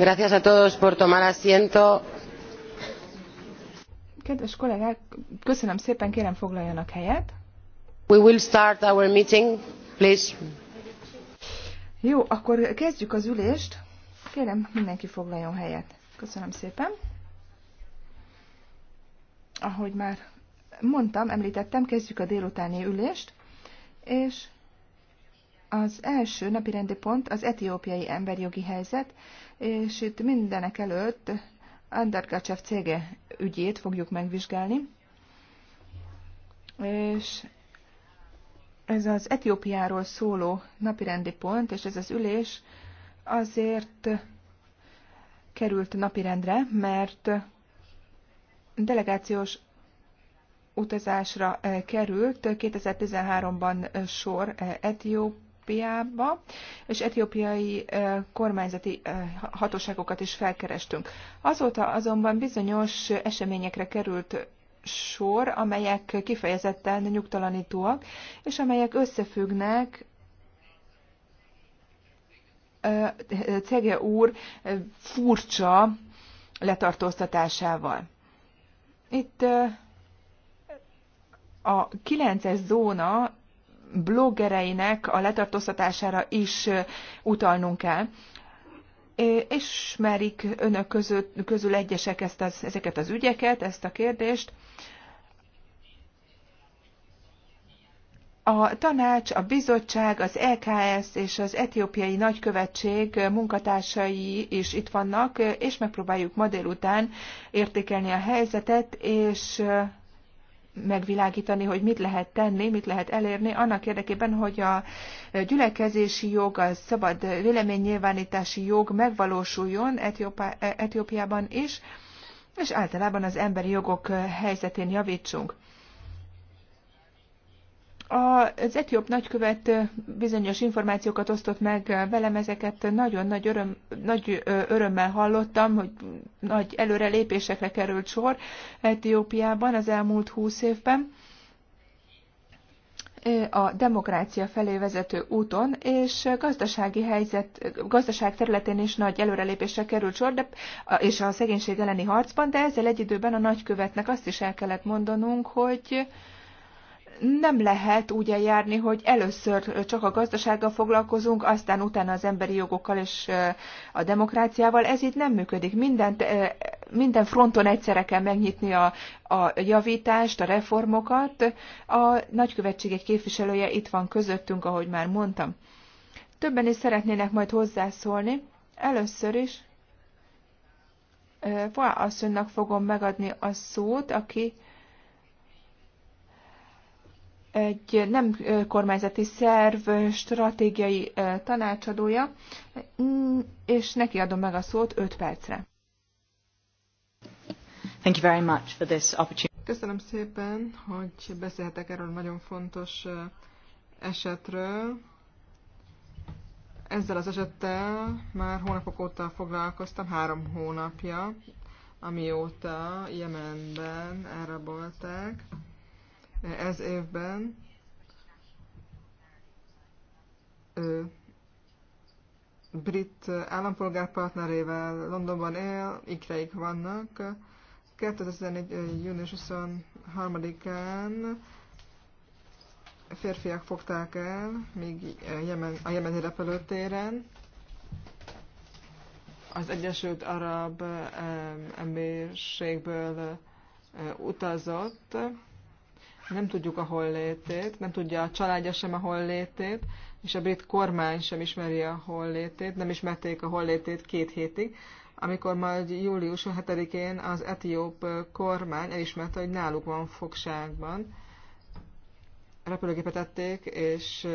Gracias a todos por tomar asiento. Kedves kollégák, köszönöm szépen, kérem foglaljanak helyet. We will start our meeting, please. Jó, akkor kezdjük az ülést. Kérem, mindenki foglaljon helyet. Köszönöm szépen. Ahogy már mondtam, említettem, kezdjük a délutáni ülést, és az első napi rendi pont az etiópiai emberjogi helyzet, és itt mindenek előtt Andargacsev cége ügyét fogjuk megvizsgálni. És ez az Etiópiáról szóló napirendi pont, és ez az ülés azért került napirendre, mert delegációs utazásra eh, került 2013-ban eh, eh, sor Etióp Etiópiába, és etiópiai kormányzati hatóságokat is felkerestünk. Azóta azonban bizonyos eseményekre került sor, amelyek kifejezetten nyugtalanítóak, és amelyek összefüggnek Cege úr furcsa letartóztatásával. Itt a 9-es zóna bloggereinek a letartóztatására is utalnunk kell. Ismerik önök közül, közül egyesek ezt az, ezeket az ügyeket, ezt a kérdést. A tanács, a bizottság, az EKS és az etiópiai nagykövetség munkatársai is itt vannak, és megpróbáljuk ma délután értékelni a helyzetet, és megvilágítani, hogy mit lehet tenni, mit lehet elérni, annak érdekében, hogy a gyülekezési jog, a szabad véleménynyilvánítási jog megvalósuljon Etiópiában is, és általában az emberi jogok helyzetén javítsunk. Az etióp nagykövet bizonyos információkat osztott meg velem, ezeket nagyon nagy, öröm, nagy örömmel hallottam, hogy nagy előrelépésekre került sor Etiópiában az elmúlt húsz évben a demokrácia felé vezető úton, és gazdasági helyzet, gazdaság területén is nagy előrelépésre került sor, de, és a szegénység elleni harcban, de ezzel egy időben a nagykövetnek azt is el kellett mondanunk, hogy nem lehet úgy eljárni, hogy először csak a gazdasággal foglalkozunk, aztán utána az emberi jogokkal és a demokráciával. Ez így nem működik. Mindent, minden fronton egyszerre kell megnyitni a, a javítást, a reformokat. A nagykövetség egy képviselője itt van közöttünk, ahogy már mondtam. Többen is szeretnének majd hozzászólni. Először is Val asszonynak fogom megadni a szót, aki egy nem kormányzati szerv stratégiai tanácsadója, mm, és neki adom meg a szót 5 percre. Thank you very much for this opportunity. Köszönöm szépen, hogy beszélhetek erről nagyon fontos esetről. Ezzel az esettel már hónapok óta foglalkoztam, három hónapja, amióta Jemenben elrabolták ez évben. Ő brit állampolgárpartnerével Londonban él, ikreik vannak. 2014. június 23-án férfiak fogták el, még a jemeni repülőtéren. Az Egyesült Arab Emírségből utazott, nem tudjuk a hol létét, nem tudja a családja sem a hol létét, és a brit kormány sem ismeri a hol létét, nem ismerték a hol létét két hétig, amikor majd július 7-én az etióp kormány elismerte, hogy náluk van fogságban. Repülőgépet tették, és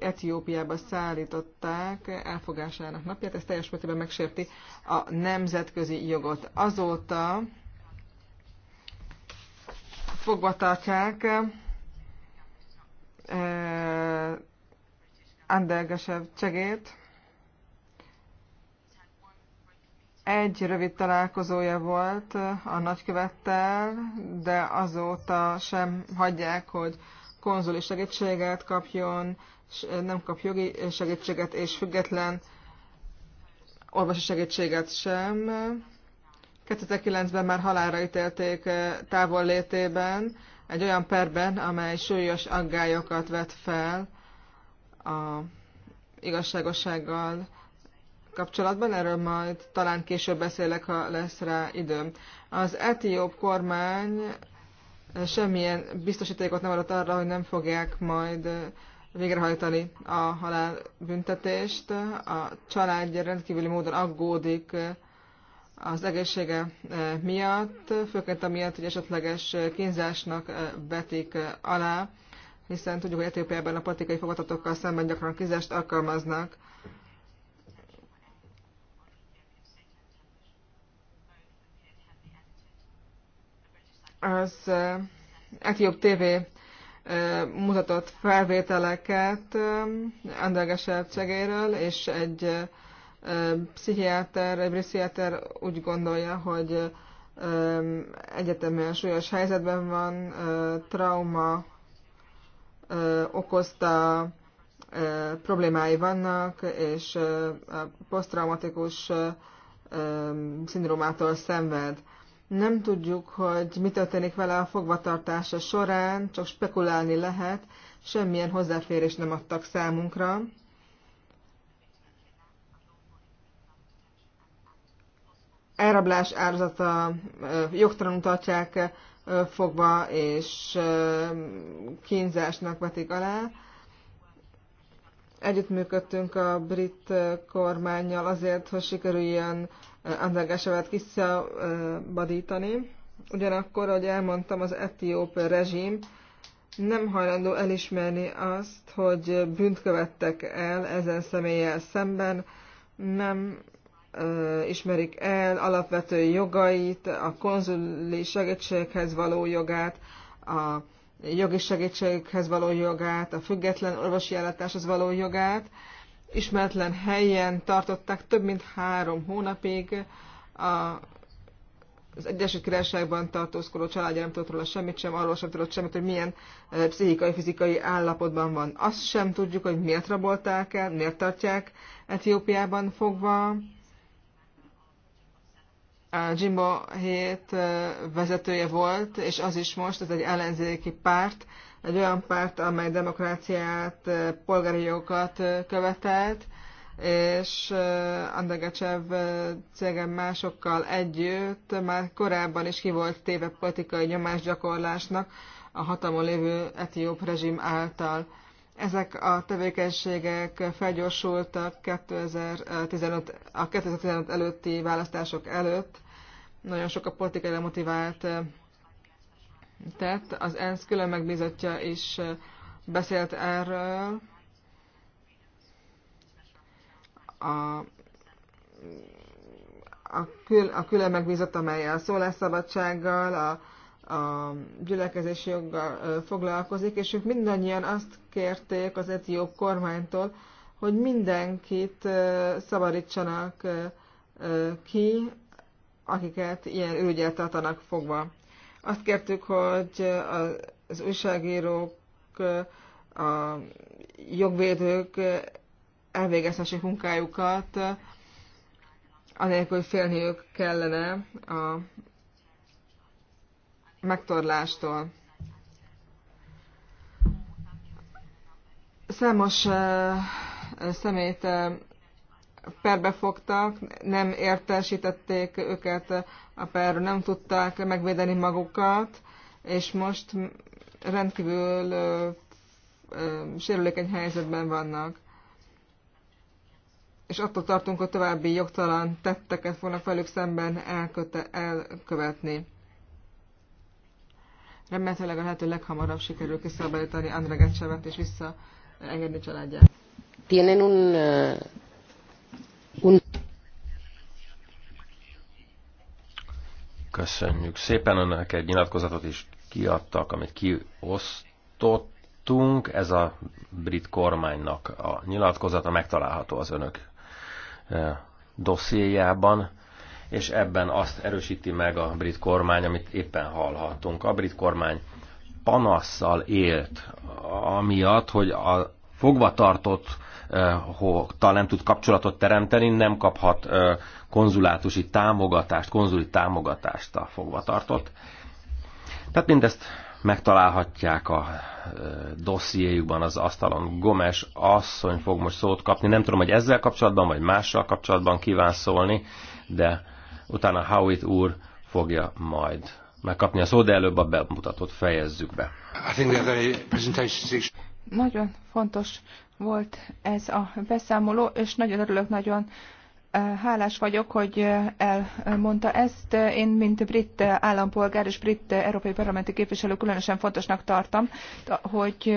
Etiópiába szállították elfogásának napját, ez teljes mértékben megsérti a nemzetközi jogot. Azóta fogva tartják Andergesev csegét. Egy rövid találkozója volt a nagykövettel, de azóta sem hagyják, hogy konzuli segítséget kapjon, nem kap jogi segítséget és független orvosi segítséget sem 2009-ben már halálra ítélték távol létében, egy olyan perben, amely súlyos aggályokat vet fel a igazságossággal kapcsolatban, erről majd talán később beszélek, ha lesz rá időm. Az etióp kormány semmilyen biztosítékot nem adott arra, hogy nem fogják majd végrehajtani a halálbüntetést. A családja rendkívüli módon aggódik az egészsége eh, miatt, főként amiatt, hogy esetleges eh, kínzásnak eh, vetik alá, hiszen tudjuk, hogy Etiópiában a politikai fogadatokkal szemben gyakran kínzást alkalmaznak. Az Etióp TV mutatott felvételeket Andergeselt segéről, és egy pszichiáter, egy pszichiáter úgy gondolja, hogy egyetemben súlyos helyzetben van, trauma okozta problémái vannak, és a posztraumatikus szindrómától szenved. Nem tudjuk, hogy mi történik vele a fogvatartása során, csak spekulálni lehet, semmilyen hozzáférés nem adtak számunkra. elrablás áldozata, jogtalanul tartják fogva, és kínzásnak vetik alá. Együttműködtünk a brit kormányjal azért, hogy sikerüljön Andrágásevet kiszabadítani. Ugyanakkor, ahogy elmondtam, az etióp rezsim nem hajlandó elismerni azt, hogy bűnt követtek el ezen személlyel szemben, nem ismerik el alapvető jogait, a konzuli segítséghez való jogát, a jogi segítséghez való jogát, a független orvosi ellátáshoz való jogát. Ismeretlen helyen tartották több mint három hónapig. A, az Egyesült Királyságban tartózkodó családja nem tudott róla semmit sem, arról sem tudott semmit, hogy milyen pszichikai, fizikai állapotban van. Azt sem tudjuk, hogy miért rabolták el, miért tartják Etiópiában fogva a Jimbo hét vezetője volt, és az is most, ez egy ellenzéki párt, egy olyan párt, amely demokráciát, polgári jogokat követelt, és Andegacsev cégem másokkal együtt már korábban is ki volt téve politikai nyomásgyakorlásnak a hatalmon lévő etióp rezsim által. Ezek a tevékenységek felgyorsultak 2015, a 2015 előtti választások előtt. Nagyon sok a politikai motivált eh, tett. Az ENSZ külön megbízottja is eh, beszélt erről. A, a, kül, a külön megbízott, amely a szólásszabadsággal, a a gyülekezési joggal foglalkozik, és ők mindannyian azt kérték az etióp kormánytól, hogy mindenkit szabadítsanak ki, akiket ilyen ürügyel tartanak fogva. Azt kértük, hogy az újságírók, a jogvédők elvégezhessék munkájukat, anélkül, hogy félniük kellene a megtorlástól. Számos eh, szemét eh, perbe fogtak, nem értesítették őket a perről, nem tudták megvédeni magukat, és most rendkívül ö, eh, ö, sérülékeny helyzetben vannak. És attól tartunk, hogy további jogtalan tetteket fognak velük szemben elköte- elkövetni. Remélhetőleg a lehető leghamarabb sikerül kiszabadítani André Gecsevet és visszaengedni családját. Tienen un, un... Köszönjük szépen önnek egy nyilatkozatot is kiadtak, amit kiosztottunk. Ez a brit kormánynak a nyilatkozata megtalálható az önök eh, dossziéjában és ebben azt erősíti meg a brit kormány, amit éppen hallhatunk. A brit kormány panasszal élt, amiatt, hogy a fogvatartott eh, talán nem tud kapcsolatot teremteni, nem kaphat eh, konzulátusi támogatást, konzuli támogatást a fogvatartott. Tehát mindezt megtalálhatják a eh, dossziéjukban az asztalon. Gomes asszony fog most szót kapni. Nem tudom, hogy ezzel kapcsolatban, vagy mással kapcsolatban kíván szólni, de utána Howitt úr fogja majd megkapni a szót, de előbb a bemutatót fejezzük be. Nagyon fontos volt ez a beszámoló, és nagyon örülök, nagyon eh, Hálás vagyok, hogy eh, elmondta ezt. Én, mint brit eh, állampolgár és brit európai parlamenti képviselő különösen fontosnak tartom, hogy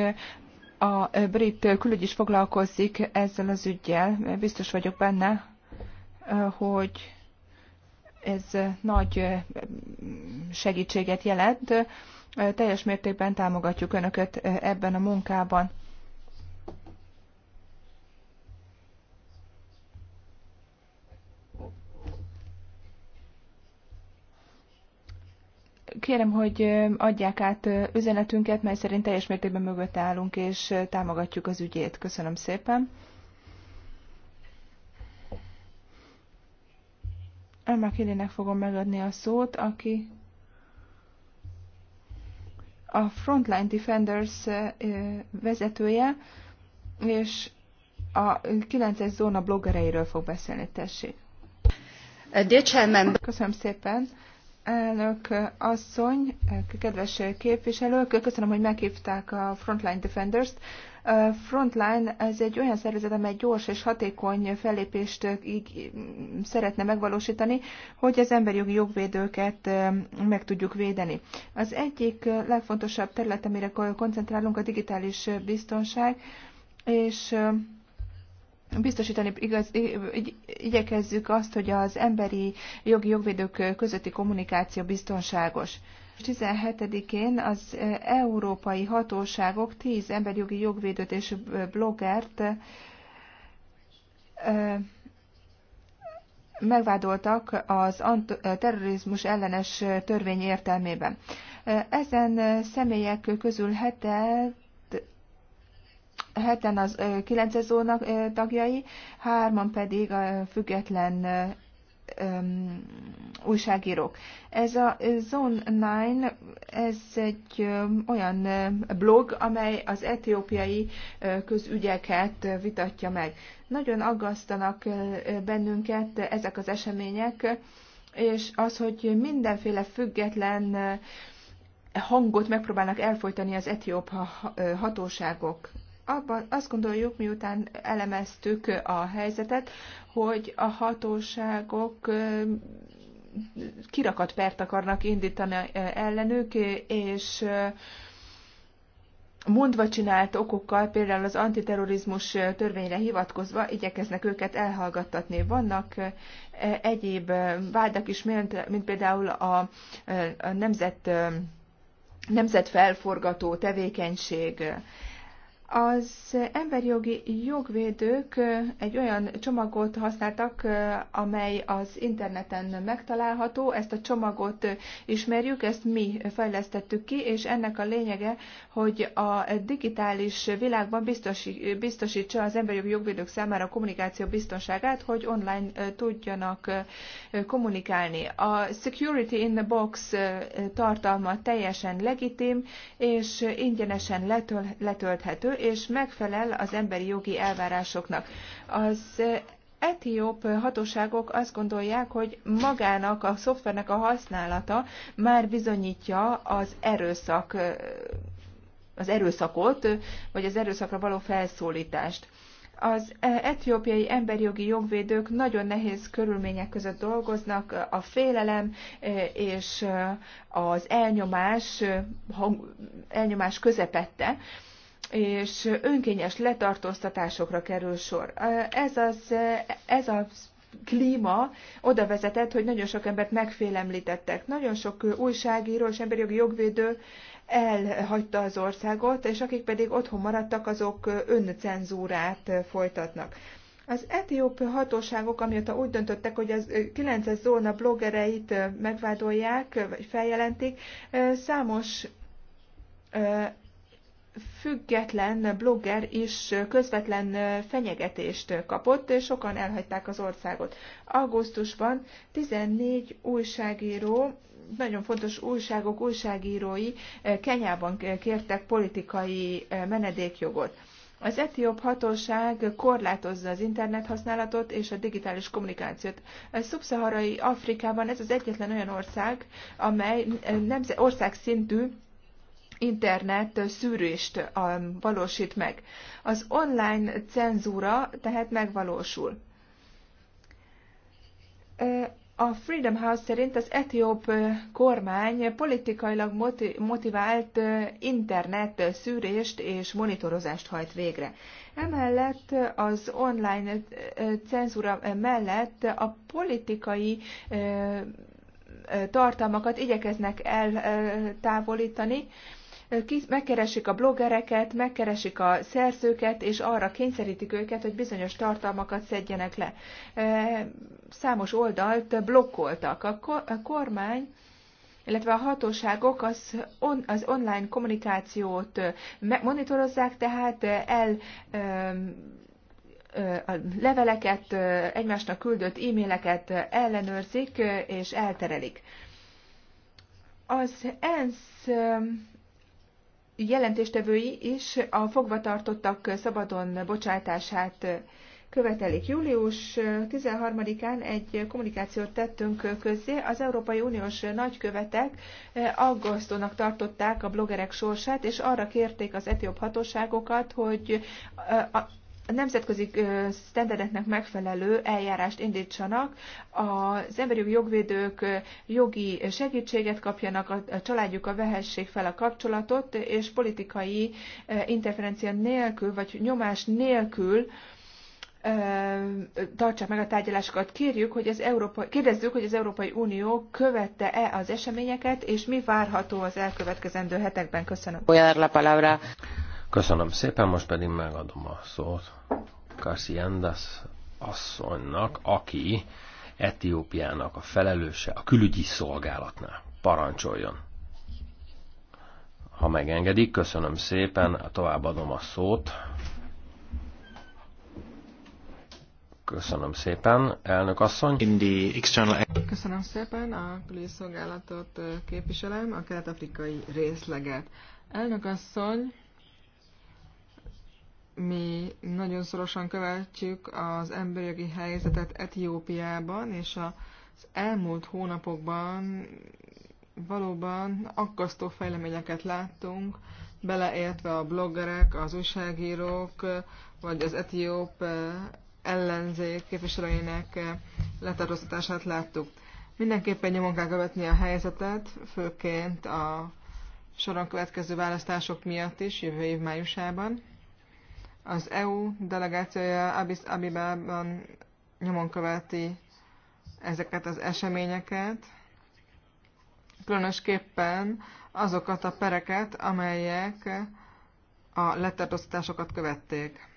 a brit külügy is foglalkozik ezzel az ügyjel. Biztos vagyok benne, hogy ez nagy segítséget jelent. Teljes mértékben támogatjuk Önöket ebben a munkában. Kérem, hogy adják át üzenetünket, mely szerint teljes mértékben mögött állunk és támogatjuk az ügyét. Köszönöm szépen. Elmakélének fogom megadni a szót, aki a Frontline Defenders eh, vezetője, és a 9-es zóna bloggereiről fog beszélni, tessék. Uh, köszönöm szépen. Elnök eh, asszony, eh, kedves képviselők, köszönöm, hogy meghívták a Frontline Defenders-t. Frontline ez egy olyan szervezet, amely gyors és hatékony fellépést mm, szeretne megvalósítani, hogy az emberi jogi jogvédőket meg tudjuk védeni. Az egyik legfontosabb terület, amire koncentrálunk, a digitális biztonság, és biztosítani igaz, igyekezzük azt, hogy az emberi jogi jogvédők közötti kommunikáció biztonságos. 17-én az európai hatóságok 10 emberjogi jogvédőt és bloggert megvádoltak az terrorizmus ellenes törvény értelmében. Ezen személyek közül hetet heten az 9 zónak tagjai, hárman pedig a független um, újságírók. Ez a Zone 9, ez egy um, olyan blog, amely az etiópiai közügyeket vitatja meg. Nagyon aggasztanak bennünket ezek az események, és az, hogy mindenféle független hangot megpróbálnak elfolytani az etióp hatóságok abban azt gondoljuk, miután elemeztük a helyzetet, hogy a hatóságok kirakat pert akarnak indítani ellenük, és mondva csinált okokkal, például az antiterrorizmus törvényre hivatkozva igyekeznek őket elhallgattatni. Vannak egyéb vádak is, mint például a, a nemzet, nemzetfelforgató tevékenység, az emberi jogi jogvédők egy olyan csomagot használtak, amely az interneten megtalálható. Ezt a csomagot ismerjük, ezt mi fejlesztettük ki, és ennek a lényege, hogy a digitális világban biztosítsa az emberi jogi jogvédők számára a kommunikáció biztonságát, hogy online tudjanak kommunikálni. A Security in the Box tartalma teljesen legitim, és ingyenesen letölthető, és megfelel az emberi jogi elvárásoknak. Az etióp hatóságok azt gondolják, hogy magának a szoftvernek a használata már bizonyítja az erőszak az erőszakot, vagy az erőszakra való felszólítást. Az etiópiai emberjogi jogvédők nagyon nehéz körülmények között dolgoznak, a félelem és az elnyomás, elnyomás közepette, és önkényes letartóztatásokra kerül sor. Ez az, ez az klíma oda vezetett, hogy nagyon sok embert megfélemlítettek. Nagyon sok újságíró és emberi jogvédő elhagyta az országot, és akik pedig otthon maradtak, azok öncenzúrát folytatnak. Az etióp hatóságok, amióta úgy döntöttek, hogy az 9 zóna bloggereit megvádolják, vagy feljelentik, számos független blogger is közvetlen fenyegetést kapott, és sokan elhagyták az országot. Augusztusban 14 újságíró, nagyon fontos újságok újságírói Kenyában kértek politikai menedékjogot. Az etióp hatóság korlátozza az internethasználatot és a digitális kommunikációt. A szubszaharai Afrikában ez az egyetlen olyan ország, amely nemze- országszintű internet szűrést valósít meg. Az online cenzúra tehát megvalósul. A Freedom House szerint az etióp kormány politikailag motivált internet szűrést és monitorozást hajt végre. Emellett az online cenzúra mellett a politikai tartalmakat igyekeznek eltávolítani, megkeresik a bloggereket, megkeresik a szerzőket, és arra kényszerítik őket, hogy bizonyos tartalmakat szedjenek le. E, számos oldalt blokkoltak. A kormány illetve a hatóságok az, on, az online kommunikációt e, monitorozzák, tehát e, el a leveleket, egymásnak küldött e-maileket ellenőrzik és elterelik. Az ENSZ jelentéstevői is a fogvatartottak szabadon bocsátását követelik. Július 13-án egy kommunikációt tettünk közzé. Az Európai Uniós nagykövetek aggasztónak tartották a blogerek sorsát, és arra kérték az etióp hatóságokat, hogy a nemzetközi sztenderdeknek megfelelő eljárást indítsanak, az emberi jogvédők jogi segítséget kapjanak, a családjuk a vehessék fel a kapcsolatot, és politikai interferencia nélkül, vagy nyomás nélkül tartsák meg a tárgyalásokat. Kérjük, hogy az Európa, kérdezzük, hogy az Európai Unió követte-e az eseményeket, és mi várható az elkövetkezendő hetekben. Köszönöm. Köszönöm szépen, most pedig megadom a szót Kasiendas asszonynak, aki Etiópiának a felelőse a külügyi szolgálatnál. Parancsoljon! Ha megengedik, köszönöm szépen, továbbadom a szót. Köszönöm szépen, elnök asszony. external... Köszönöm szépen, a külügyi szolgálatot képviselem, a kelet-afrikai részleget. Elnök asszony, mi nagyon szorosan követjük az emberi jogi helyzetet Etiópiában, és az elmúlt hónapokban valóban aggasztó fejleményeket láttunk, beleértve a bloggerek, az újságírók, vagy az etióp eh, ellenzék képviselőinek eh, letartóztatását láttuk. Mindenképpen nyomon kell követni a helyzetet, főként a soron következő választások miatt is, jövő év májusában. Az EU delegációja Abis Abibában nyomon követi ezeket az eseményeket, különösképpen azokat a pereket, amelyek a letartóztatásokat követték.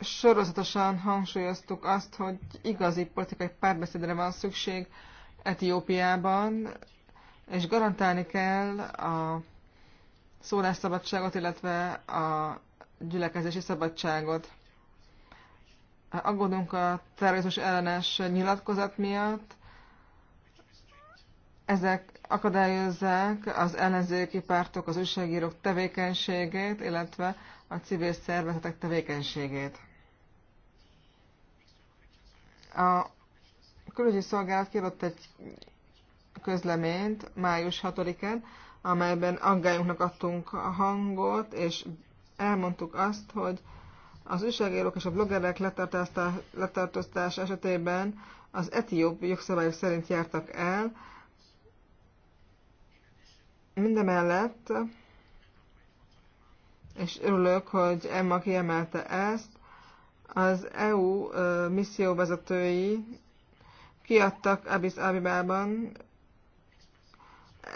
Sorozatosan hangsúlyoztuk azt, hogy igazi politikai párbeszédre van szükség Etiópiában, és garantálni kell a szólásszabadságot, illetve a gyülekezési szabadságot. Aggódunk a terrorizmus ellenes nyilatkozat miatt. Ezek akadályozzák az ellenzéki pártok, az újságírók tevékenységét, illetve a civil szervezetek tevékenységét. A külügyi szolgálat kiadott egy közleményt május 6-án, amelyben aggályunknak adtunk a hangot, és elmondtuk azt, hogy az újságírók és a bloggerek letartóztás esetében az etióp jogszabályok szerint jártak el. Mindemellett, és örülök, hogy Emma kiemelte ezt, az EU misszió vezetői kiadtak Abis Abibában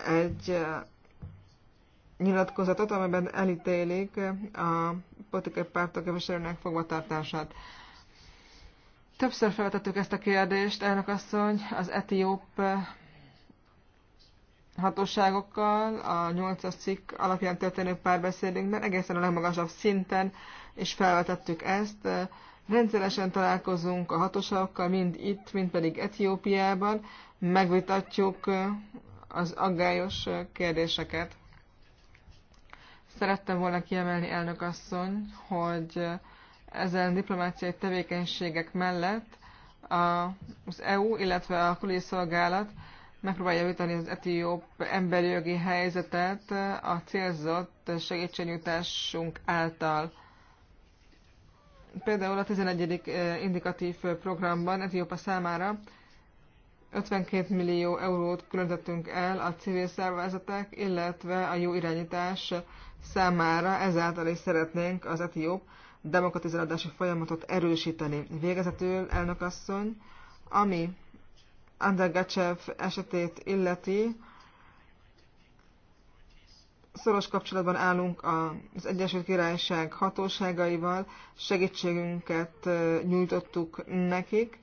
egy nyilatkozatot, amiben elítélik eh, a politikai pártok képviselőnek fogvatartását. Többször feltettük ezt a kérdést, elnök asszony, az etióp eh, hatóságokkal, a 8 cikk alapján történő párbeszédünkben, egészen a legmagasabb szinten, és felvetettük ezt. Eh, rendszeresen találkozunk a hatóságokkal, mind itt, mind pedig Etiópiában, megvitatjuk az aggályos kérdéseket. Szerettem volna kiemelni, elnök asszony, hogy ezen diplomáciai tevékenységek mellett az EU, illetve a szolgálat megpróbálja javítani az etióp emberi jogi helyzetet a célzott segítségnyújtásunk által. Például a 11. Eh, indikatív programban Etiópa számára 52 millió eurót különítettünk el a civil szervezetek, illetve a jó irányítás számára, ezáltal is szeretnénk az etióp demokratizálódási folyamatot erősíteni. Végezetül, elnök asszony, ami Andergachev esetét illeti, szoros kapcsolatban állunk az Egyesült Királyság hatóságaival, segítségünket nyújtottuk nekik.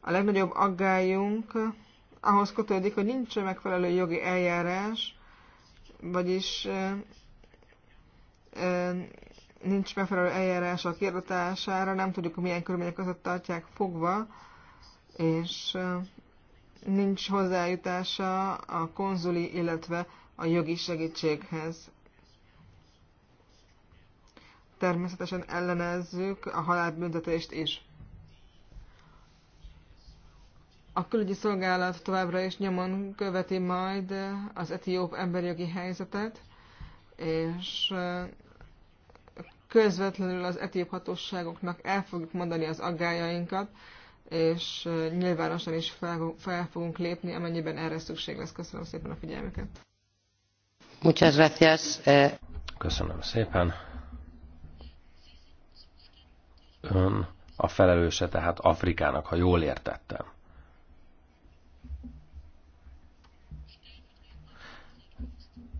A legnagyobb aggályunk ahhoz kötődik, hogy nincs megfelelő jogi eljárás, vagyis nincs megfelelő eljárás a kérdatására, nem tudjuk, milyen körülmények között tartják fogva, és nincs hozzájutása a konzuli, illetve a jogi segítséghez. Természetesen ellenezzük a halálbüntetést is. A külügyi szolgálat továbbra is nyomon követi majd az etióp emberjogi helyzetet, és közvetlenül az etióp hatóságoknak el fogjuk mondani az aggájainkat, és nyilvánosan is fel fogunk lépni, amennyiben erre szükség lesz. Köszönöm szépen a figyelmüket. Muchas gracias. Eh. Köszönöm szépen. Ön a felelőse tehát Afrikának, ha jól értettem.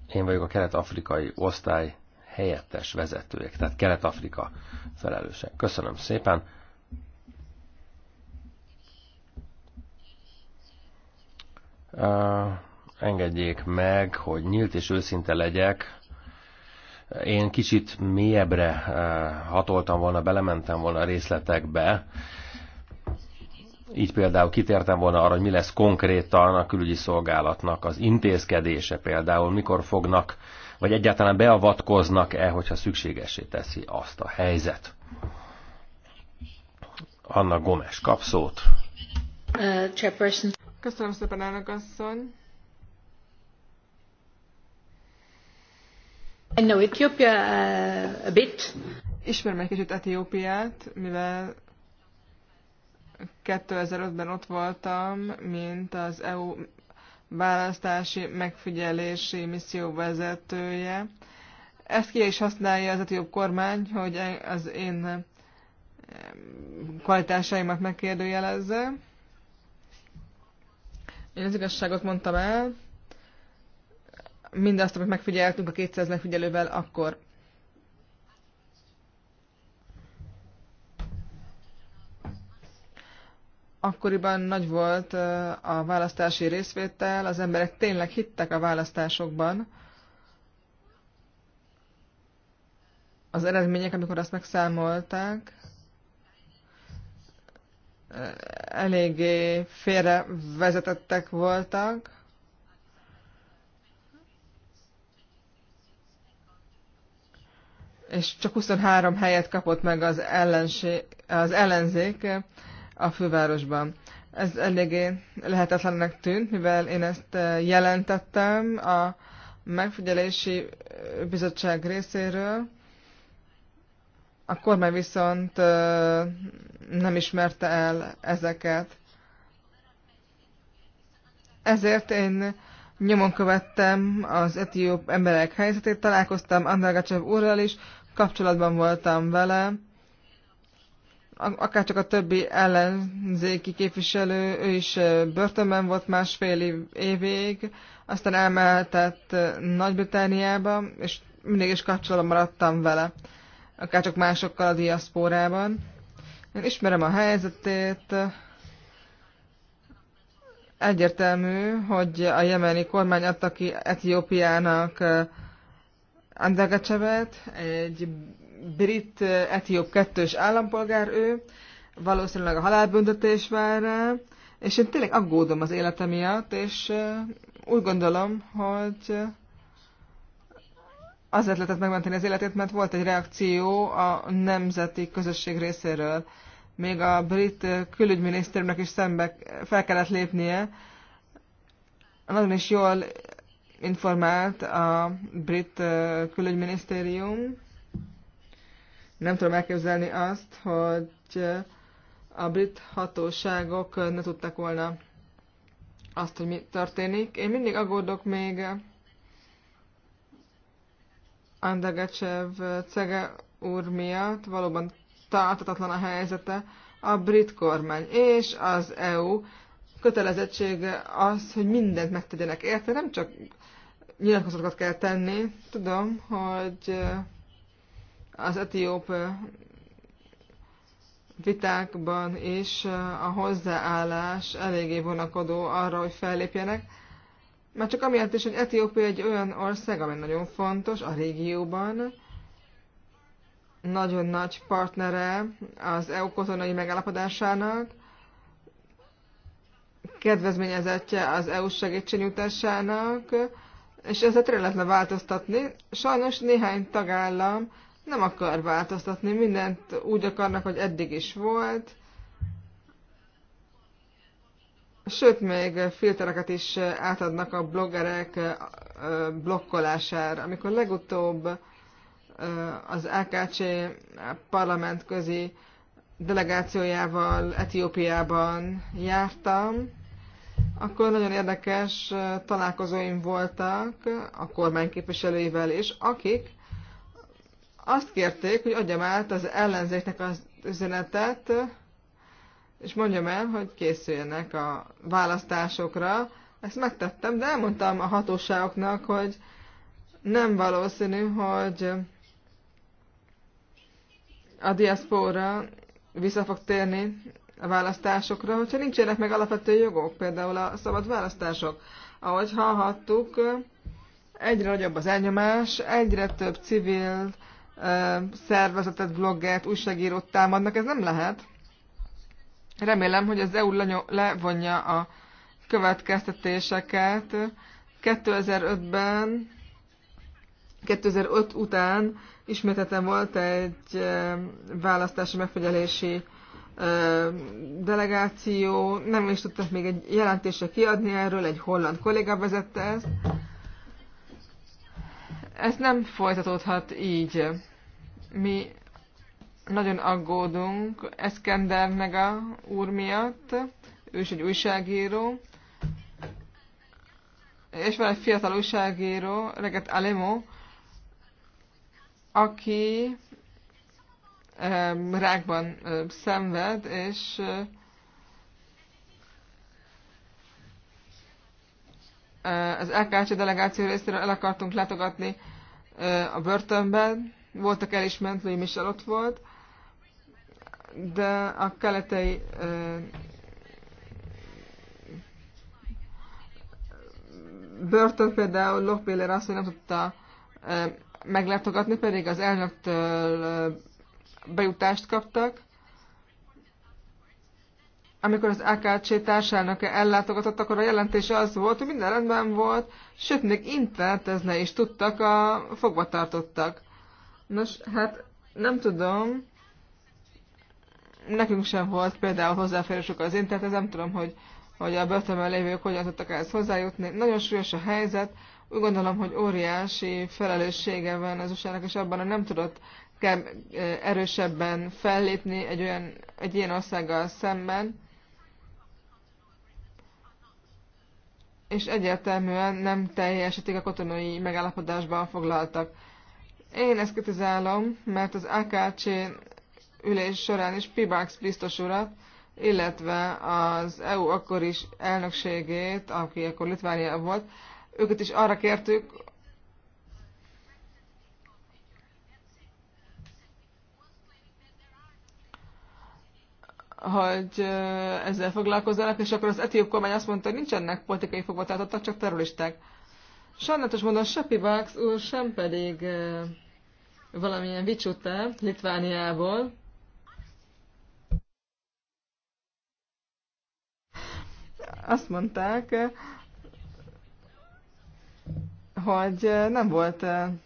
Én vagyok a kelet-afrikai osztály helyettes vezetőjek, tehát Kelet-Afrika felelősek. Köszönöm szépen. Uh, engedjék meg, hogy nyílt és őszinte legyek. Én kicsit mélyebbre uh, hatoltam volna, belementem volna a részletekbe. Így például kitértem volna arra, hogy mi lesz konkrétan a külügyi szolgálatnak az intézkedése például, mikor fognak uh, vagy egyáltalán beavatkoznak-e, hogyha szükségesé teszi azt a helyzet. Anna Gomes kap szót. Köszönöm szépen, elnök asszony. I know Ethiopia uh, a bit. Ismerem egy kicsit Etiópiát, mivel 2005-ben ott voltam, mint az EU választási megfigyelési misszió vezetője. Ezt ki is használja az etióp kormány, hogy e- az én kvalitásaimat megkérdőjelezze. Én az igazságot mondtam el, mindazt, amit megfigyeltünk a 200 megfigyelővel akkor. akkoriban nagy volt a választási részvétel, az emberek tényleg hittek a választásokban. Az eredmények, amikor azt megszámolták, eléggé félrevezetettek voltak. És csak 23 helyet kapott meg az, ellenség, az ellenzék a fővárosban. Ez eléggé lehetetlennek tűnt, mivel én ezt eh, jelentettem a megfigyelési eh, bizottság részéről, a kormány viszont eh, nem ismerte el ezeket. Ezért én nyomon követtem az etióp emberek helyzetét, találkoztam Andrá úrral is, kapcsolatban voltam vele, csak a többi ellenzéki képviselő, ő is börtönben volt másfél évig, aztán elmehetett Nagy-Britániába, és mindig is kapcsolatban maradtam vele, akárcsak másokkal a diaszpórában. Én ismerem a helyzetét, egyértelmű, hogy a jemeni kormány adta ki Etiópiának Andegecsevet, egy brit-etióp kettős állampolgár ő, valószínűleg a halálbüntetés vár rá, és én tényleg aggódom az élete miatt, és úgy gondolom, hogy azért lehetett megmenteni az életét, mert volt egy reakció a nemzeti közösség részéről. Még a brit külügyminisztériumnak is szembe fel kellett lépnie. Nagyon is jól informált a brit külügyminisztérium, nem tudom elképzelni azt, hogy a brit hatóságok ne tudták volna azt, hogy mi történik. Én mindig aggódok még Andagecsev Cege úr miatt, valóban tartatatlan a helyzete, a brit kormány és az EU kötelezettsége az, hogy mindent megtegyenek érte, nem csak nyilatkozatokat kell tenni. Tudom, hogy az etióp vitákban is a hozzáállás eléggé vonakodó arra, hogy fellépjenek, már csak amiatt is, hogy Etiópia egy olyan ország, ami nagyon fontos a régióban, nagyon nagy partnere az EU kotonai megállapodásának, kedvezményezettje az EU segítségnyújtásának, és ezzel tényleg lehetne változtatni. Sajnos néhány tagállam nem akar változtatni, mindent úgy akarnak, hogy eddig is volt, Sőt, még filtereket is átadnak a bloggerek blokkolására. Amikor legutóbb az AKC parlamentközi delegációjával Etiópiában jártam, akkor nagyon érdekes találkozóim voltak a kormányképviselőivel is, akik azt kérték, hogy adjam át az ellenzéknek az üzenetet, és mondjam el, hogy készüljenek a választásokra. Ezt megtettem, de elmondtam a hatóságoknak, hogy nem valószínű, hogy a diaszpóra vissza fog térni a választásokra, hogyha nincsenek meg alapvető jogok, például a szabad választások. Ahogy hallhattuk, egyre nagyobb az elnyomás, egyre több civil szervezetet, bloggert, újságírót támadnak, ez nem lehet. Remélem, hogy az EU levonja a következtetéseket. 2005-ben, 2005 után ismételten volt egy választási megfigyelési delegáció, nem is tudtak még egy jelentésre kiadni erről, egy holland kolléga vezette ezt, ez nem folytatódhat így. Mi nagyon aggódunk Eszkender a úr miatt, ő is egy újságíró, és van egy fiatal újságíró, Reget Alemo, aki rákban szenved, és Eh, az LKC delegáció részéről el akartunk látogatni eh, a börtönben, voltak ment, Louis Michel ott volt, de a keletei eh, börtön például Lockbiller azt, hogy nem tudta meglátogatni, pedig az elnöktől bejutást kaptak amikor az AKC társelnöke ellátogatott, akkor a jelentése az volt, hogy minden rendben volt, sőt, még internetezne is tudtak a fogvatartottak. Nos, hát nem tudom, nekünk sem volt például hozzáférésük az internethez, nem tudom, hogy, hogy a börtönben lévők hogyan tudtak ehhez hozzájutni. Nagyon súlyos a helyzet, úgy gondolom, hogy óriási felelőssége van az usa és abban, hogy nem tudott kell erősebben fellépni egy, olyan, egy ilyen országgal szemben, és egyértelműen nem teljesítik a katonai megállapodásban foglaltak. Én ezt kritizálom, mert az AKC ülés során is Pibax biztos urat, illetve az EU akkor is elnökségét, aki akkor Litvánia volt, őket is arra kértük, hogy ezzel foglalkozzanak, és akkor az etióp kormány azt mondta, hogy nincsenek politikai fogvatartottak, csak terroristák. Sajnálatos módon se Pivax úr, sem pedig valamilyen Vicsute Litvániából, azt mondták, hogy nem volt nem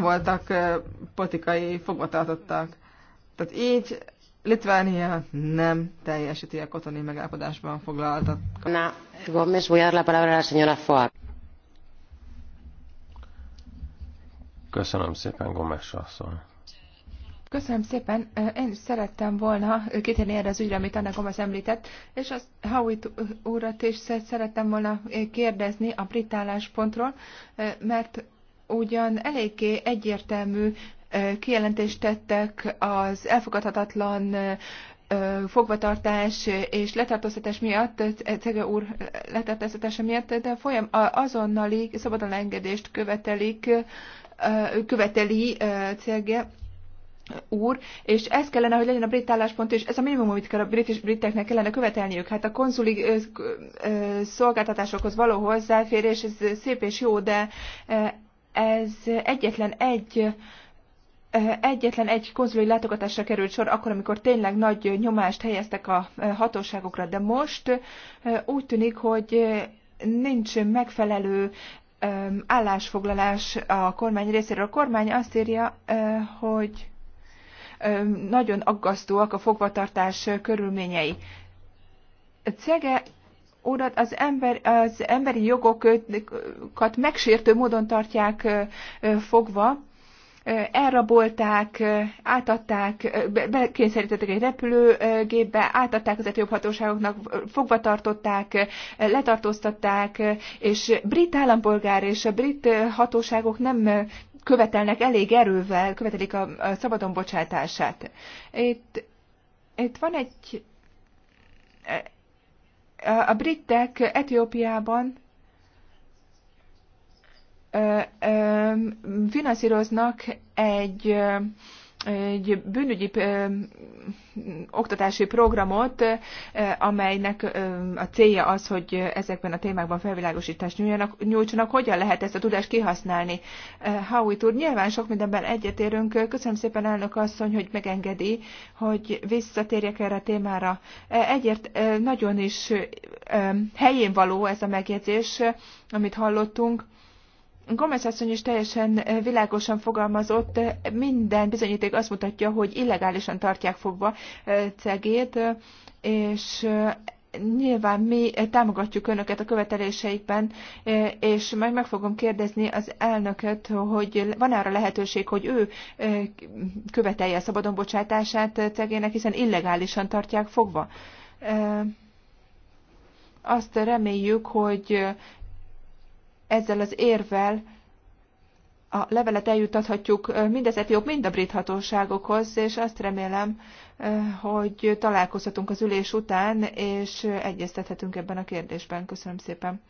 voltak politikai fogvatartottak. Tehát így Litvánia nem teljesíti a kotoni megállapodásban foglaltat. Na, Gomes, voy a dar la palabra a la señora Foa. Köszönöm szépen, Gomes asszony. Köszönöm szépen. Én is szerettem volna kitérni erre az ügyre, amit Anna Gomez említett, és az Howitt úrat is szerettem volna kérdezni a brit álláspontról, mert ugyan eléggé egyértelmű kijelentést tettek az elfogadhatatlan fogvatartás és letartóztatás miatt, Cege úr letartóztatása miatt, de folyam azonnali szabadon engedést követelik, követeli Cege úr, és ez kellene, hogy legyen a brit álláspont, és ez a minimum, amit kell a brit és briteknek kellene követelniük. Hát a konzuli szolgáltatásokhoz való hozzáférés, ez szép és jó, de ez egyetlen egy egyetlen egy konzulai látogatásra került sor, akkor, amikor tényleg nagy nyomást helyeztek a hatóságokra, de most úgy tűnik, hogy nincs megfelelő állásfoglalás a kormány részéről. A kormány azt írja, hogy nagyon aggasztóak a fogvatartás körülményei. Cege urat az, ember, az emberi jogokat megsértő módon tartják fogva, elrabolták, átadták, bekényszerítettek egy repülőgépbe, átadták az etióp hatóságoknak, fogva tartották, letartóztatták, és brit állampolgár és a brit hatóságok nem követelnek elég erővel, követelik a szabadon bocsátását. Itt, itt van egy... A britek Etiópiában finanszíroznak egy egy bűnügyi ö, oktatási programot, ö, amelynek ö, a célja az, hogy ezekben a témákban felvilágosítást nyújjanak, nyújtsanak. Hogyan lehet ezt a tudást kihasználni? úgy úr, nyilván sok mindenben egyetérünk. Köszönöm szépen, elnök asszony, hogy megengedi, hogy visszatérjek erre a témára. Egyért nagyon is helyén való ez a megjegyzés, amit hallottunk. Gomez asszony is teljesen világosan fogalmazott, minden bizonyíték azt mutatja, hogy illegálisan tartják fogva cegét, és nyilván mi támogatjuk önöket a követeléseikben, és majd meg fogom kérdezni az elnököt, hogy van arra lehetőség, hogy ő követelje a szabadonbocsátását cegének, hiszen illegálisan tartják fogva. Azt reméljük, hogy ezzel az érvel a levelet eljutathatjuk mind az etióp, mind a brit hatóságokhoz, és azt remélem, hogy találkozhatunk az ülés után, és egyeztethetünk ebben a kérdésben. Köszönöm szépen.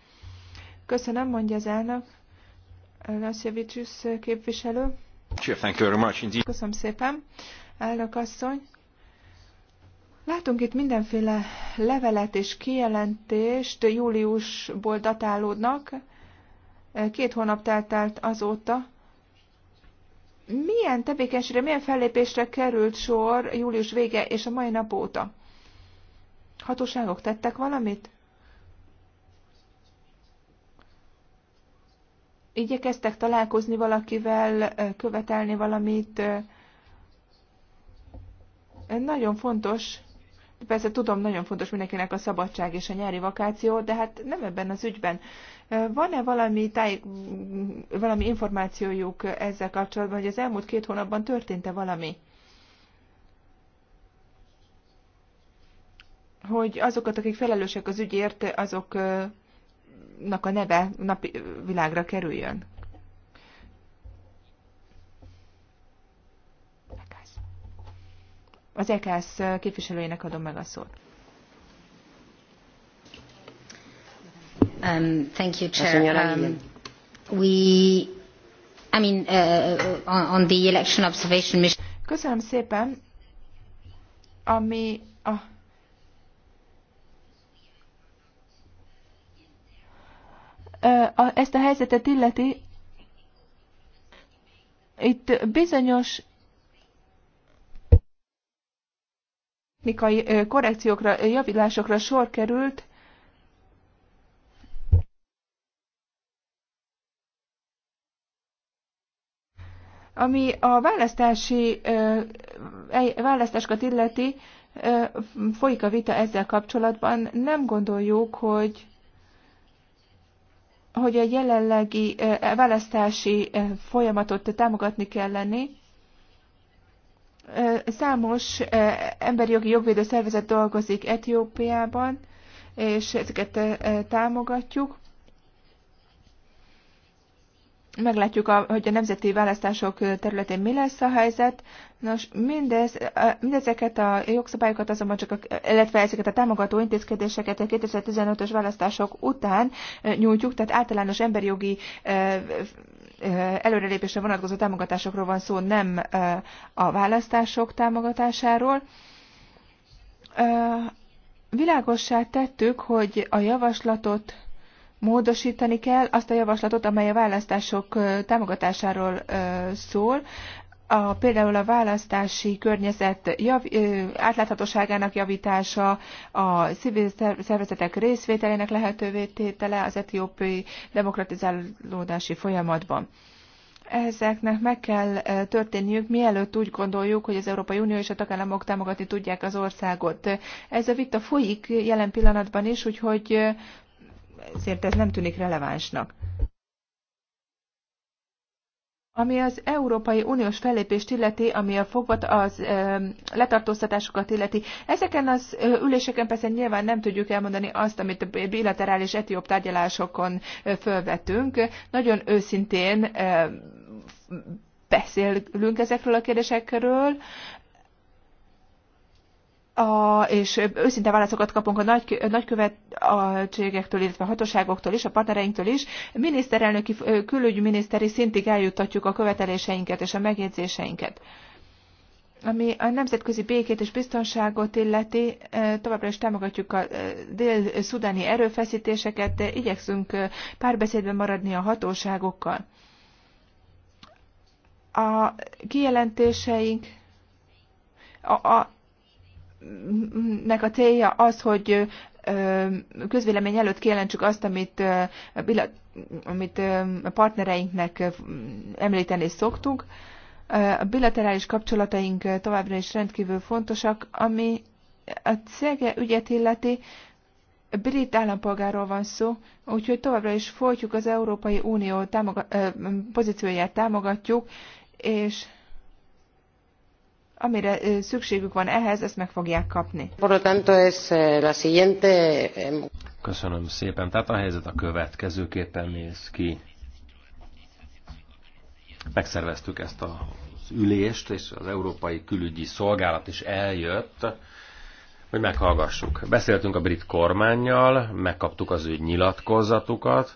Köszönöm, mondja az elnök. Lasjevicius képviselő. Köszönöm szépen, elnök asszony. Látunk itt mindenféle levelet és kijelentést, júliusból datálódnak, Két hónap telt el azóta. Milyen tevékenységre, milyen fellépésre került sor július vége és a mai nap óta? Hatóságok tettek valamit? Igyekeztek találkozni valakivel, követelni valamit? Nagyon fontos, persze tudom, nagyon fontos mindenkinek a szabadság és a nyári vakáció, de hát nem ebben az ügyben. Van-e valami, táj, valami információjuk ezzel kapcsolatban, hogy az elmúlt két hónapban történt-e valami? Hogy azokat, akik felelősek az ügyért, azoknak a neve napi világra kerüljön. Az EKSZ képviselőjének adom meg a szót. Um, thank you, Chair. Um, we, I mean, uh, uh, on, on the election observation mission. Köszönöm szépen. Ami a ezt a helyzetet illeti, itt bizonyos technikai korrekciókra, javításokra sor került, ami a választási választásokat illeti, folyik a vita ezzel kapcsolatban. Nem gondoljuk, hogy hogy a jelenlegi választási folyamatot támogatni kellene, Számos emberi jogi jogvédő szervezet dolgozik Etiópiában, és ezeket támogatjuk. Meglátjuk, hogy a nemzeti választások területén mi lesz a helyzet. Nos, mindez, mindezeket a jogszabályokat azonban csak, a, illetve ezeket a támogató intézkedéseket a 2015-ös választások után nyújtjuk, tehát általános emberi jogi előrelépésre vonatkozó támogatásokról van szó, nem a választások támogatásáról. Világossá tettük, hogy a javaslatot módosítani kell azt a javaslatot, amely a választások támogatásáról szól a, például a választási környezet jav, átláthatóságának javítása, a civil szervezetek részvételének lehetővé tétele az etiópiai demokratizálódási folyamatban. Ezeknek meg kell történniük, mielőtt úgy gondoljuk, hogy az Európai Unió és a tagállamok támogatni tudják az országot. Ez a vita folyik jelen pillanatban is, úgyhogy ezért ez nem tűnik relevánsnak. Ami az Európai Uniós fellépést illeti, ami a fogvat az ö, letartóztatásokat illeti, ezeken az ö, üléseken persze nyilván nem tudjuk elmondani azt, amit a bilaterális etióp tárgyalásokon ö, fölvetünk. Nagyon őszintén ö, beszélünk ezekről a kérdésekről, a, és őszinte válaszokat kapunk a nagy, nagykövetségektől, illetve a hatóságoktól is, a partnereinktől is. Miniszterelnöki, külügyminiszteri szintig eljuttatjuk a követeléseinket és a megjegyzéseinket. Ami a nemzetközi békét és biztonságot illeti, továbbra is támogatjuk a dél-szudáni erőfeszítéseket, de igyekszünk párbeszédben maradni a hatóságokkal. A kijelentéseink a, a nek a célja az, hogy közvélemény előtt kijelentsük azt, amit, amit a partnereinknek említeni szoktunk. A bilaterális kapcsolataink továbbra is rendkívül fontosak, ami a cége ügyet illeti, brit állampolgárról van szó, úgyhogy továbbra is folytjuk az Európai Unió támogat, pozícióját támogatjuk, és amire szükségük van ehhez, ezt meg fogják kapni. Eh, eh, Köszönöm szépen. Tehát a helyzet a következőképpen néz ki. Megszerveztük ezt az ülést, és az Európai Külügyi Szolgálat is eljött, hogy meghallgassuk. Beszéltünk a brit kormányjal, megkaptuk az ő nyilatkozatukat,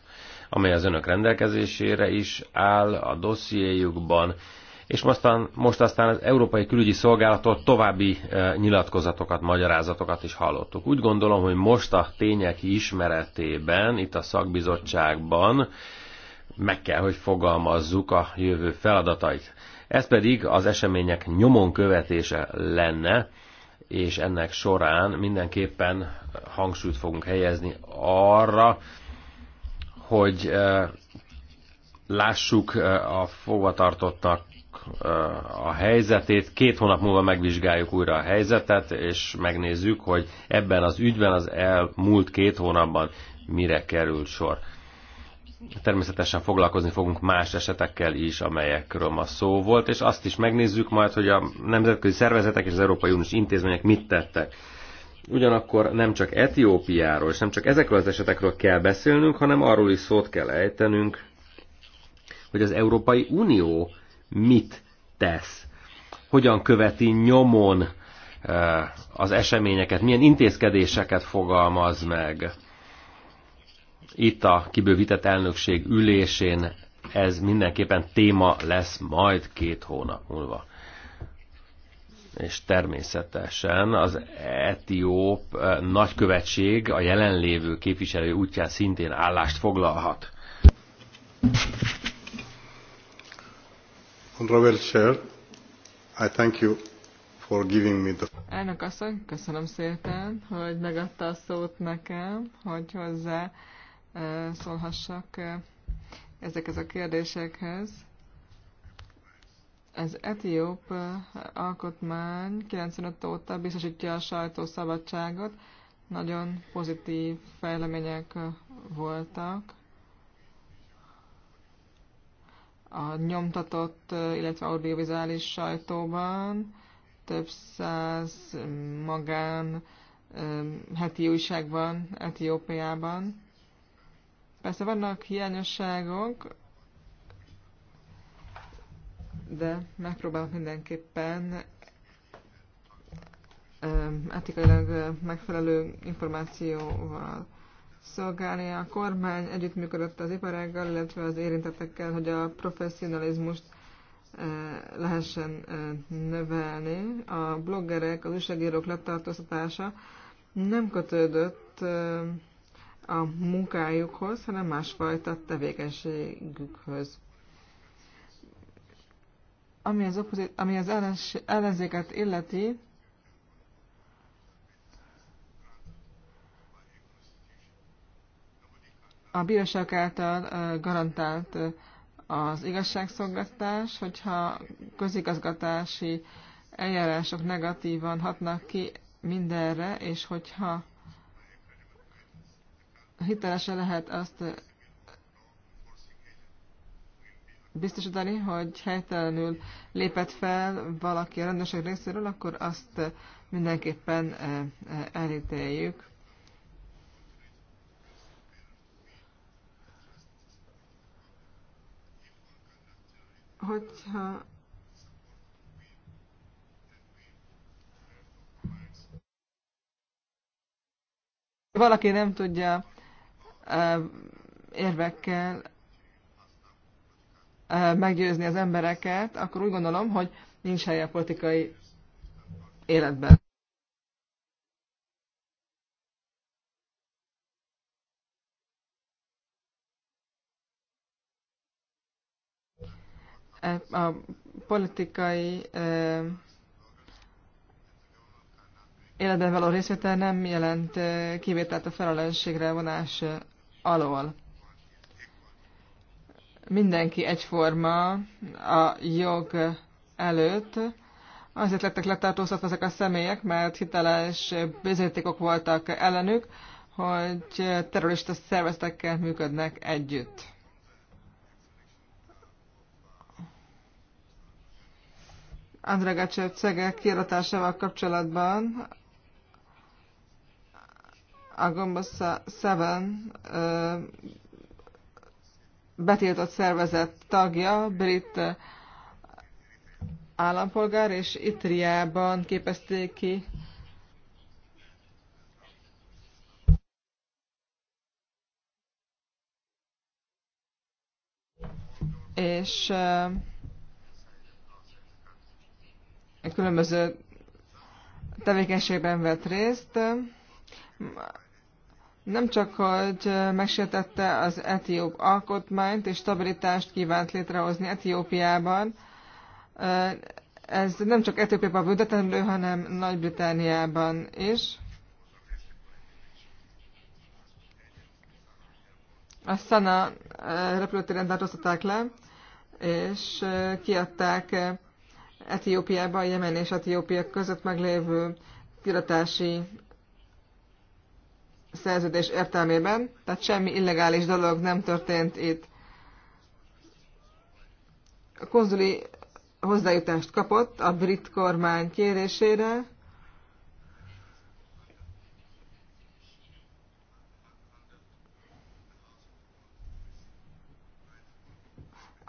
amely az önök rendelkezésére is áll a dossziéjukban, és mostan, most aztán az Európai Külügyi Szolgálattól további e, nyilatkozatokat, magyarázatokat is hallottuk. Úgy gondolom, hogy most a tények ismeretében, itt a szakbizottságban meg kell, hogy fogalmazzuk a jövő feladatait. Ez pedig az események nyomon követése lenne, és ennek során mindenképpen hangsúlyt fogunk helyezni arra, hogy e, lássuk e, a fogvatartottak a helyzetét, két hónap múlva megvizsgáljuk újra a helyzetet, és megnézzük, hogy ebben az ügyben az elmúlt két hónapban mire került sor. Természetesen foglalkozni fogunk más esetekkel is, amelyekről ma szó volt, és azt is megnézzük majd, hogy a nemzetközi szervezetek és az Európai Uniós intézmények mit tettek. Ugyanakkor nem csak Etiópiáról, és nem csak ezekről az esetekről kell beszélnünk, hanem arról is szót kell ejtenünk, hogy az Európai Unió mit tesz, hogyan követi nyomon eh, az eseményeket, milyen intézkedéseket fogalmaz meg. Itt a kibővített elnökség ülésén ez mindenképpen téma lesz majd két hónap múlva. És természetesen az etióp eh, nagykövetség a jelenlévő képviselő útján szintén állást foglalhat. Honorable Chair, I thank you for giving me the... Elnök asszony, köszönöm szépen, hogy megadta a szót nekem, hogy hozzá szólhassak ezekhez a kérdésekhez. Az etióp alkotmány 95 óta biztosítja a sajtó szabadságot. Nagyon pozitív fejlemények voltak a nyomtatott, illetve audiovizuális sajtóban, több száz magán heti újságban, Etiópiában. Persze vannak hiányosságok, de megpróbálok mindenképpen etikailag megfelelő információval szolgálni. A kormány együttműködött az iparággal, illetve az érintettekkel, hogy a professzionalizmust eh, lehessen eh, növelni. A bloggerek, az újságírók letartóztatása nem kötődött eh, a munkájukhoz, hanem másfajta tevékenységükhöz. Ami az, opozit, ami az ellenzéket illeti, a bíróság által garantált az igazságszolgáltatás, hogyha közigazgatási eljárások negatívan hatnak ki mindenre, és hogyha hitelesen lehet azt biztosítani, hogy helytelenül lépett fel valaki a rendőrség részéről, akkor azt mindenképpen elítéljük. hogyha valaki nem tudja érvekkel meggyőzni az embereket, akkor úgy gondolom, hogy nincs helye a politikai életben. a politikai életben való részvétel nem jelent kivételt a felelősségre vonás alól. Mindenki egyforma a jog előtt. Azért lettek letartóztatva ezek a személyek, mert hiteles bizonyítékok voltak ellenük, hogy terrorista szervezetekkel működnek együtt. André Gácső cégek kiadatásával kapcsolatban a Gomba 7 betiltott szervezet tagja, brit állampolgár, és Itriában képezték ki és különböző tevékenységben vett részt. Nem csak, hogy megsértette az etióp alkotmányt és stabilitást kívánt létrehozni Etiópiában, ez nem csak Etiópiában büntetendő, hanem Nagy-Britániában is. A Sana eh, repülőtéren tartóztatták le, és eh, kiadták eh, Etiópiában, Jemen és Etiópia között meglévő kiratási szerződés értelmében, tehát semmi illegális dolog nem történt itt. A konzuli hozzájutást kapott a brit kormány kérésére,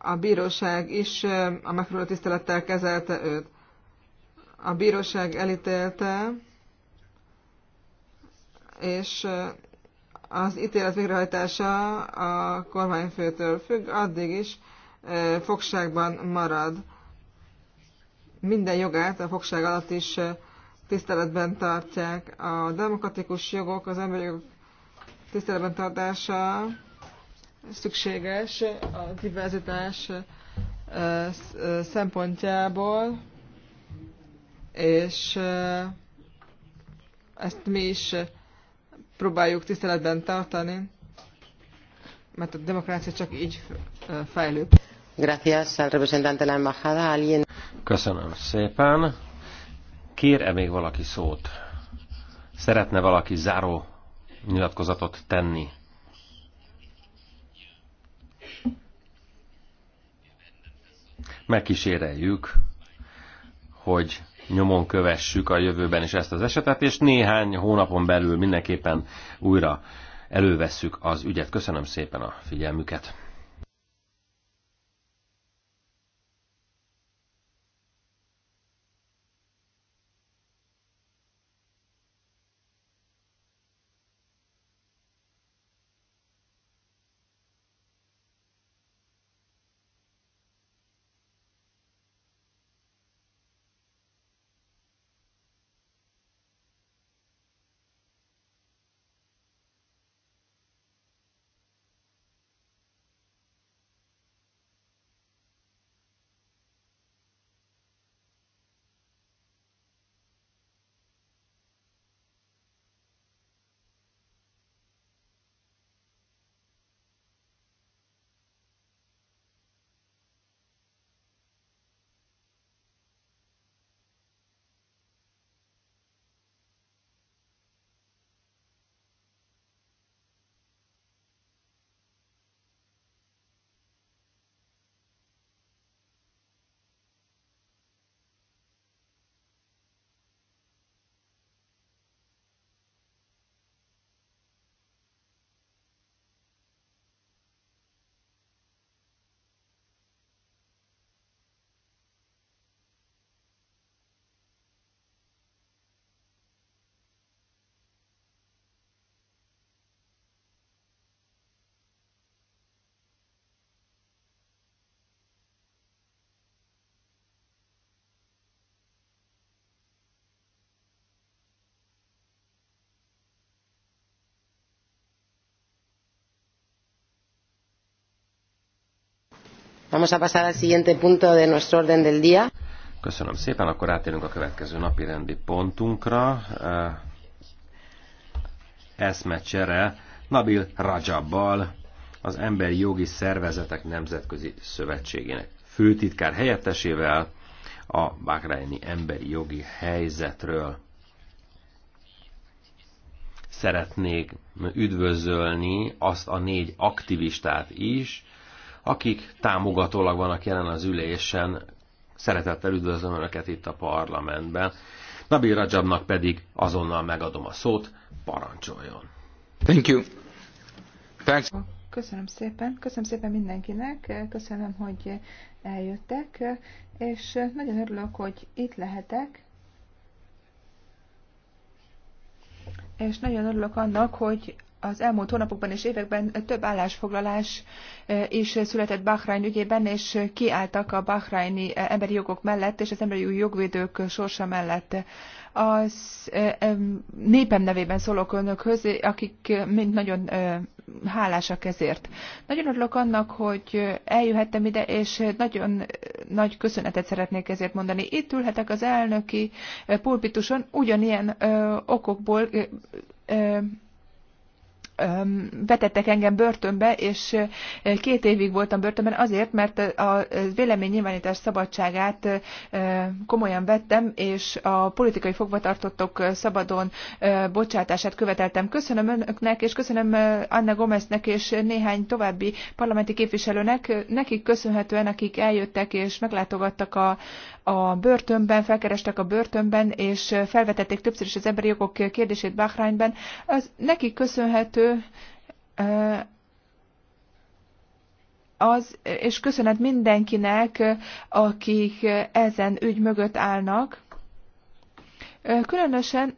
a bíróság is a megfelelő tisztelettel kezelte őt. A bíróság elítélte, és az ítélet végrehajtása a kormányfőtől függ, addig is fogságban marad. Minden jogát a fogság alatt is tiszteletben tartják. A demokratikus jogok, az emberi jogok tiszteletben tartása szükséges a diverzitás szempontjából, és ezt mi is próbáljuk tiszteletben tartani, mert a demokrácia csak így fejlődik. Gracias al representante de la embajada. Alguien... Köszönöm szépen. Kér-e még valaki szót? Szeretne valaki záró nyilatkozatot tenni? megkíséreljük, hogy nyomon kövessük a jövőben is ezt az esetet, és néhány hónapon belül mindenképpen újra elővesszük az ügyet. Köszönöm szépen a figyelmüket! Vamos a pasar al siguiente punto de nuestro orden del día. Köszönöm szépen, akkor átérünk a következő napi rendi pontunkra. Eh, eszmecsere Nabil Rajabbal, az Emberi Jogi Szervezetek Nemzetközi Szövetségének főtitkár helyettesével a Bahreini emberi jogi helyzetről. Szeretnék üdvözölni azt a négy aktivistát is, akik támogatólag vannak jelen az ülésen. Szeretettel üdvözlöm Önöket itt a parlamentben. Nabil Rajabnak pedig azonnal megadom a szót, parancsoljon. Thank you. Thanks. Köszönöm szépen, köszönöm szépen mindenkinek, köszönöm, hogy eljöttek, és nagyon örülök, hogy itt lehetek, és nagyon örülök annak, hogy az elmúlt hónapokban és években több állásfoglalás e, is született Bahrain ügyében, és kiálltak a bahraini e, emberi jogok mellett és az emberi jogvédők sorsa mellett. Az e, népem nevében szólok önökhöz, akik mind nagyon hálásak ezért. Nagyon örülök annak, hogy eljöhettem ide, és nagyon nagy köszönetet szeretnék ezért mondani. Itt ülhetek az elnöki pulpituson, ugyanilyen okokból vetettek engem börtönbe, és két évig voltam börtönben azért, mert a véleménynyilvánítás szabadságát komolyan vettem, és a politikai fogvatartottok szabadon bocsátását követeltem. Köszönöm önöknek, és köszönöm Anna Gomeznek, és néhány további parlamenti képviselőnek, nekik köszönhetően, akik eljöttek és meglátogattak a, a börtönben, felkerestek a börtönben, és felvetették többször is az emberi jogok kérdését Bahrányben. Az neki köszönhető az, és köszönet mindenkinek, akik ezen ügy mögött állnak. Különösen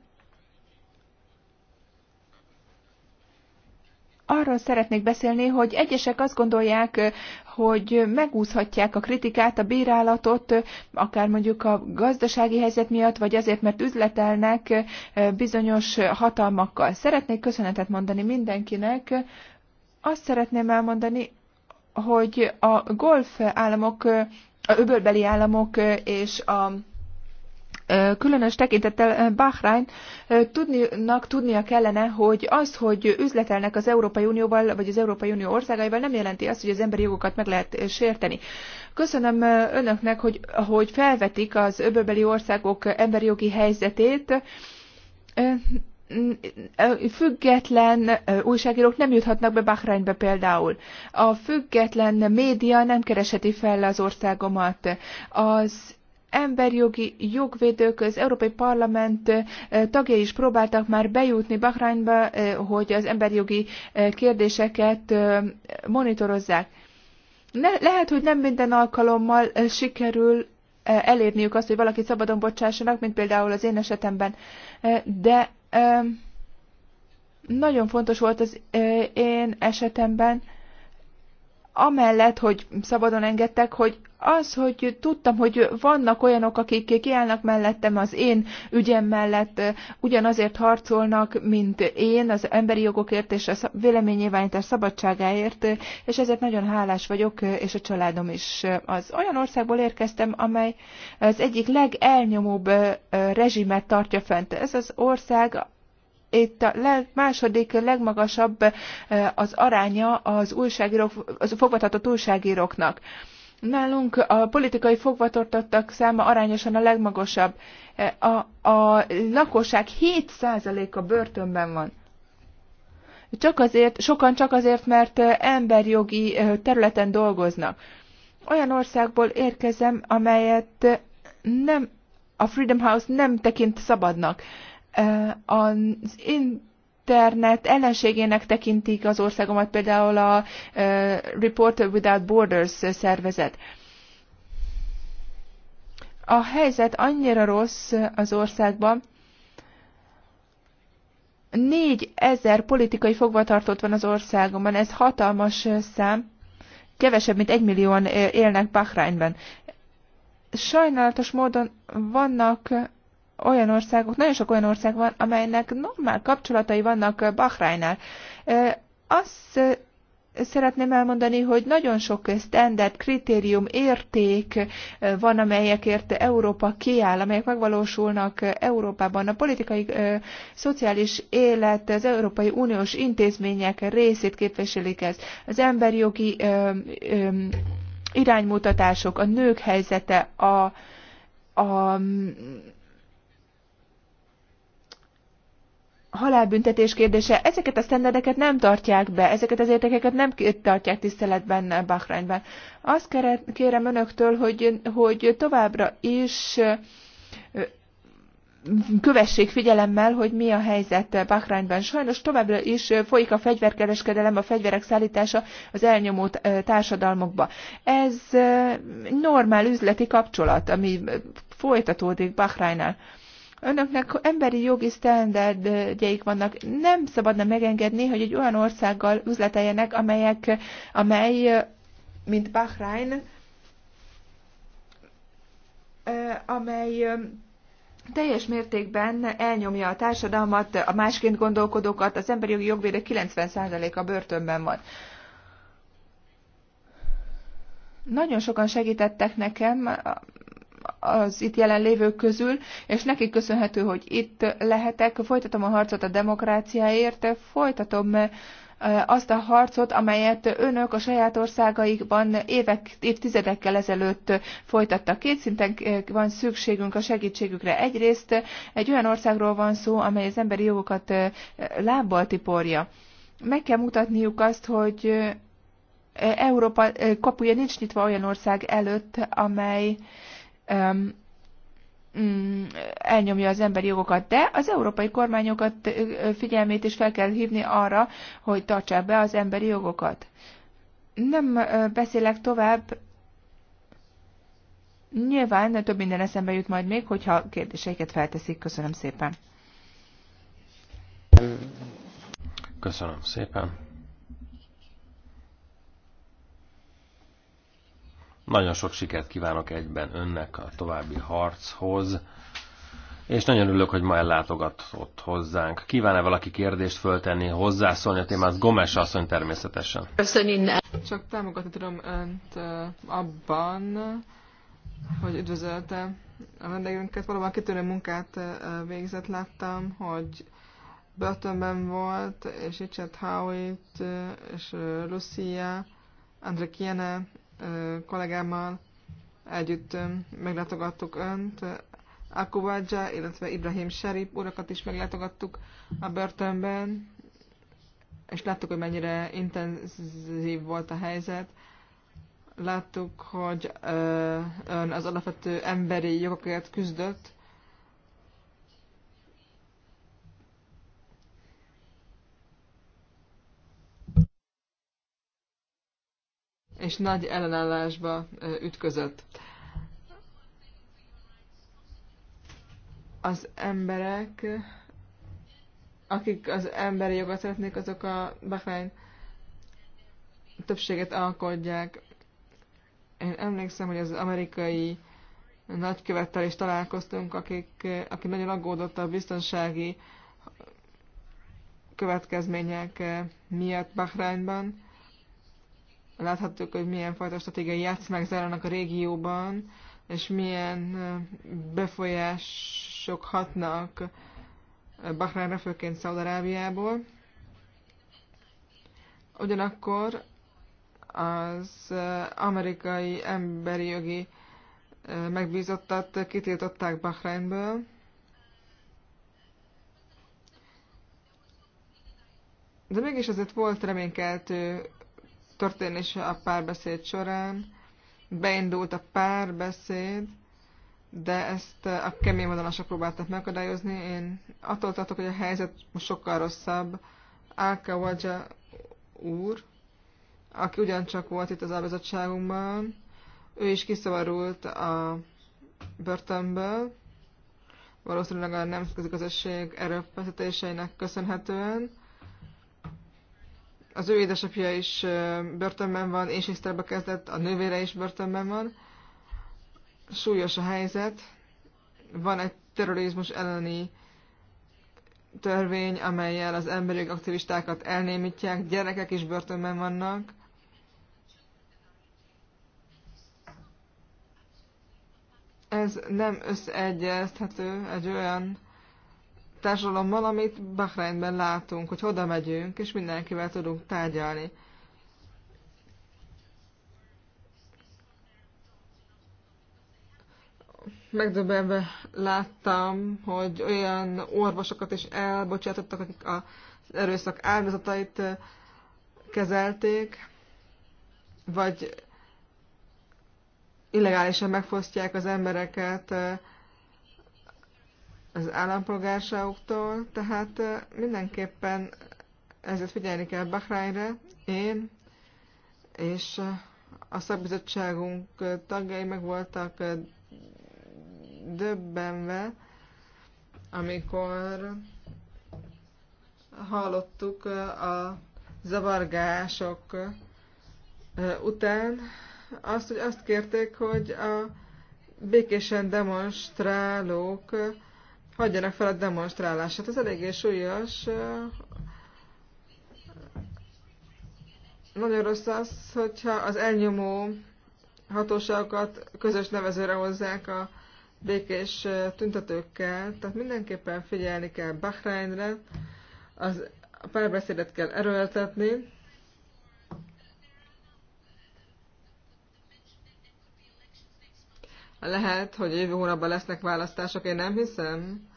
arról szeretnék beszélni, hogy egyesek azt gondolják, hogy megúszhatják a kritikát, a bírálatot, akár mondjuk a gazdasági helyzet miatt, vagy azért, mert üzletelnek eh, bizonyos hatalmakkal. Szeretnék köszönetet mondani mindenkinek. Azt szeretném elmondani, hogy a golf államok, eh, a öbölbeli államok eh, és a különös tekintettel Bahrain tudninak, tudnia kellene, hogy az, hogy üzletelnek az Európai Unióval, vagy az Európai Unió országaival nem jelenti azt, hogy az emberi jogokat meg lehet sérteni. Köszönöm önöknek, hogy, hogy felvetik az öbölbeli országok emberi jogi helyzetét független újságírók nem juthatnak be Bahreinbe például. A független média nem keresheti fel az országomat. Az emberjogi jogvédők, az Európai Parlament tagjai is próbáltak már bejutni Bahrányba, hogy az emberjogi kérdéseket monitorozzák. Ne, lehet, hogy nem minden alkalommal sikerül elérniük azt, hogy valakit szabadon bocsássanak, mint például az én esetemben, de nagyon fontos volt az én esetemben, amellett, hogy szabadon engedtek, hogy az, hogy tudtam, hogy vannak olyanok, akik kiállnak mellettem az én ügyem mellett, ugyanazért harcolnak, mint én az emberi jogokért és a véleménynyilvánítás szabadságáért, és ezért nagyon hálás vagyok, és a családom is. Az olyan országból érkeztem, amely az egyik legelnyomóbb rezsimet tartja fent. Ez az ország itt a le, második legmagasabb eh, az aránya az, újságírók, az fogvatartott újságíróknak. Nálunk a politikai fogvatartottak száma arányosan a legmagasabb. Eh, a, a lakosság 7%-a börtönben van. Csak azért, sokan csak azért, mert eh, emberjogi területen dolgoznak. Olyan országból érkezem, amelyet nem, a Freedom House nem tekint szabadnak az internet ellenségének tekintik az országomat például a Reporter Without Borders szervezet. A helyzet annyira rossz az országban, Négy ezer politikai fogvatartott van az országomban, ez hatalmas szám. Kevesebb, mint egy millióan élnek Bahreinben. Sajnálatos módon vannak olyan országok, nagyon sok olyan ország van, amelynek normál kapcsolatai vannak eh, Bahrajnál. Eh, azt eh, szeretném elmondani, hogy nagyon sok standard, kritérium, érték van, amelyekért Európa kiáll, amelyek megvalósulnak Európában. A politikai, szociális élet, az Európai Uniós intézmények részét képviselik ez. Az emberi jogi iránymutatások, a nők helyzete, a, a halálbüntetés kérdése, ezeket a szendedeket nem tartják be, ezeket az értékeket nem tartják tiszteletben Bahreinben. Azt kérem önöktől, hogy, hogy továbbra is kövessék figyelemmel, hogy mi a helyzet Bahreinben. Sajnos továbbra is folyik a fegyverkereskedelem, a fegyverek szállítása az elnyomó társadalmokba. Ez normál üzleti kapcsolat, ami folytatódik Bahreinnel. Önöknek emberi jogi sztenderdjeik vannak. Nem szabadna megengedni, hogy egy olyan országgal üzleteljenek, amelyek, amely, mint Bahrain, amely teljes mértékben elnyomja a társadalmat, a másként gondolkodókat, az emberi jogi jogvédők 90%-a börtönben van. Nagyon sokan segítettek nekem az itt jelenlévők közül, és neki köszönhető, hogy itt lehetek. Folytatom a harcot a demokráciáért, folytatom eh, azt a harcot, amelyet önök a saját országaikban évek, évtizedekkel ezelőtt folytattak. Két szinten eh, van szükségünk a segítségükre. Egyrészt egy olyan országról van szó, amely az emberi jogokat eh, lábbal tiporja. Meg kell mutatniuk azt, hogy Európa kapuja nincs nyitva olyan ország előtt, amely Mm, elnyomja az emberi jogokat, de az európai kormányokat figyelmét is fel kell hívni arra, hogy tartsák be az emberi jogokat. Nem beszélek tovább, nyilván de több minden eszembe jut majd még, hogyha kérdéseiket felteszik. Köszönöm szépen. Köszönöm szépen. Nagyon sok sikert kívánok egyben önnek a további harchoz, és nagyon örülök, hogy ma ellátogatott hozzánk. Kíván-e valaki kérdést föltenni, hozzászólni a témához? Gomes asszony természetesen. Köszönöm. Csak támogatni tudom önt abban, hogy üdvözölte a vendégünket. Valóban kitűnő munkát végzett, láttam, hogy börtönben volt, és Richard Howitt, és Lucia, Andre Kiene kollégámmal együtt meglátogattuk Önt, Akubadzsa, illetve Ibrahim Sharip urakat is meglátogattuk a börtönben, és láttuk, hogy mennyire intenzív volt a helyzet. Láttuk, hogy ön az alapvető emberi jogokért küzdött, és nagy ellenállásba ütközött. Az emberek, akik az emberi jogot szeretnék, azok a Bahrein többséget alkodják. Én emlékszem, hogy az amerikai nagykövettel is találkoztunk, akik, aki nagyon aggódott a biztonsági következmények miatt Bahreinban. Láthattuk, hogy milyen fajta stratégiai játszmák zajlanak a régióban, és milyen befolyások hatnak Bahrainra, főként Szaudarábiából. Ugyanakkor az amerikai emberi jogi megbízottat kitiltották Bahrainből, De mégis azért volt reménykeltő történése a párbeszéd során. Beindult a párbeszéd, de ezt a kemény vonalasok próbáltak megakadályozni. Én attól tartok, hogy a helyzet most sokkal rosszabb. Vajja úr, aki ugyancsak volt itt az albizottságunkban, ő is kiszavarult a börtönből, valószínűleg a nemzetközi közösség erőfeszítéseinek köszönhetően az ő édesapja is börtönben van, és Észterbe kezdett, a nővére is börtönben van. Súlyos a helyzet. Van egy terrorizmus elleni törvény, amelyel az emberi aktivistákat elnémítják, gyerekek is börtönben vannak. Ez nem összeegyezthető egy olyan társadalommal, amit Bahreinben látunk, hogy oda megyünk, és mindenkivel tudunk tárgyalni. Megdöbbenve láttam, hogy olyan orvosokat is elbocsátottak, akik az erőszak áldozatait kezelték, vagy illegálisan megfosztják az embereket az állampolgárságuktól, tehát mindenképpen ezért figyelni kell Bahrainre, én és a szakbizottságunk tagjai meg voltak döbbenve, amikor hallottuk a zavargások után azt, hogy azt kérték, hogy a békésen demonstrálók hagyjanak fel a demonstrálását. Ez eléggé súlyos. Nagyon rossz az, hogyha az elnyomó hatóságokat közös nevezőre hozzák a békés tüntetőkkel, tehát mindenképpen figyelni kell Bahreinre, az a párbeszédet kell erőltetni, Lehet, hogy jövő hónapban lesznek választások, én nem hiszem.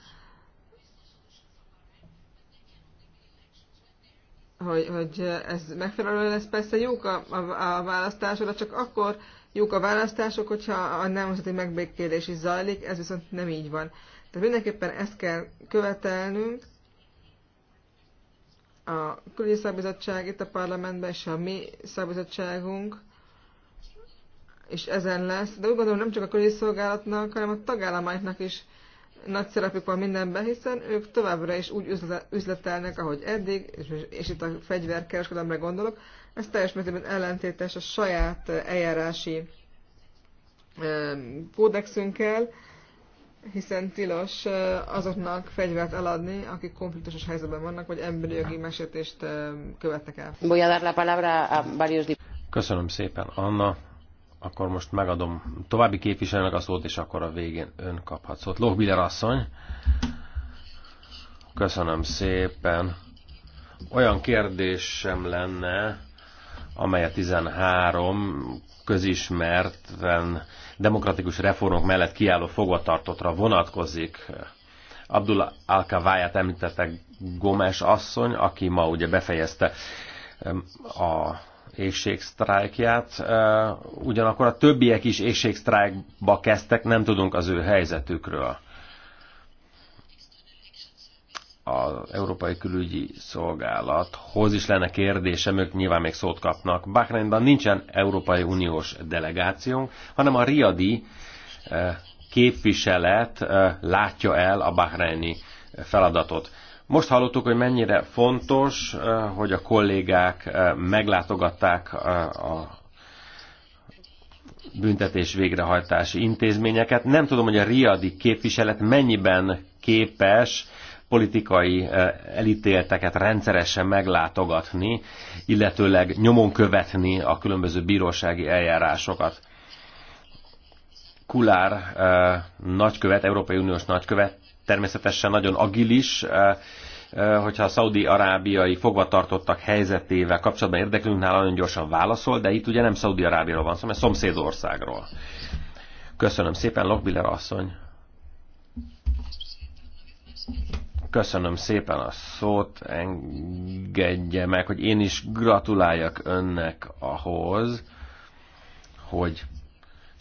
hogy, hogy ez megfelelő lesz. Persze jók a, a, a választások, de csak akkor jók a választások, hogyha a nemzeti megbékélés is zajlik, ez viszont nem így van. Tehát mindenképpen ezt kell követelnünk, a külügyi szabizottság itt a parlamentben, és a mi szabizottságunk, és ezen lesz. De úgy gondolom, nem csak a külügyi szolgálatnak, hanem a tagállamáknak is nagy szerepük van mindenben, hiszen ők továbbra is úgy üzletelnek, ahogy eddig, és, és itt a fegyverkereskedelemre gondolok, ez teljes mértékben ellentétes a saját eh, eljárási kódexünkkel, hiszen tilos eh, azoknak fegyvert eladni, akik konfliktusos helyzetben vannak, vagy emberi jogi megsértést követnek el. Köszönöm szépen, Anna. Akkor most megadom további képviselőnek a szót, és akkor a végén ön kaphat szót. Lohbiller asszony, köszönöm szépen. Olyan kérdésem lenne, amely a 13 közismertven demokratikus reformok mellett kiálló fogvatartotra vonatkozik. Abdullah Al-Kaváját említette Gomes asszony, aki ma ugye befejezte a éjségsztrájkját, ugyanakkor a többiek is éjségsztrájkba kezdtek, nem tudunk az ő helyzetükről. Az Európai Külügyi Szolgálathoz is lenne kérdésem, ők nyilván még szót kapnak. Bahreinben nincsen Európai Uniós delegációnk, hanem a riadi képviselet látja el a bahreini feladatot. Most hallottuk, hogy mennyire fontos, eh, hogy a kollégák eh, meglátogatták eh, a büntetés végrehajtási intézményeket. Nem tudom, hogy a riadi képviselet mennyiben képes politikai elítélteket rendszeresen meglátogatni, illetőleg nyomon követni a különböző bírósági eljárásokat. Kulár nagykövet, Európai Uniós nagykövet természetesen nagyon agilis hogyha a szaudi-arábiai fogvatartottak helyzetével kapcsolatban érdeklünk, nála nagyon gyorsan válaszol, de itt ugye nem Szaudi-Arábiáról van szó, hanem szomszédországról. Köszönöm szépen, Lokbiller asszony. Köszönöm szépen a szót, engedje meg, hogy én is gratuláljak önnek ahhoz, hogy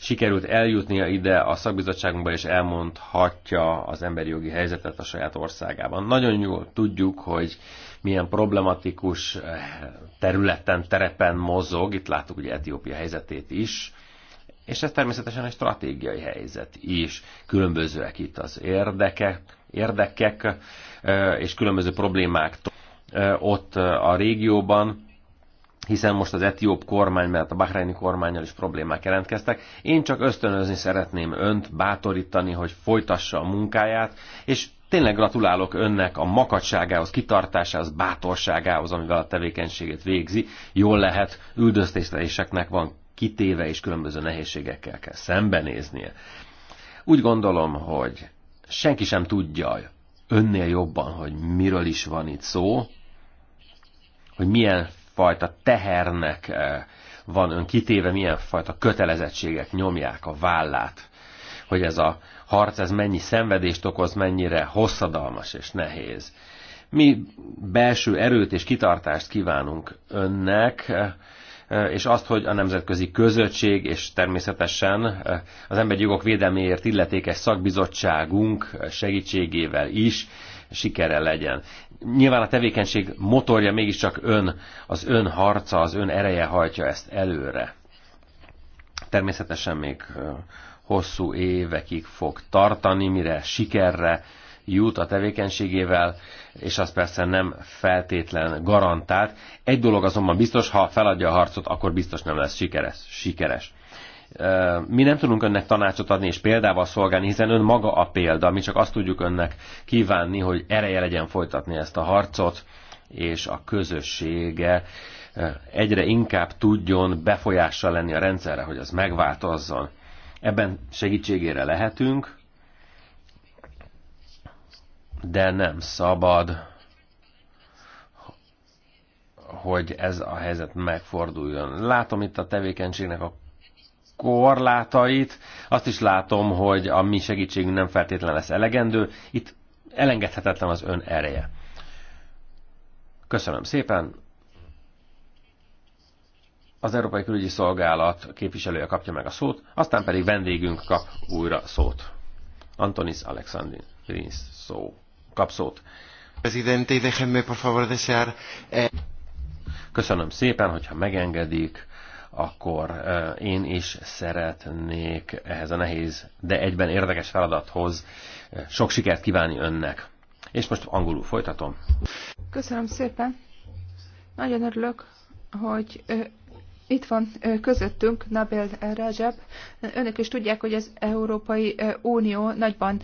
sikerült eljutnia ide a szakbizottságunkba, és elmondhatja az emberi jogi helyzetet a saját országában. Nagyon jól tudjuk, hogy milyen problematikus eh, területen, terepen mozog, itt láttuk ugye Etiópia helyzetét is, és ez természetesen egy stratégiai helyzet is. Különbözőek itt az érdekek, érdekek eh, és különböző problémák eh, ott a régióban, hiszen most az etióp kormány, mert a bahreini kormányjal is problémák jelentkeztek. Én csak ösztönözni szeretném önt, bátorítani, hogy folytassa a munkáját, és tényleg gratulálok önnek a makacságához, kitartásához, bátorságához, amivel a tevékenységét végzi. Jól lehet, üldöztészleléseknek van kitéve, és különböző nehézségekkel kell szembenéznie. Úgy gondolom, hogy senki sem tudja önnél jobban, hogy miről is van itt szó, hogy milyen fajta tehernek eh, van ön kitéve, milyen fajta kötelezettségek nyomják a vállát, hogy ez a harc, ez mennyi szenvedést okoz, mennyire hosszadalmas és nehéz. Mi belső erőt és kitartást kívánunk önnek, eh, és azt, hogy a nemzetközi közösség és természetesen eh, az emberi jogok védelméért illetékes szakbizottságunk segítségével is sikere legyen nyilván a tevékenység motorja mégiscsak ön, az ön harca, az ön ereje hajtja ezt előre. Természetesen még hosszú évekig fog tartani, mire sikerre jut a tevékenységével, és az persze nem feltétlen garantált. Egy dolog azonban biztos, ha feladja a harcot, akkor biztos nem lesz sikeres. sikeres mi nem tudunk önnek tanácsot adni és példával szolgálni, hiszen ön maga a példa, mi csak azt tudjuk önnek kívánni, hogy ereje legyen folytatni ezt a harcot, és a közössége egyre inkább tudjon befolyással lenni a rendszerre, hogy az megváltozzon. Ebben segítségére lehetünk, de nem szabad, hogy ez a helyzet megforduljon. Látom itt a tevékenységnek a korlátait. Azt is látom, hogy a mi segítségünk nem feltétlenül lesz elegendő. Itt elengedhetetlen az ön ereje. Köszönöm szépen. Az Európai Külügyi Szolgálat képviselője kapja meg a szót, aztán pedig vendégünk kap újra szót. Antonis Alexandrins szó. Kap szót. Eh, Köszönöm szépen, hogyha megengedik akkor én is szeretnék ehhez a nehéz, de egyben érdekes feladathoz sok sikert kívánni önnek. És most angolul folytatom. Köszönöm szépen. Nagyon örülök, hogy itt van közöttünk Nabil Rajab. Önök is tudják, hogy az Európai Unió nagyban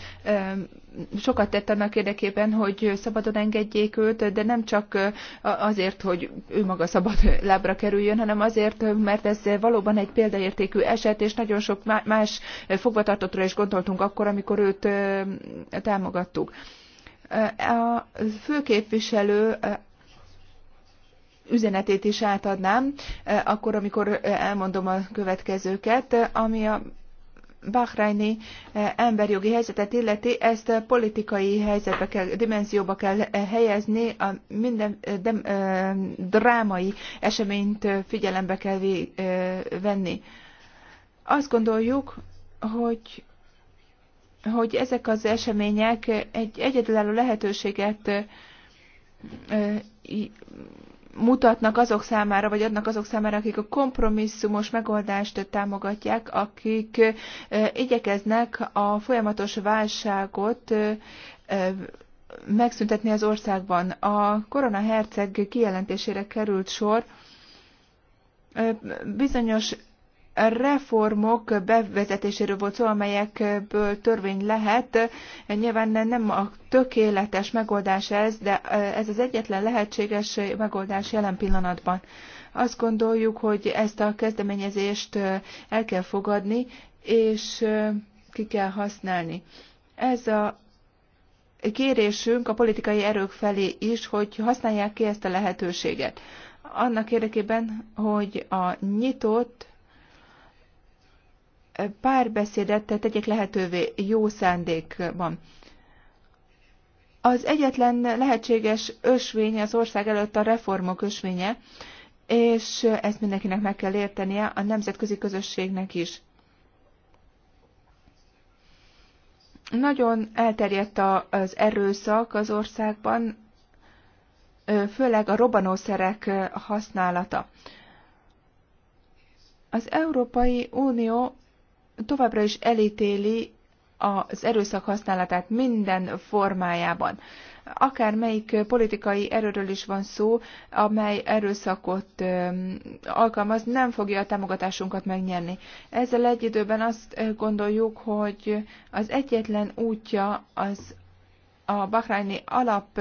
sokat tett annak érdekében, hogy szabadon engedjék őt, de nem csak azért, hogy ő maga szabad lábra kerüljön, hanem azért, mert ez valóban egy példaértékű eset, és nagyon sok más fogvatartottra is gondoltunk akkor, amikor őt támogattuk. A főképviselő üzenetét is átadnám, e, akkor, amikor e, elmondom a következőket, ami a bahrajni e, emberjogi helyzetet illeti, ezt politikai helyzetbe kell, dimenzióba kell helyezni, a minden de, drámai eseményt figyelembe kell venni. Azt gondoljuk, hogy hogy ezek az események egy egyedülálló lehetőséget mutatnak azok számára, vagy adnak azok számára, akik a kompromisszumos megoldást támogatják, akik igyekeznek a folyamatos válságot megszüntetni az országban. A korona herceg kijelentésére került sor, bizonyos reformok bevezetéséről volt szó, amelyekből törvény lehet. Nyilván nem a tökéletes megoldás ez, de ez az egyetlen lehetséges megoldás jelen pillanatban. Azt gondoljuk, hogy ezt a kezdeményezést el kell fogadni, és ki kell használni. Ez a kérésünk a politikai erők felé is, hogy használják ki ezt a lehetőséget. Annak érdekében, hogy a nyitott pár tehát egyik lehetővé jó szándékban. Az egyetlen lehetséges ösvény az ország előtt a reformok ösvénye, és ezt mindenkinek meg kell értenie, a nemzetközi közösségnek is. Nagyon elterjedt az erőszak az országban, főleg a robbanószerek használata. Az Európai Unió továbbra is elítéli az erőszak használatát minden formájában. Akár melyik politikai erőről is van szó, amely erőszakot alkalmaz, nem fogja a támogatásunkat megnyerni. Ezzel egy időben azt gondoljuk, hogy az egyetlen útja az a bahrájni alap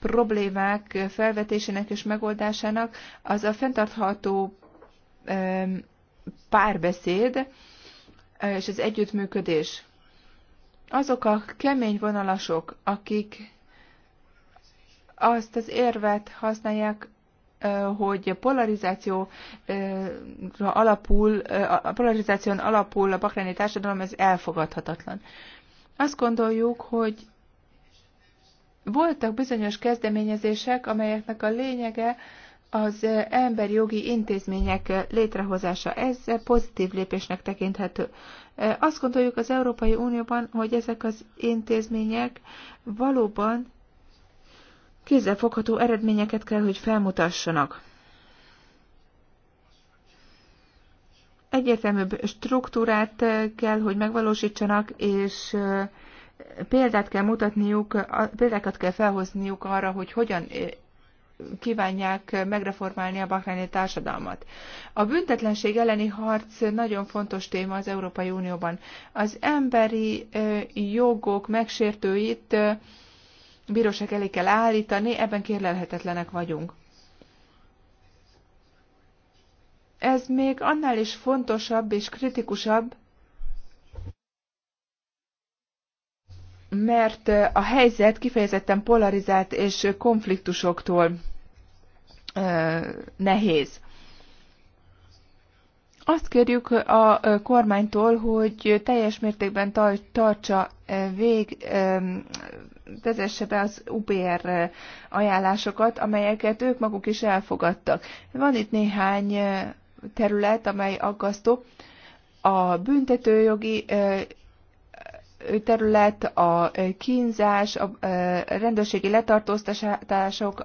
problémák felvetésének és megoldásának az a fenntartható párbeszéd, és az együttműködés. Azok a kemény vonalasok, akik azt az érvet használják, hogy a polarizációra alapul, a polarizáción alapul a bakrányi társadalom, ez elfogadhatatlan. Azt gondoljuk, hogy voltak bizonyos kezdeményezések, amelyeknek a lényege az emberi jogi intézmények létrehozása. Ez pozitív lépésnek tekinthető. Azt gondoljuk az Európai Unióban, hogy ezek az intézmények valóban kézzelfogható eredményeket kell, hogy felmutassanak. Egyértelműbb struktúrát kell, hogy megvalósítsanak, és példát kell mutatniuk, példákat kell felhozniuk arra, hogy hogyan kívánják megreformálni a bahreini társadalmat. A büntetlenség elleni harc nagyon fontos téma az Európai Unióban. Az emberi jogok megsértőit bíróság elé kell állítani, ebben kérlelhetetlenek vagyunk. Ez még annál is fontosabb és kritikusabb, mert a helyzet kifejezetten polarizált és konfliktusoktól nehéz. Azt kérjük a kormánytól, hogy teljes mértékben tartsa vég, vezesse be az UPR ajánlásokat, amelyeket ők maguk is elfogadtak. Van itt néhány terület, amely aggasztó. A büntetőjogi terület, a kínzás, a rendőrségi letartóztatások,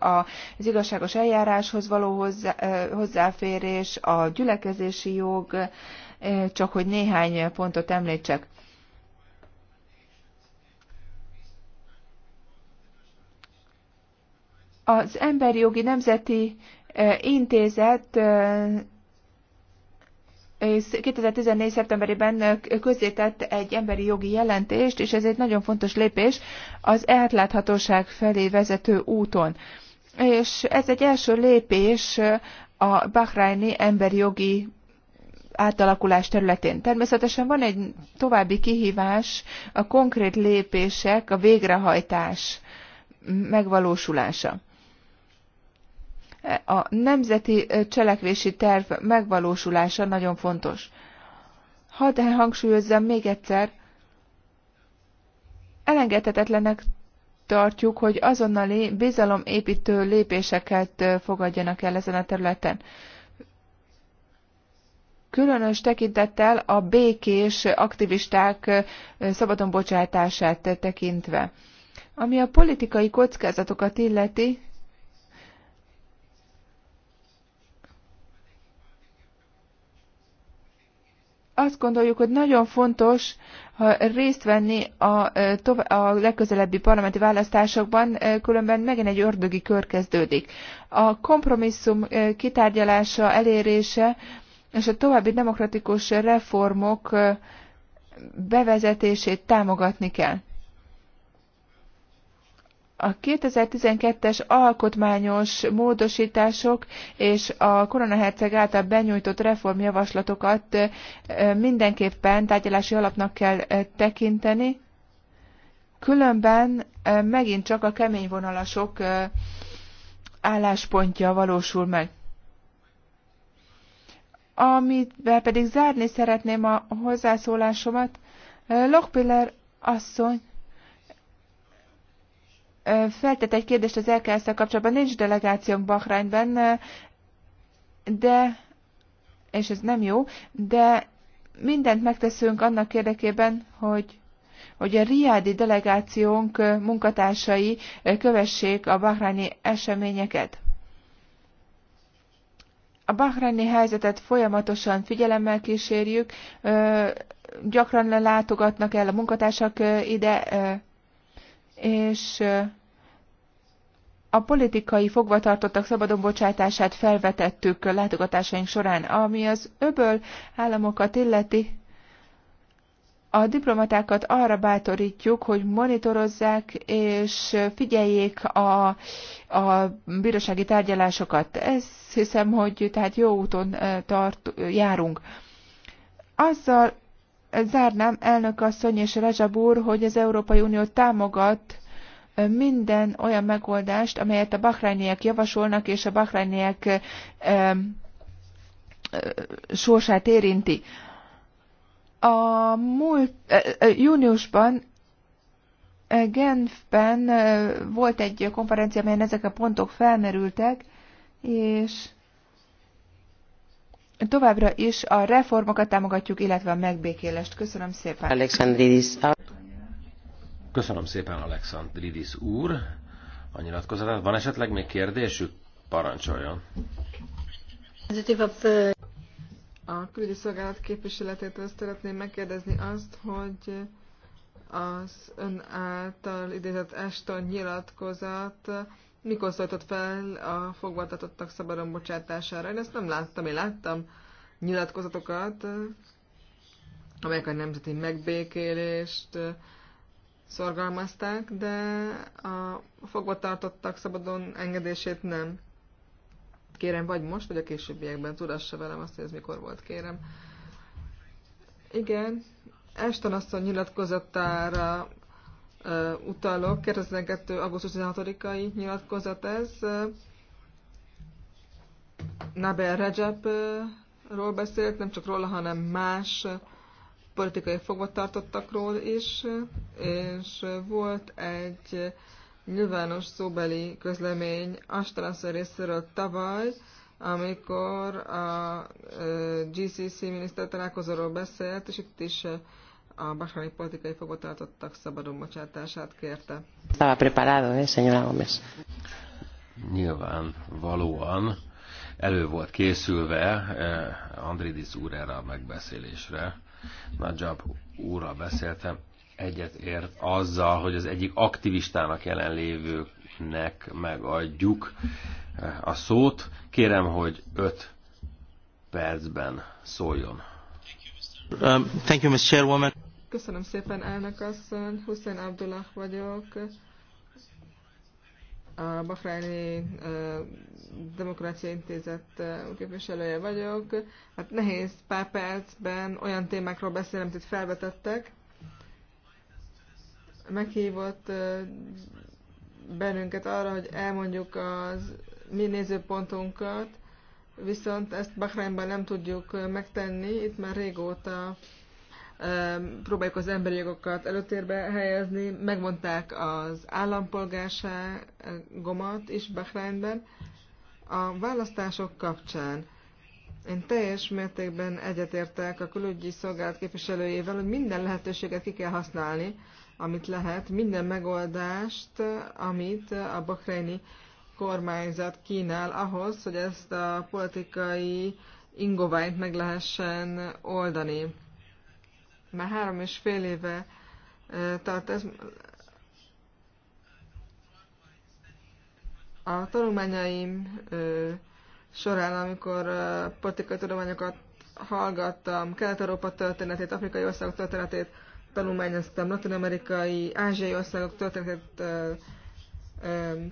az igazságos eljáráshoz való hozzáférés, a gyülekezési jog, csak hogy néhány pontot említsek. Az Emberi Jogi Nemzeti Intézet 2014. szeptemberében közzétett egy emberi jogi jelentést, és ez egy nagyon fontos lépés az átláthatóság felé vezető úton. És ez egy első lépés a Bahraini emberi jogi átalakulás területén. Természetesen van egy további kihívás, a konkrét lépések, a végrehajtás megvalósulása. A nemzeti cselekvési terv megvalósulása nagyon fontos. Hadd hangsúlyozzam még egyszer, elengedhetetlenek tartjuk, hogy azonnali bizalomépítő lépéseket fogadjanak el ezen a területen. Különös tekintettel a békés aktivisták szabadon bocsátását tekintve. Ami a politikai kockázatokat illeti, azt gondoljuk, hogy nagyon fontos ha részt venni a, a legközelebbi parlamenti választásokban, különben megint egy ördögi kör kezdődik. A kompromisszum kitárgyalása, elérése és a további demokratikus reformok bevezetését támogatni kell. A 2012-es alkotmányos módosítások és a koronaherceg által benyújtott reformjavaslatokat mindenképpen tárgyalási alapnak kell tekinteni, különben megint csak a kemény vonalasok álláspontja valósul meg. Amivel pedig zárni szeretném a hozzászólásomat, Lochpiller asszony feltett egy kérdést az lks kapcsolatban. Nincs delegációnk Bahrányban, de, és ez nem jó, de mindent megteszünk annak érdekében, hogy hogy a riádi delegációnk munkatársai kövessék a bahráni eseményeket. A bahráni helyzetet folyamatosan figyelemmel kísérjük, gyakran látogatnak el a munkatársak ide, és a politikai fogvatartottak szabadon bocsátását felvetettük látogatásaink során, ami az öböl államokat illeti. A diplomatákat arra bátorítjuk, hogy monitorozzák és figyeljék a, a bírósági tárgyalásokat. Ez hiszem, hogy tehát jó úton tart, járunk. Azzal zárnám, elnök asszony és Rajab úr, hogy az Európai Unió támogat minden olyan megoldást, amelyet a bahrájniek javasolnak, és a bahrájniek sorsát érinti. A múlt júniusban Genfben volt egy konferencia, amelyen ezek a pontok felmerültek, és továbbra is a reformokat támogatjuk, illetve a megbékélést. Köszönöm szépen. Alexandridis. Köszönöm szépen, Alexandridis úr. A nyilatkozatát. Van esetleg még kérdésük? Parancsoljon. A külügyi szolgálat képviseletétől szeretném megkérdezni azt, hogy az ön által idézett Eston nyilatkozat mikor szóltott fel a fogvatatottak szabadon bocsátására. Én ezt nem láttam, én láttam nyilatkozatokat, amelyek a nemzeti megbékélést szorgalmazták, de a fogvatartottak szabadon engedését nem. Kérem, vagy most, vagy a későbbiekben tudassa velem azt, hogy ez mikor volt, kérem. Igen, Eston asszony nyilatkozatára utalok. 2002. augusztus 16-ai nyilatkozat ez. Nabel uh, beszélt, nem csak róla, hanem más politikai fogvatartottakról is, és volt egy nyilvános szóbeli közlemény Astalasza részéről tavaly, amikor a GCC miniszter találkozóról beszélt, és itt is a bahraini politikai fogvatartottak szabadon bocsátását kérte. Estaba preparado, eh, señora Gómez. Nyilván, valóan elő volt készülve eh, Andridis úr erre a megbeszélésre. Nagyjáb úrra beszéltem, egyet ért azzal, hogy az egyik aktivistának jelenlévőknek megadjuk eh, a szót. Kérem, hogy öt percben szóljon Um, thank you, Chairwoman. Köszönöm szépen, elnök asszony. Hussein Abdullah vagyok. A Bahreini Demokrácia Intézet képviselője vagyok. Hát nehéz pár percben olyan témákról beszélni, amit itt felvetettek. Meghívott bennünket arra, hogy elmondjuk az mi nézőpontunkat, viszont ezt Bahreinben nem tudjuk megtenni, itt már régóta próbáljuk az emberi jogokat előtérbe helyezni, megmondták az állampolgárságomat is Bahreinben. A választások kapcsán én teljes mértékben egyetértek a külügyi szolgálat képviselőjével, hogy minden lehetőséget ki kell használni, amit lehet, minden megoldást, amit a bahreini kormányzat kínál ahhoz, hogy ezt a politikai ingoványt meg lehessen oldani. Már három és fél éve tart ez. A tanulmányaim során, amikor politikai tudományokat hallgattam, Kelet-Európa történetét, afrikai országok történetét tanulmányoztam, latin-amerikai, ázsiai országok történetét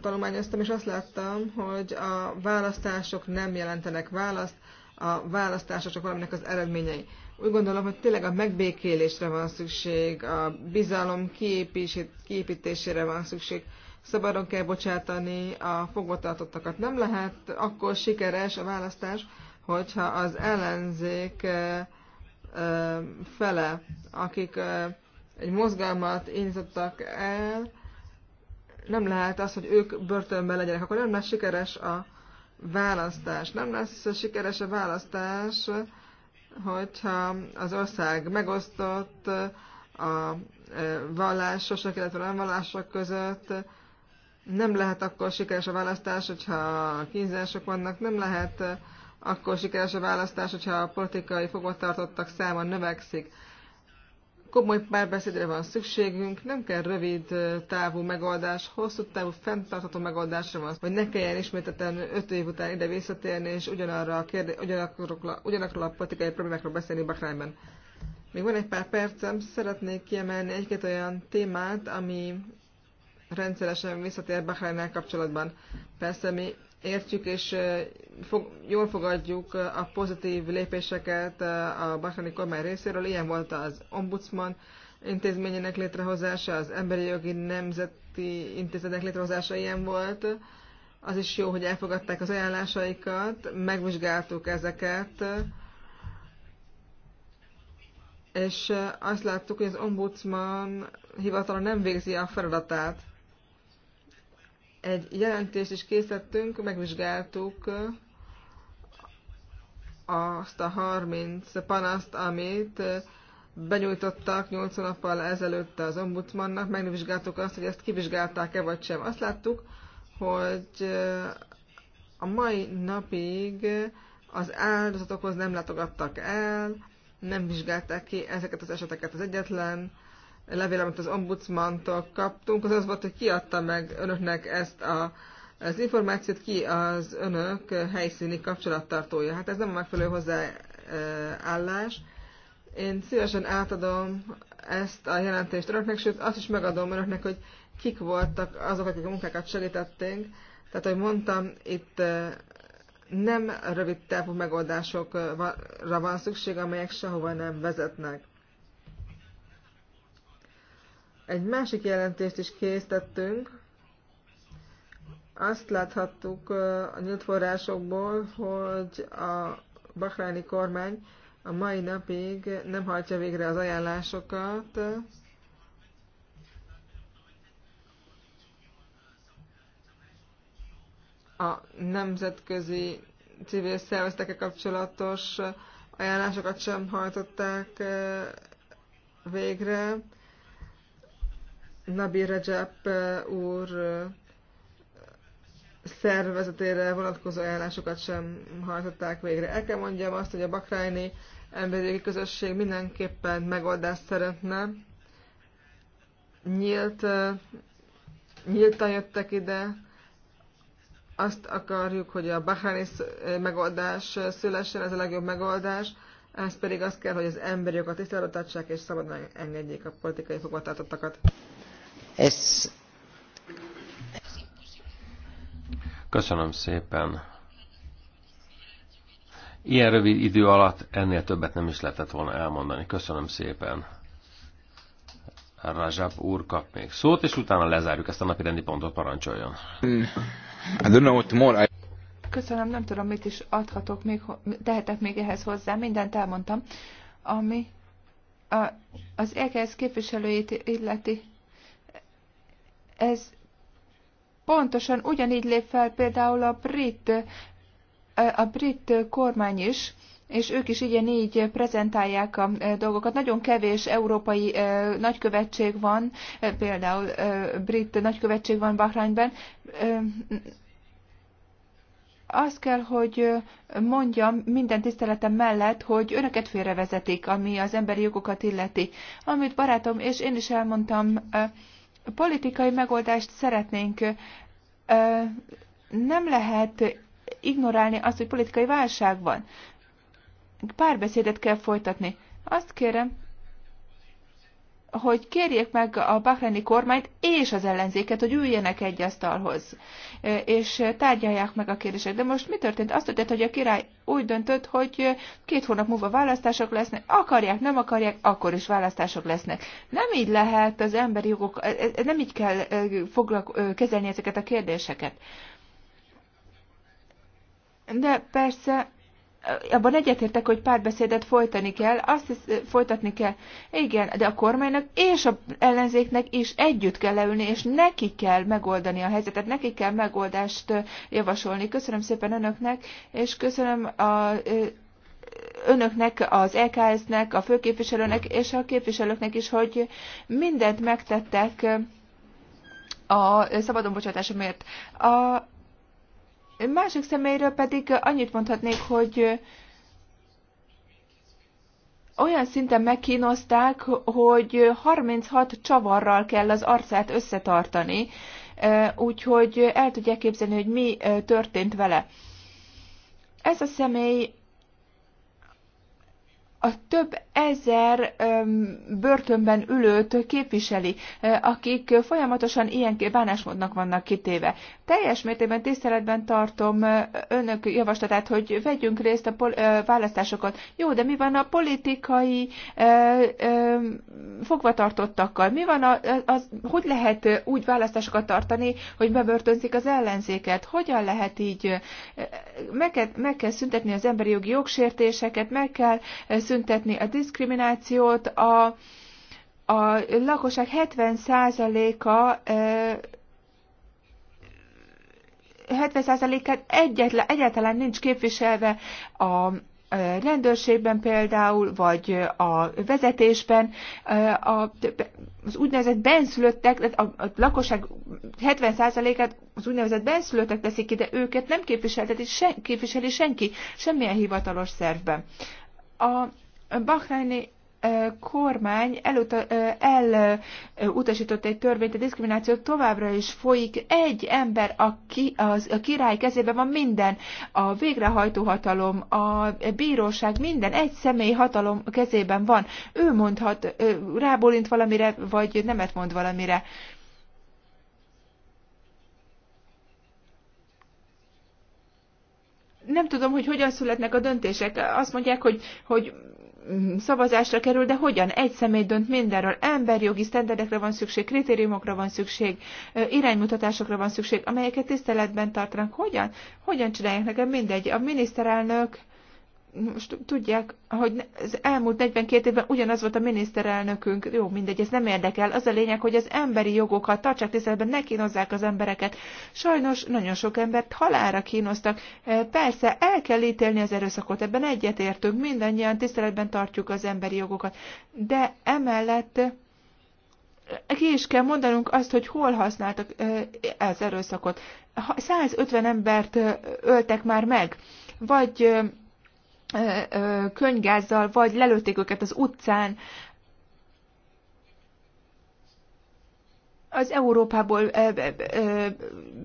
tanulmányoztam, és azt láttam, hogy a választások nem jelentenek választ, a választások csak valaminek az eredményei. Úgy gondolom, hogy tényleg a megbékélésre van szükség, a bizalom kiépítésére van szükség, szabadon kell bocsátani a fogvatartottakat. Nem lehet akkor sikeres a választás, hogyha az ellenzék fele, akik egy mozgalmat indítottak el, nem lehet az, hogy ők börtönben legyenek, akkor nem lesz sikeres a választás. Nem lesz sikeres a választás, hogyha az ország megosztott a e, vallásosok, illetve nem vallások között, nem lehet akkor sikeres a választás, hogyha kínzások vannak, nem lehet e, akkor sikeres a választás, hogyha a politikai fogvatartottak száma növekszik. Komoly párbeszédre van szükségünk, nem kell rövid távú megoldás, hosszú távú fenntartható megoldásra van, hogy ne kelljen ismételten öt év után ide visszatérni, és ugyanarra a kérdé, ugyanakról, a politikai problémákról beszélni Bakrányban. Még van egy pár percem, szeretnék kiemelni egy-két olyan témát, ami rendszeresen visszatér Bahreinnel kapcsolatban. Persze mi értjük és fog, jól fogadjuk a pozitív lépéseket a bahreini kormány részéről. Ilyen volt az ombudsman intézményének létrehozása, az emberi jogi nemzeti intézetek létrehozása ilyen volt. Az is jó, hogy elfogadták az ajánlásaikat, megvizsgáltuk ezeket, és azt láttuk, hogy az ombudsman hivatala nem végzi a feladatát egy jelentést is készítettünk, megvizsgáltuk azt a 30 panaszt, amit benyújtottak 8 nappal ezelőtt az ombudsmannak, megvizsgáltuk azt, hogy ezt kivizsgálták-e vagy sem. Azt láttuk, hogy a mai napig az áldozatokhoz nem látogattak el, nem vizsgálták ki ezeket az eseteket. Az egyetlen levél, amit az ombudsmantól kaptunk, az az volt, hogy kiadta meg önöknek ezt a, az információt, ki az önök helyszíni kapcsolattartója. Hát ez nem a megfelelő hozzáállás. Én szívesen átadom ezt a jelentést önöknek, sőt azt is megadom önöknek, hogy kik voltak azok, akik a munkákat segítették. Tehát, ahogy mondtam, itt nem rövid távú megoldásokra van szükség, amelyek sehova nem vezetnek. Egy másik jelentést is készítettünk. Azt láthattuk a nyílt forrásokból, hogy a bahráni kormány a mai napig nem hajtja végre az ajánlásokat, a nemzetközi civil szervezetekkel kapcsolatos ajánlásokat sem hajtották végre. Nabi Rajab eh, úr eh, szervezetére vonatkozó ajánlásokat sem hajtották végre. El kell mondjam azt, hogy a bakrájni emberi közösség mindenképpen megoldást szeretne. Nyílt, eh, nyíltan jöttek ide, azt akarjuk, hogy a bakrájni megoldás szülessen, ez a legjobb megoldás, ez pedig az kell, hogy az emberi jogokat tiszteletbe és szabadon engedjék a politikai fogvatartottakat. Köszönöm szépen. Ilyen rövid idő alatt ennél többet nem is lehetett volna elmondani. Köszönöm szépen. Rajab úr kap még szót, és utána lezárjuk ezt a napi rendi pontot, parancsoljon. Köszönöm, nem tudom, mit is adhatok még, tehetek még ehhez hozzá, mindent elmondtam, ami a, az EKS képviselőjét illeti. Ez pontosan ugyanígy lép fel például a brit, a brit kormány is, és ők is igen így prezentálják a dolgokat. Nagyon kevés európai nagykövetség van, például brit nagykövetség van Bahrányban. Azt kell, hogy mondjam minden tiszteletem mellett, hogy önöket félrevezetik, ami az emberi jogokat illeti. Amit barátom és én is elmondtam, politikai megoldást szeretnénk. Nem lehet ignorálni azt, hogy politikai válság van. Párbeszédet kell folytatni. Azt kérem, hogy kérjék meg a bahreini kormányt és az ellenzéket, hogy üljenek egy asztalhoz, és tárgyalják meg a kérdéseket. De most mi történt? Azt történt, hogy a király úgy döntött, hogy két hónap múlva választások lesznek, akarják, nem akarják, akkor is választások lesznek. Nem így lehet az emberi jogok, nem így kell foglak, kezelni ezeket a kérdéseket. De persze abban egyetértek, hogy párbeszédet folytani kell, azt hisz, folytatni kell. Igen, de a kormánynak és a ellenzéknek is együtt kell leülni, és neki kell megoldani a helyzetet, neki kell megoldást javasolni. Köszönöm szépen önöknek, és köszönöm a önöknek, az lks nek a főképviselőnek és a képviselőknek is, hogy mindent megtettek a szabadon bocsátása miért. A Másik személyről pedig annyit mondhatnék, hogy olyan szinten megkínozták, hogy 36 csavarral kell az arcát összetartani, úgyhogy el tudják képzelni, hogy mi történt vele. Ez a személy a több ezer börtönben ülőt képviseli, akik folyamatosan ilyen bánásmódnak vannak kitéve. Teljes mértékben tiszteletben tartom önök javaslatát, hogy vegyünk részt a választásokon. Jó, de mi van a politikai fogvatartottakkal? Mi van a, az, hogy lehet úgy választásokat tartani, hogy bebörtönzik az ellenzéket? Hogyan lehet így? Meg kell, meg kell szüntetni az emberi jogi jogsértéseket, meg kell megszüntetni a diszkriminációt, a, a lakosság 70%-a 70%-át egyetlen, egyáltalán nincs képviselve a rendőrségben például, vagy a vezetésben, az úgynevezett benszülöttek, a, a lakosság 70%-át az úgynevezett benszülöttek teszik ide, őket nem képviselteti sen, képviseli senki, semmilyen hivatalos szervben. A Bahreini kormány előtt elutasított egy törvényt, a diszkrimináció továbbra is folyik. Egy ember, a, ki, az, a király kezében van minden, a végrehajtó hatalom, a bíróság, minden egy személy hatalom kezében van. Ő mondhat, rábólint valamire, vagy nemet mond valamire. nem tudom, hogy hogyan születnek a döntések. Azt mondják, hogy, hogy szavazásra kerül, de hogyan? Egy személy dönt mindenről. Emberjogi sztenderdekre van szükség, kritériumokra van szükség, iránymutatásokra van szükség, amelyeket tiszteletben tartanak. Hogyan? Hogyan csinálják nekem mindegy? A miniszterelnök most tudják, hogy az elmúlt 42 évben ugyanaz volt a miniszterelnökünk, jó, mindegy, ez nem érdekel. Az a lényeg, hogy az emberi jogokat tartsák tiszteletben, ne kínozzák az embereket. Sajnos nagyon sok embert halára kínoztak. E, persze, el kell ítélni az erőszakot, ebben egyetértünk, mindannyian tiszteletben tartjuk az emberi jogokat. De emellett ki is kell mondanunk azt, hogy hol használtak e, az erőszakot. 150 embert öltek már meg, vagy könygázzal, vagy lelőtték őket az utcán. Az Európából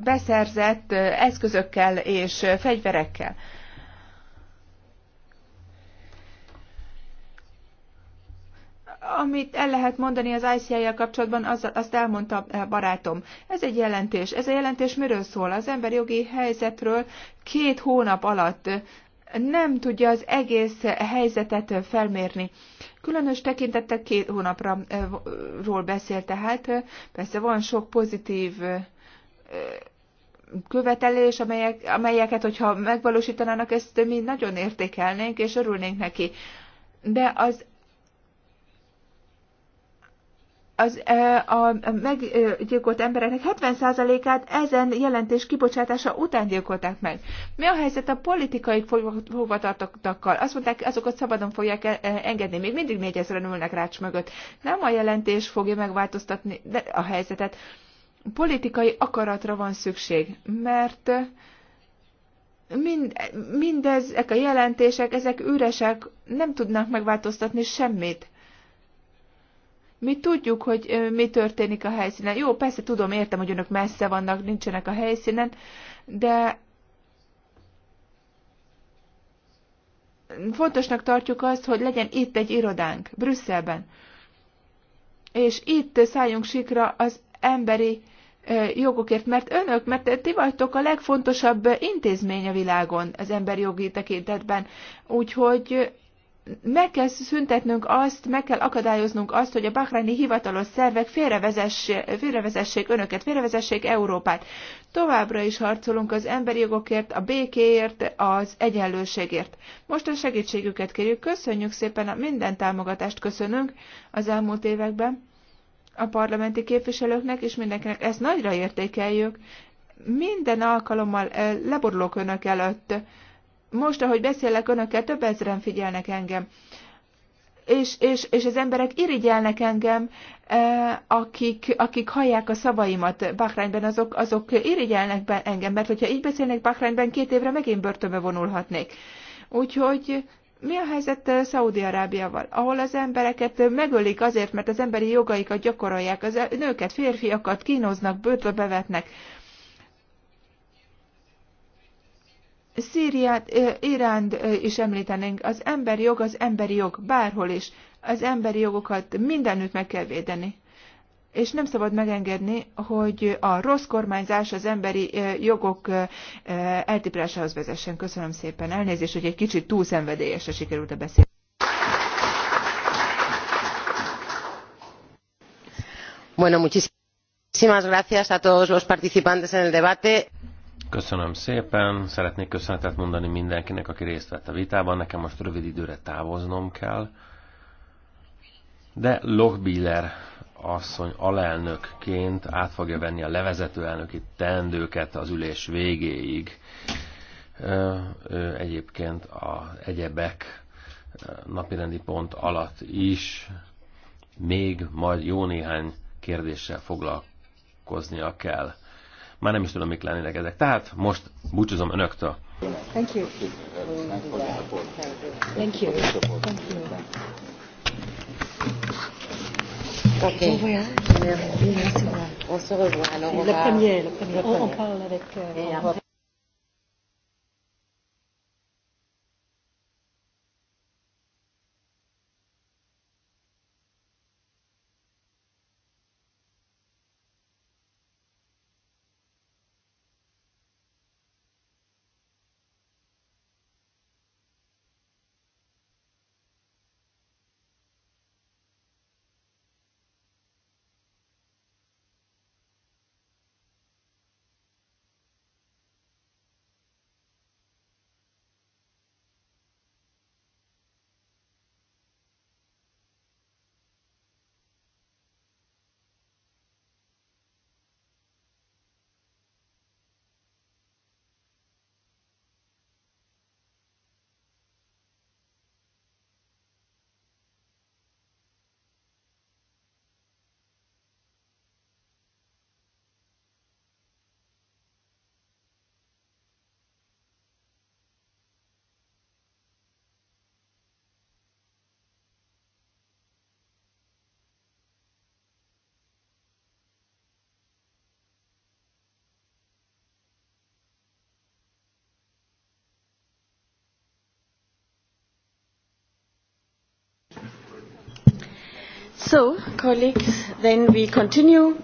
beszerzett eszközökkel és fegyverekkel. amit el lehet mondani az ICI-jel kapcsolatban, az, azt elmondta barátom. Ez egy jelentés. Ez a jelentés miről szól? Az emberi jogi helyzetről két hónap alatt nem tudja az egész helyzetet felmérni. Különös tekintettel két hónapra eh, ról beszél, tehát persze van sok pozitív eh, követelés, amelyek, amelyeket, hogyha megvalósítanának, ezt mi nagyon értékelnénk, és örülnénk neki. De az az, a meggyilkolt embereknek 70%-át ezen jelentés kibocsátása után gyilkolták meg. Mi a helyzet a politikai fogvatartottakkal? Azt mondták, azokat szabadon fogják e, e, engedni, még mindig négyezren ülnek rács mögött. Nem a jelentés fogja megváltoztatni a helyzetet. Politikai akaratra van szükség, mert mind, mindezek a jelentések, ezek üresek, nem tudnak megváltoztatni semmit mi tudjuk, hogy mi történik a helyszínen. Jó, persze tudom, értem, hogy önök messze vannak, nincsenek a helyszínen, de fontosnak tartjuk azt, hogy legyen itt egy irodánk, Brüsszelben. És itt szálljunk sikra az emberi jogokért, mert önök, mert ti vagytok a legfontosabb intézmény a világon az emberi jogi tekintetben. Úgyhogy meg kell szüntetnünk azt, meg kell akadályoznunk azt, hogy a bahreini hivatalos szervek félrevezessék, félrevezessék önöket, félrevezessék Európát. Továbbra is harcolunk az emberi jogokért, a békéért, az egyenlőségért. Most a segítségüket kérjük, köszönjük szépen, a minden támogatást köszönünk az elmúlt években a parlamenti képviselőknek és mindenkinek. Ezt nagyra értékeljük. Minden alkalommal eh, leborulok önök előtt most, ahogy beszélek önökkel, több ezeren figyelnek engem. És, és, és az emberek irigyelnek engem, e, akik, akik hallják a szavaimat Bahrányban, azok, azok irigyelnek engem, mert hogyha így beszélnek Bahrányban, két évre megint börtönbe vonulhatnék. Úgyhogy mi a helyzet Szaudi-Arábiával, ahol az embereket megölik azért, mert az emberi jogaikat gyakorolják, az nőket, férfiakat kínoznak, börtönbe vetnek. Szíriát, Iránt is említenénk. Az emberi jog az emberi jog, bárhol is. Az emberi jogokat mindenütt meg kell védeni. És nem szabad megengedni, hogy a rossz kormányzás az emberi jogok eltiprásához vezessen. Köszönöm szépen. Elnézést, hogy egy kicsit túl szenvedélyesre sikerült a beszélni. Bueno, muchísimas gracias a todos los participantes en el debate. Köszönöm szépen, szeretnék köszönetet mondani mindenkinek, aki részt vett a vitában, nekem most rövid időre távoznom kell. De Lochbiller asszony alelnökként át fogja venni a levezető elnöki teendőket az ülés végéig. Ő egyébként az egyebek napirendi pont alatt is még majd jó néhány kérdéssel foglalkoznia kell. Már nem is tudom, mik lennének ezek. Tehát most búcsúzom önöktől. Thank you. Thank you. Thank you. Okay. On se revoit, alors on va... Le On, parle avec... Euh, So, colleagues, then we continue.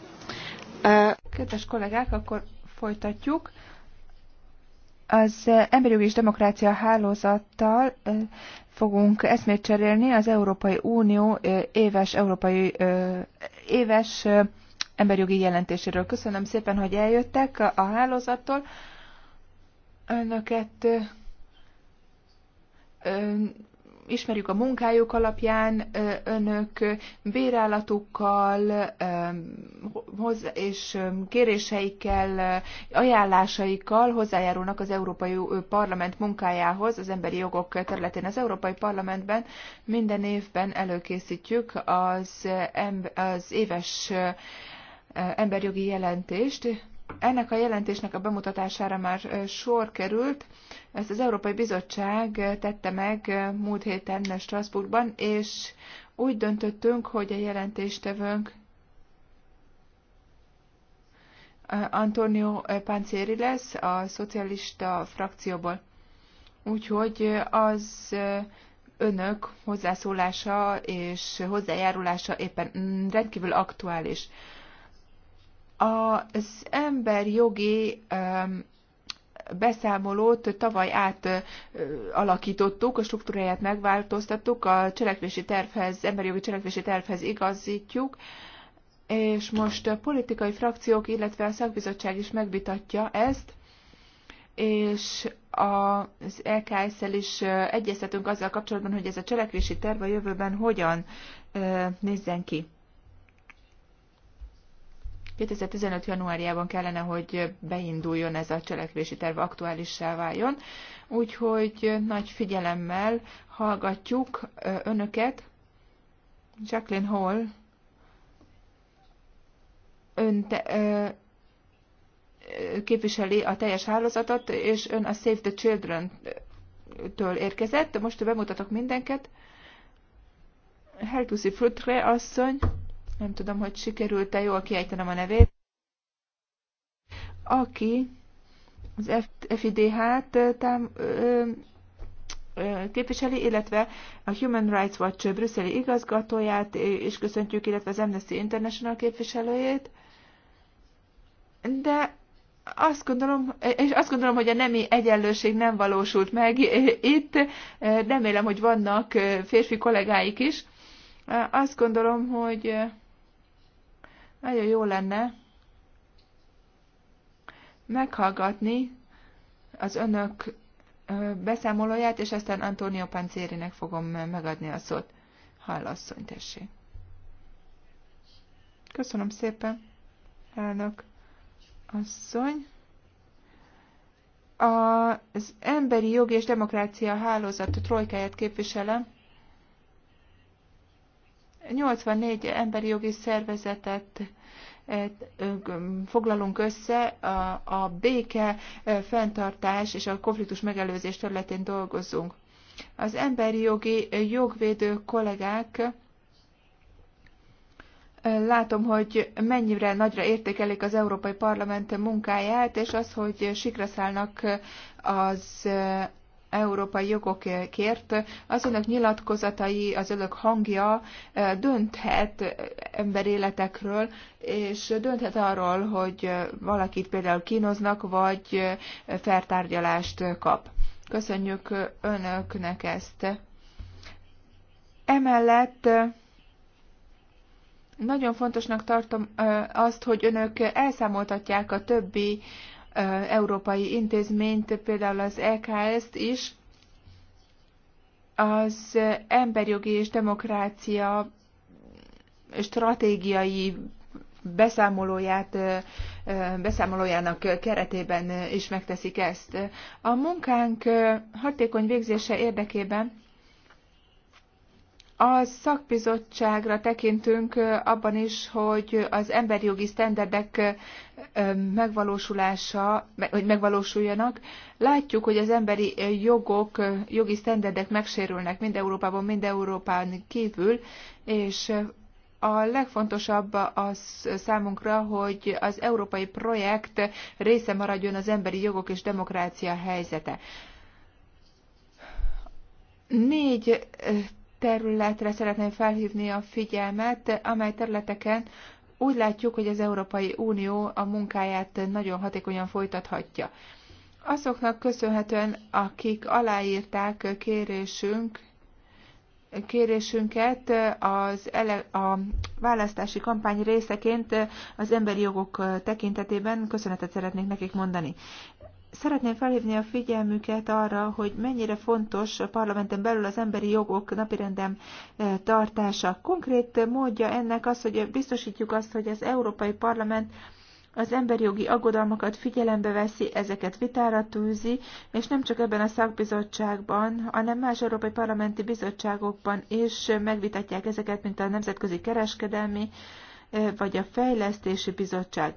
Uh... Kedves kollégák, akkor folytatjuk. Az Emberi Jogi és Demokrácia Hálózattal fogunk eszmét cserélni az Európai Unió éves, európai, éves emberjogi jelentéséről. Köszönöm szépen, hogy eljöttek a hálózattól. Önöket ismerjük a munkájuk alapján, önök bérállatukkal és kéréseikkel, ajánlásaikkal hozzájárulnak az Európai Parlament munkájához az emberi jogok területén. Az Európai Parlamentben minden évben előkészítjük az, az éves emberjogi jelentést, ennek a jelentésnek a bemutatására már sor került, ezt az Európai Bizottság tette meg múlt héten Strasbourgban, és úgy döntöttünk, hogy a jelentéstevőnk Antonio Pancieri lesz a szocialista frakcióból. Úgyhogy az önök hozzászólása és hozzájárulása éppen mm, rendkívül aktuális. Az jogi beszámolót tavaly át alakítottuk a struktúráját megváltoztattuk, a cselekvési tervhez, emberi jogi cselekvési tervhez igazítjuk, és most a politikai frakciók, illetve a szakbizottság is megvitatja ezt, és az EKS-szel is egyeztetünk azzal kapcsolatban, hogy ez a cselekvési terv a jövőben hogyan nézzen ki. 2015. januárjában kellene, hogy beinduljon ez a cselekvési terv aktuálissá váljon. Úgyhogy nagy figyelemmel hallgatjuk önöket. Jacqueline Hall, ön te, ö, képviseli a teljes hálózatot, és ön a Save the Children-től érkezett. Most bemutatok mindenket. Heltuszi Frutre asszony nem tudom, hogy sikerült-e jól kiejtenem a nevét, aki az FIDH-t képviseli, illetve a Human Rights Watch brüsszeli igazgatóját, és köszöntjük, illetve az Amnesty International képviselőjét. De azt gondolom, és azt gondolom, hogy a nemi egyenlőség nem valósult meg itt. Remélem, hogy vannak férfi kollégáik is. Azt gondolom, hogy nagyon jó lenne meghallgatni az önök beszámolóját, és aztán Antonio Pancérinek fogom megadni a szót. Hallasszony, tessék. Köszönöm szépen, elnök asszony. Az Emberi Jogi és Demokrácia Hálózat trojkáját képviselem. 84 emberi jogi szervezetet e, foglalunk össze, a, a béke e, fenntartás és a konfliktus megelőzés területén dolgozunk. Az emberi jogi e, jogvédő kollégák Látom, hogy mennyire nagyra értékelik az Európai Parlament munkáját, és az, hogy sikra szállnak az európai jogokért, az önök nyilatkozatai, az önök hangja eh, dönthet eh, emberéletekről, és dönthet arról, hogy eh, valakit például kínoznak, vagy fertárgyalást kap. Köszönjük önöknek ezt. Emellett nagyon fontosnak tartom azt, hogy önök elszámoltatják a többi európai intézményt, például az EKS-t is, az emberjogi és demokrácia stratégiai beszámolóját, beszámolójának keretében is megteszik ezt. A munkánk hatékony végzése érdekében a szakbizottságra tekintünk abban is, hogy az emberi jogi sztenderdek megvalósulása, hogy megvalósuljanak. Látjuk, hogy az emberi jogok, jogi sztenderdek megsérülnek mind Európában, mind Európán kívül, és a legfontosabb az számunkra, hogy az európai projekt része maradjon az emberi jogok és demokrácia helyzete. Négy területre szeretném felhívni a figyelmet, amely területeken úgy látjuk, hogy az Európai Unió a munkáját nagyon hatékonyan folytathatja. Azoknak köszönhetően, akik aláírták kérésünk, kérésünket az ele, a választási kampány részeként az emberi jogok tekintetében köszönetet szeretnék nekik mondani. Szeretném felhívni a figyelmüket arra, hogy mennyire fontos a parlamenten belül az emberi jogok napirendem eh, tartása. Konkrét módja ennek az, hogy biztosítjuk azt, hogy az Európai Parlament az emberi jogi aggodalmakat figyelembe veszi, ezeket vitára tűzi, és nem csak ebben a szakbizottságban, hanem más európai parlamenti bizottságokban is megvitatják ezeket, mint a Nemzetközi Kereskedelmi eh, vagy a Fejlesztési Bizottság.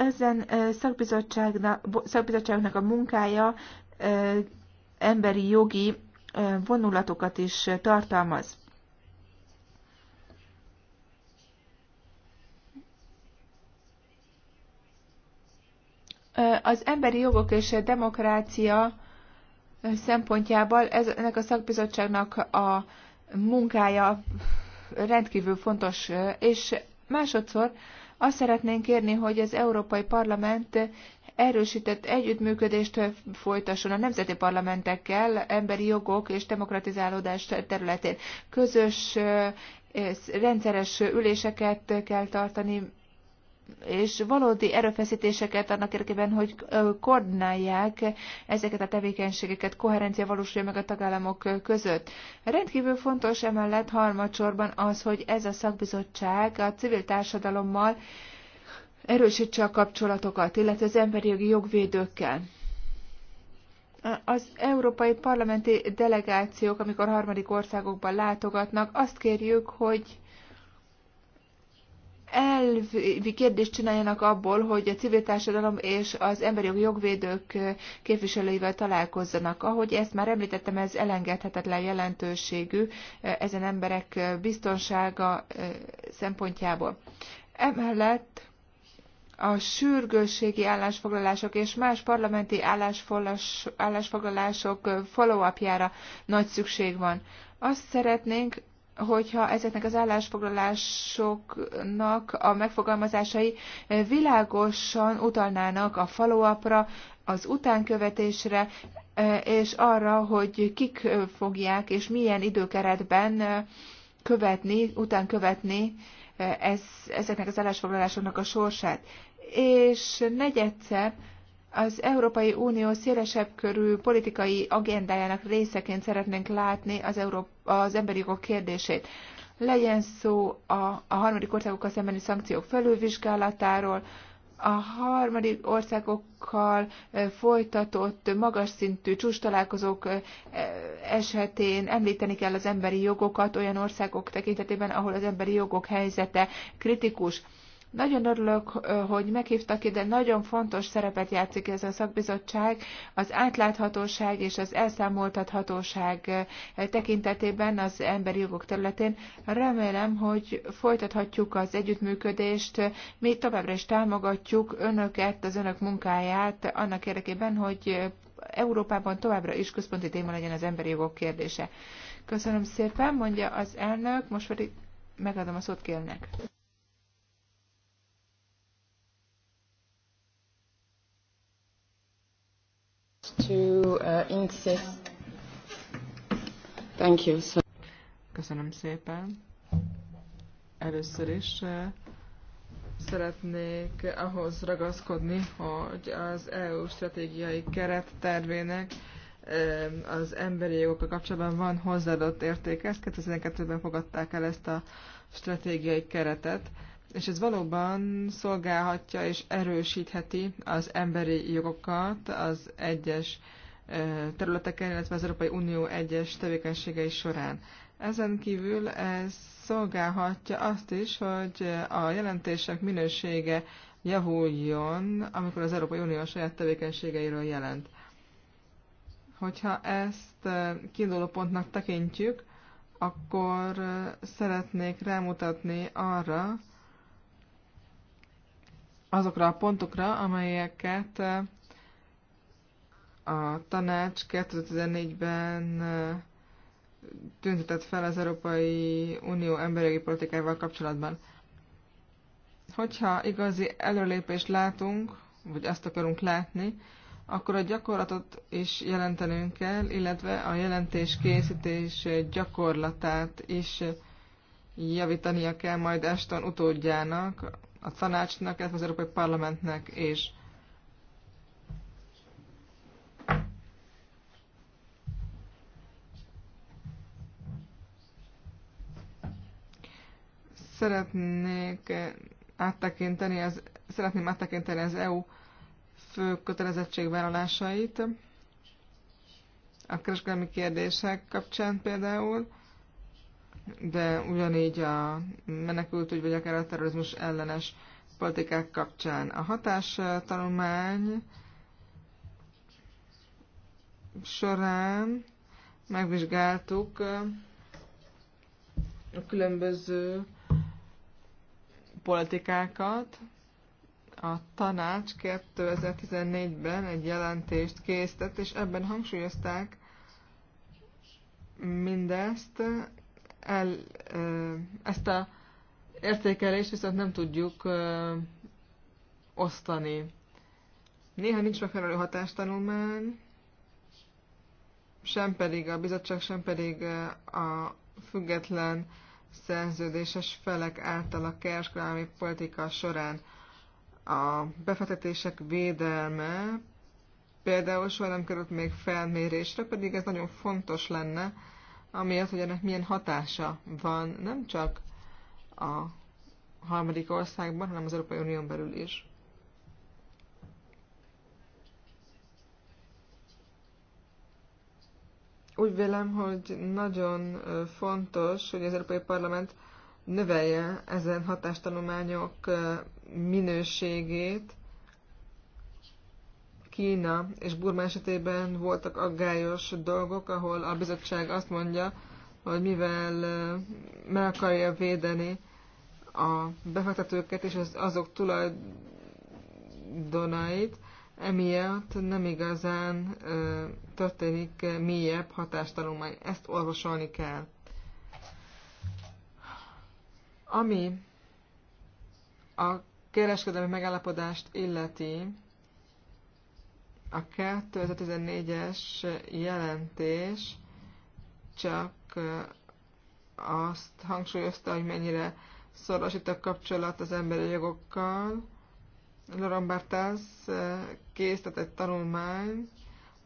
Ezen szakbizottságnak, szakbizottságnak a munkája emberi jogi vonulatokat is tartalmaz. Az emberi jogok és demokrácia szempontjából ez, ennek a szakbizottságnak a munkája rendkívül fontos, és másodszor azt szeretnénk kérni, hogy az Európai Parlament erősített együttműködést folytasson a nemzeti parlamentekkel emberi jogok és demokratizálódás területén. Közös eh, rendszeres üléseket kell tartani és valódi erőfeszítéseket annak érdekében, hogy koordinálják ezeket a tevékenységeket, koherencia valósulja meg a tagállamok között. Rendkívül fontos emellett harmadsorban az, hogy ez a szakbizottság a civil társadalommal erősítse a kapcsolatokat, illetve az emberi jogi jogvédőkkel. Az európai parlamenti delegációk, amikor harmadik országokban látogatnak, azt kérjük, hogy elvi kérdést csináljanak abból, hogy a civil társadalom és az emberi jogvédők képviselőivel találkozzanak. Ahogy ezt már említettem, ez elengedhetetlen jelentőségű ezen emberek biztonsága eh, szempontjából. Emellett a sürgősségi állásfoglalások és más parlamenti állásfoglalások eh, follow-upjára nagy szükség van. Azt szeretnénk, hogyha ezeknek az állásfoglalásoknak a megfogalmazásai világosan utalnának a faluapra, az utánkövetésre, e, és arra, hogy kik fogják és milyen időkeretben követni, utánkövetni e, ez, ezeknek az állásfoglalásoknak a sorsát. És negyedszer az Európai Unió szélesebb körű politikai agendájának részeként szeretnénk látni az, Európa, az emberi jogok kérdését. Legyen szó a, a harmadik országokkal szembeni szankciók felülvizsgálatáról, a harmadik országokkal eh, folytatott magas szintű csústalálkozók eh, esetén említeni kell az emberi jogokat olyan országok tekintetében, ahol az emberi jogok helyzete kritikus nagyon örülök, hogy meghívtak ide, nagyon fontos szerepet játszik ez a szakbizottság az átláthatóság és az elszámoltathatóság tekintetében az emberi jogok területén. Remélem, hogy folytathatjuk az együttműködést, mi továbbra is támogatjuk önöket, az önök munkáját annak érdekében, hogy Európában továbbra is központi téma legyen az emberi jogok kérdése. Köszönöm szépen, mondja az elnök, most pedig megadom a szót kérnek. to uh, insist. Thank you. So... Köszönöm szépen. Először is uh, szeretnék ahhoz ragaszkodni, hogy az EU stratégiai kerettervének um, az emberi jogokkal kapcsolatban van hozzáadott értéke. Ezt 2002-ben fogadták el ezt a stratégiai keretet és ez valóban szolgálhatja és erősítheti az emberi jogokat az egyes területeken, illetve az Európai Unió egyes tevékenységei során. Ezen kívül ez szolgálhatja azt is, hogy a jelentések minősége javuljon, amikor az Európai Unió a saját tevékenységeiről jelent. Hogyha ezt kiinduló pontnak tekintjük, akkor szeretnék rámutatni arra, azokra a pontokra, amelyeket a tanács 2014-ben tüntetett fel az Európai Unió emberi politikával kapcsolatban. Hogyha igazi előlépést látunk, vagy azt akarunk látni, akkor a gyakorlatot is jelentenünk kell, illetve a jelentés készítés gyakorlatát is javítania kell majd Eston utódjának, a tanácsnak, illetve az Európai Parlamentnek és Szeretnék áttekinteni az, szeretném áttekinteni az EU fő kötelezettségvállalásait a kereskedelmi kérdések kapcsán például de ugyanígy a menekültügy vagy akár a terrorizmus ellenes politikák kapcsán. A hatástanulmány során megvizsgáltuk a különböző politikákat. A tanács 2014-ben egy jelentést készített, és ebben hangsúlyozták mindezt, el, ezt a értékelést viszont nem tudjuk osztani. Néha nincs megfelelő hatástanulmány, sem pedig a bizottság, sem pedig a független szerződéses felek által a kereskedelmi politika során a befektetések védelme például soha nem került még felmérésre, pedig ez nagyon fontos lenne, amiatt, hogy ennek milyen hatása van nem csak a harmadik országban, hanem az Európai Unión belül is. Úgy vélem, hogy nagyon fontos, hogy az Európai Parlament növelje ezen hatástanulmányok minőségét, Kína és Burma esetében voltak aggályos dolgok, ahol a bizottság azt mondja, hogy mivel meg akarja védeni a befektetőket és az, azok tulajdonait, emiatt nem igazán ö, történik mélyebb hatástanulmány. Ezt orvosolni kell. Ami a kereskedelmi megállapodást illeti, a 2014-es jelentés csak eh, azt hangsúlyozta, hogy mennyire szoros itt a kapcsolat az emberi jogokkal. Laurent Barthes eh, készített egy tanulmány,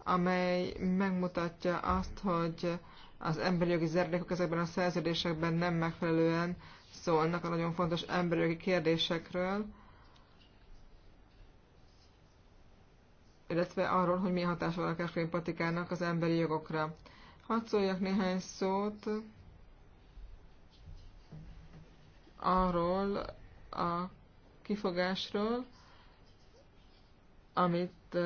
amely megmutatja azt, hogy az emberi jogi zerdékok ezekben a szerződésekben nem megfelelően szólnak a nagyon fontos emberi jogi kérdésekről, illetve arról, hogy milyen hatása van a kereskedelmi az emberi jogokra. Hadd szóljak néhány szót arról a kifogásról, amit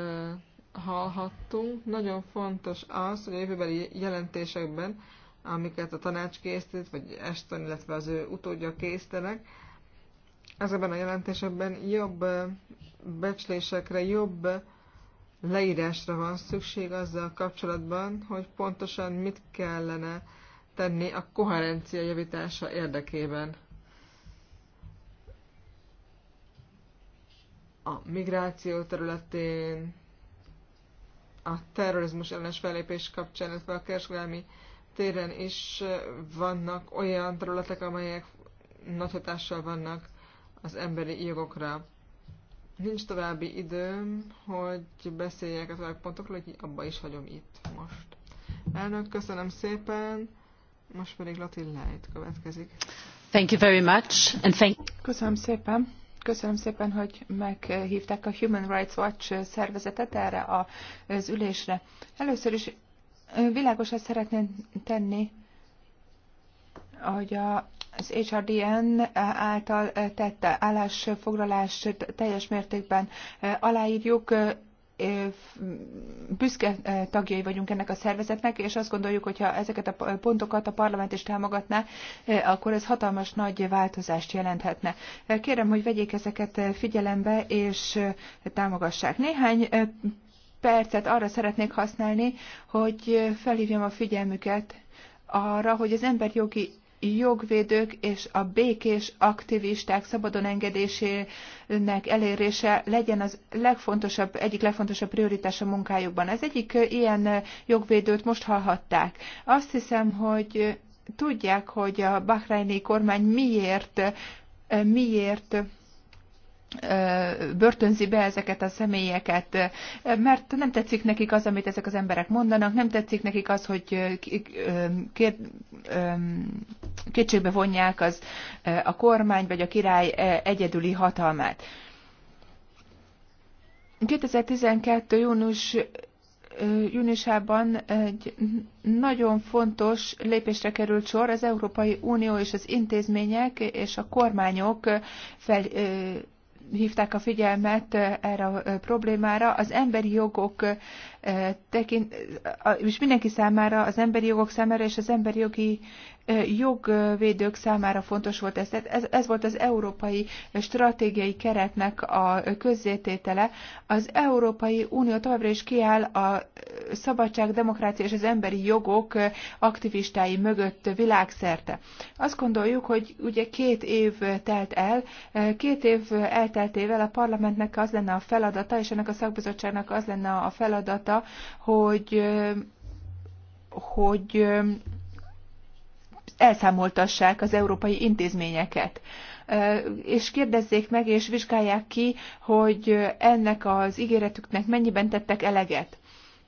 hallhattunk. Nagyon fontos az, hogy a jövőbeli jelentésekben, amiket a tanács készít, vagy Eston, illetve az ő utódja készítenek, ezekben a jelentésekben jobb becslésekre, jobb leírásra van szükség azzal kapcsolatban, hogy pontosan mit kellene tenni a koherencia javítása érdekében. A migráció területén, a terrorizmus ellenes fellépés kapcsán, illetve a kereskedelmi téren is vannak olyan területek, amelyek nagy hatással vannak az emberi jogokra. Nincs további időm, hogy beszéljek az további pontokról, hogy abba is hagyom itt most. Elnök, köszönöm szépen, most pedig Latin Light következik. Thank you very much, and thank köszönöm szépen. Köszönöm szépen, hogy meghívták a Human Rights Watch szervezetet erre az ülésre. Először is világosat szeretném tenni, hogy a az HRDN által tett állásfoglalás teljes mértékben aláírjuk, büszke tagjai vagyunk ennek a szervezetnek, és azt gondoljuk, hogy ha ezeket a pontokat a parlament is támogatná, akkor ez hatalmas nagy változást jelenthetne. Kérem, hogy vegyék ezeket figyelembe, és támogassák. Néhány percet arra szeretnék használni, hogy felhívjam a figyelmüket arra, hogy az emberjogi jogvédők és a békés aktivisták szabadon engedésének elérése legyen az legfontosabb, egyik legfontosabb prioritás a munkájukban. Az egyik ilyen jogvédőt most hallhatták. Azt hiszem, hogy tudják, hogy a bahreini kormány miért, miért börtönzi be ezeket a személyeket, mert nem tetszik nekik az, amit ezek az emberek mondanak, nem tetszik nekik az, hogy kétségbe vonják az, a kormány vagy a király egyedüli hatalmát. 2012. június júniusában egy nagyon fontos lépésre került sor, az Európai Unió és az intézmények és a kormányok fel, hívták a figyelmet eh, erre a eh, problémára. Az emberi jogok eh, tekint, és mindenki számára, az emberi jogok számára és az emberi jogi jogvédők számára fontos volt ez. Ez, ez volt az európai stratégiai keretnek a közzététele. Az Európai Unió továbbra is kiáll a szabadság, demokrácia és az emberi jogok aktivistái mögött világszerte. Azt gondoljuk, hogy ugye két év telt el, két év elteltével a parlamentnek az lenne a feladata, és ennek a szakbizottságnak az lenne a feladata, hogy hogy elszámoltassák az európai intézményeket és kérdezzék meg, és vizsgálják ki, hogy ennek az ígéretüknek mennyiben tettek eleget.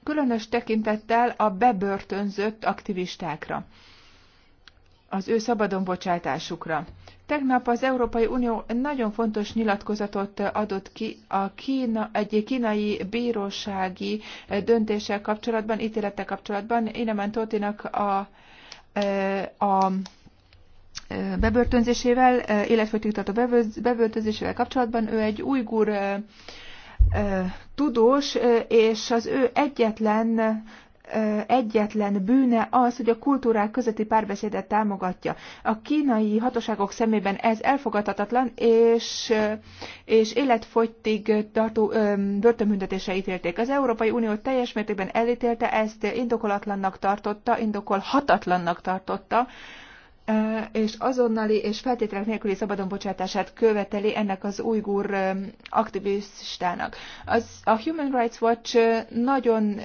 Különös tekintettel a bebörtönzött aktivistákra, az ő szabadon bocsátásukra. Tegnap az Európai Unió nagyon fontos nyilatkozatot adott ki a Kína, egy kínai bírósági döntéssel kapcsolatban, ítélettel kapcsolatban. én Totinak a a bebörtönzésével, életfogytigtató bebörtönzésével kapcsolatban. Ő egy újgur tudós, és az ő egyetlen egyetlen bűne az, hogy a kultúrák közötti párbeszédet támogatja. A kínai hatóságok szemében ez elfogadhatatlan, és, és életfogytig tartó börtönbüntetése ítélték. Az Európai Unió teljes mértékben elítélte ezt, indokolatlannak tartotta, indokolhatatlannak tartotta, és azonnali és feltételek nélküli szabadon bocsátását követeli ennek az ujgur aktivistának. Az, a Human Rights Watch nagyon,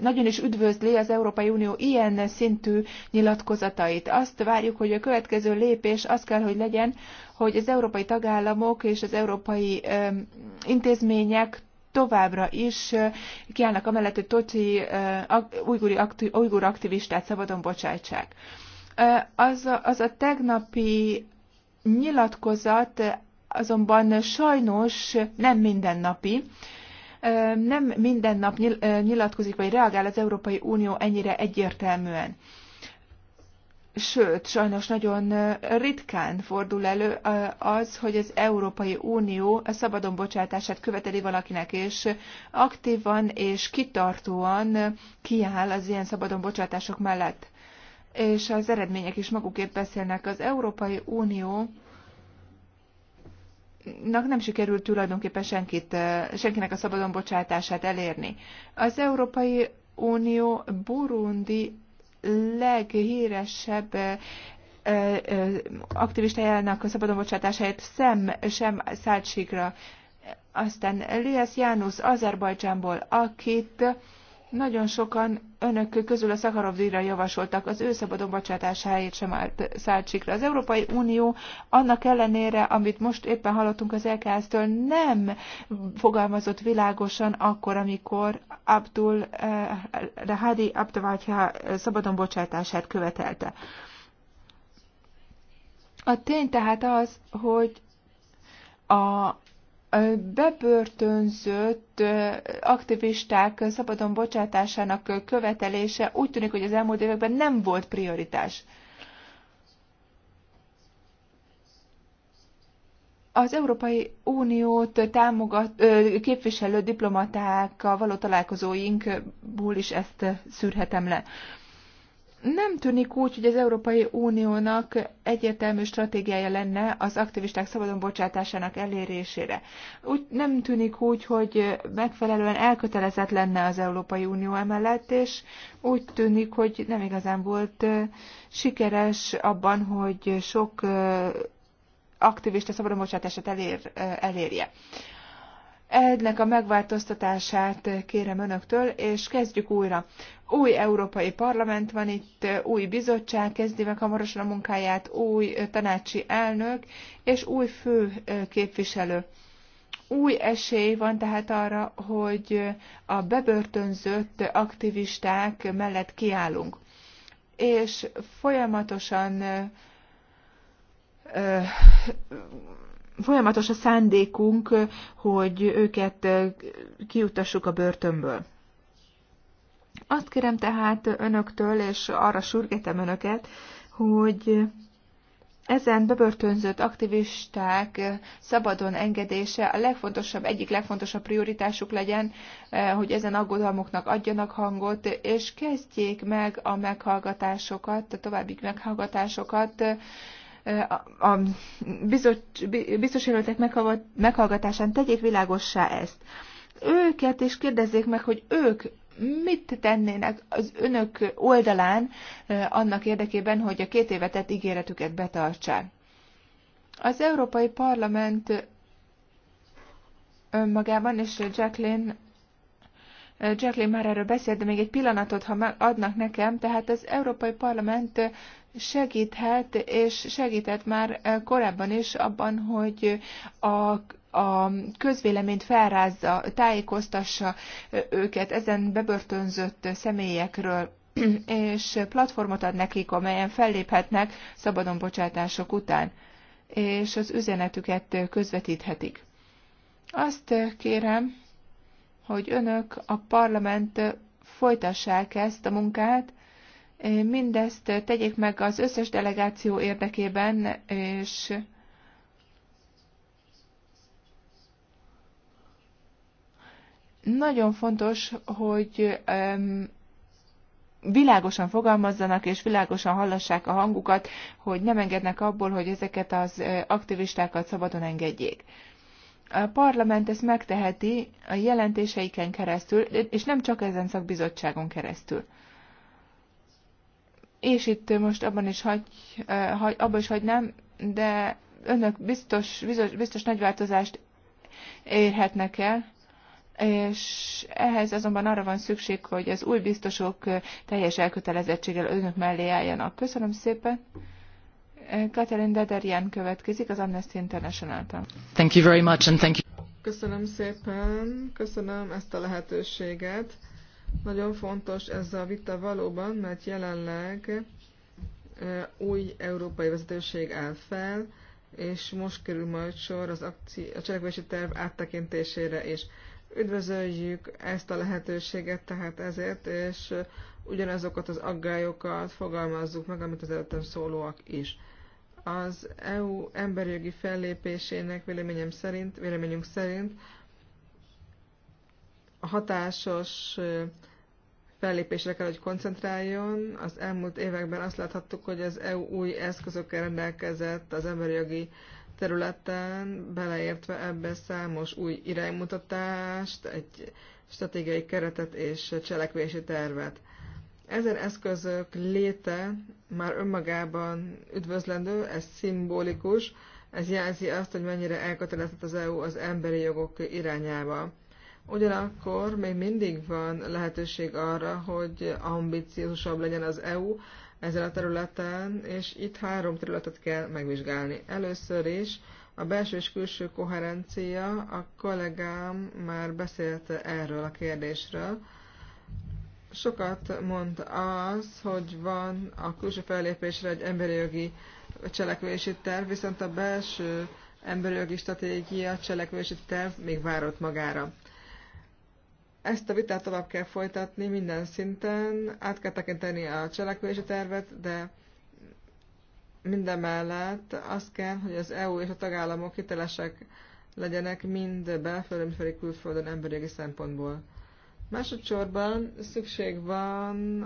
nagyon is üdvözli az Európai Unió ilyen szintű nyilatkozatait. Azt várjuk, hogy a következő lépés az kell, hogy legyen, hogy az európai tagállamok és az európai intézmények továbbra is kiállnak amellett, hogy Tocsi ujgur aktivistát szabadon bocsájtsák. Az a, az a tegnapi nyilatkozat azonban sajnos nem mindennapi. Nem minden nap nyilatkozik vagy reagál az Európai Unió ennyire egyértelműen. Sőt, sajnos nagyon ritkán fordul elő az, hogy az Európai Unió a szabadon bocsátását követeli valakinek, és aktívan és kitartóan kiáll az ilyen szabadon bocsátások mellett és az eredmények is magukért beszélnek. Az Európai Unió nem sikerült tulajdonképpen senkit, senkinek a szabadon bocsátását elérni. Az Európai Unió Burundi leghíresebb aktivistájának a szabadon bocsátásáért szem sem szállt síkra. Aztán Elias János Azerbajdzsánból, akit nagyon sokan önök közül a Szakarov díjra javasoltak, az ő szabadon bocsátásáért sem állt száltsikra. Az Európai Unió annak ellenére, amit most éppen hallottunk az LKS-től, nem fogalmazott világosan akkor, amikor Abdul eh, Hadi Abdavátja szabadon bocsátását követelte. A tény tehát az, hogy a bebörtönzött aktivisták szabadon bocsátásának követelése úgy tűnik, hogy az elmúlt években nem volt prioritás. Az Európai Uniót támogat, képviselő diplomatákkal való találkozóinkból is ezt szűrhetem le nem tűnik úgy, hogy az Európai Uniónak egyértelmű stratégiája lenne az aktivisták szabadon bocsátásának elérésére. Úgy nem tűnik úgy, hogy megfelelően elkötelezett lenne az Európai Unió emellett, és úgy tűnik, hogy nem igazán volt sikeres abban, hogy sok aktivista szabadon bocsátását elér, elérje. Ennek a megváltoztatását kérem önöktől, és kezdjük újra új Európai Parlament van itt, új bizottság kezdi meg hamarosan a munkáját, új tanácsi elnök és új fő képviselő. Új esély van tehát arra, hogy a bebörtönzött aktivisták mellett kiállunk. És folyamatosan folyamatos a szándékunk, hogy őket kiutassuk a börtönből. Azt kérem tehát önöktől, és arra sürgetem önöket, hogy ezen bebörtönzött aktivisták szabadon engedése a legfontosabb, egyik legfontosabb prioritásuk legyen, eh, hogy ezen aggodalmuknak adjanak hangot, és kezdjék meg a meghallgatásokat, a további meghallgatásokat, eh, a biztos meghallgatásán tegyék világossá ezt. Őket is kérdezzék meg, hogy ők mit tennének az önök oldalán annak érdekében, hogy a két éve tett ígéretüket betartsák? Az Európai Parlament önmagában, és Jacqueline Jacqueline már erről beszélt, de még egy pillanatot, ha adnak nekem, tehát az Európai Parlament segíthet, és segített már korábban is abban, hogy a a közvéleményt felrázza, tájékoztassa őket ezen bebörtönzött személyekről, és platformot ad nekik, amelyen felléphetnek szabadon bocsátások után, és az üzenetüket közvetíthetik. Azt kérem, hogy önök a parlament folytassák ezt a munkát, mindezt tegyék meg az összes delegáció érdekében, és Nagyon fontos, hogy világosan fogalmazzanak és világosan hallassák a hangukat, hogy nem engednek abból, hogy ezeket az eh, aktivistákat szabadon engedjék. A parlament ezt megteheti a jelentéseiken keresztül, és nem csak ezen szakbizottságon keresztül. És itt most abban is, hagy, eh, hagy, abban is hagynám, de önök biztos, biztos, biztos nagy változást érhetnek el, és ehhez azonban arra van szükség, hogy az új biztosok teljes elkötelezettséggel önök mellé álljanak. Köszönöm szépen. Katalin Dederian következik az Amnesty International-től. Thank you very much and thank you. Köszönöm szépen, köszönöm ezt a lehetőséget. Nagyon fontos ez a vita valóban, mert jelenleg új európai vezetőség áll fel, és most kerül majd sor az akci- a cselekvési terv áttekintésére is. És Üdvözöljük ezt a lehetőséget tehát ezért, és ugyanazokat az aggályokat fogalmazzuk meg, amit az előttem szólóak is. Az EU emberi jogi fellépésének véleményem szerint, véleményünk szerint a hatásos fellépésre kell, hogy koncentráljon. Az elmúlt években azt láthattuk, hogy az EU új eszközökkel rendelkezett az emberi jogi területen, beleértve ebbe számos új iránymutatást, egy stratégiai keretet és cselekvési tervet. Ezen eszközök léte már önmagában üdvözlendő, ez szimbolikus, ez jelzi azt, hogy mennyire elkötelezett az EU az emberi jogok irányába. Ugyanakkor még mindig van lehetőség arra, hogy ambiciózusabb legyen az EU, ezen a területen, és itt három területet kell megvizsgálni. Először is a belső és külső koherencia, a kollégám már beszélt erről a kérdésről. Sokat mond az, hogy van a külső fellépésre egy emberi jogi cselekvési terv, viszont a belső emberi jogi stratégia cselekvési terv még várott magára. Ezt a vitát tovább kell folytatni minden szinten, át kell tekinteni a cselekvési tervet, de mindemellett azt kell, hogy az EU és a tagállamok hitelesek legyenek mind belföldön, mind pedig külföldön emberi szempontból. Másodszorban szükség van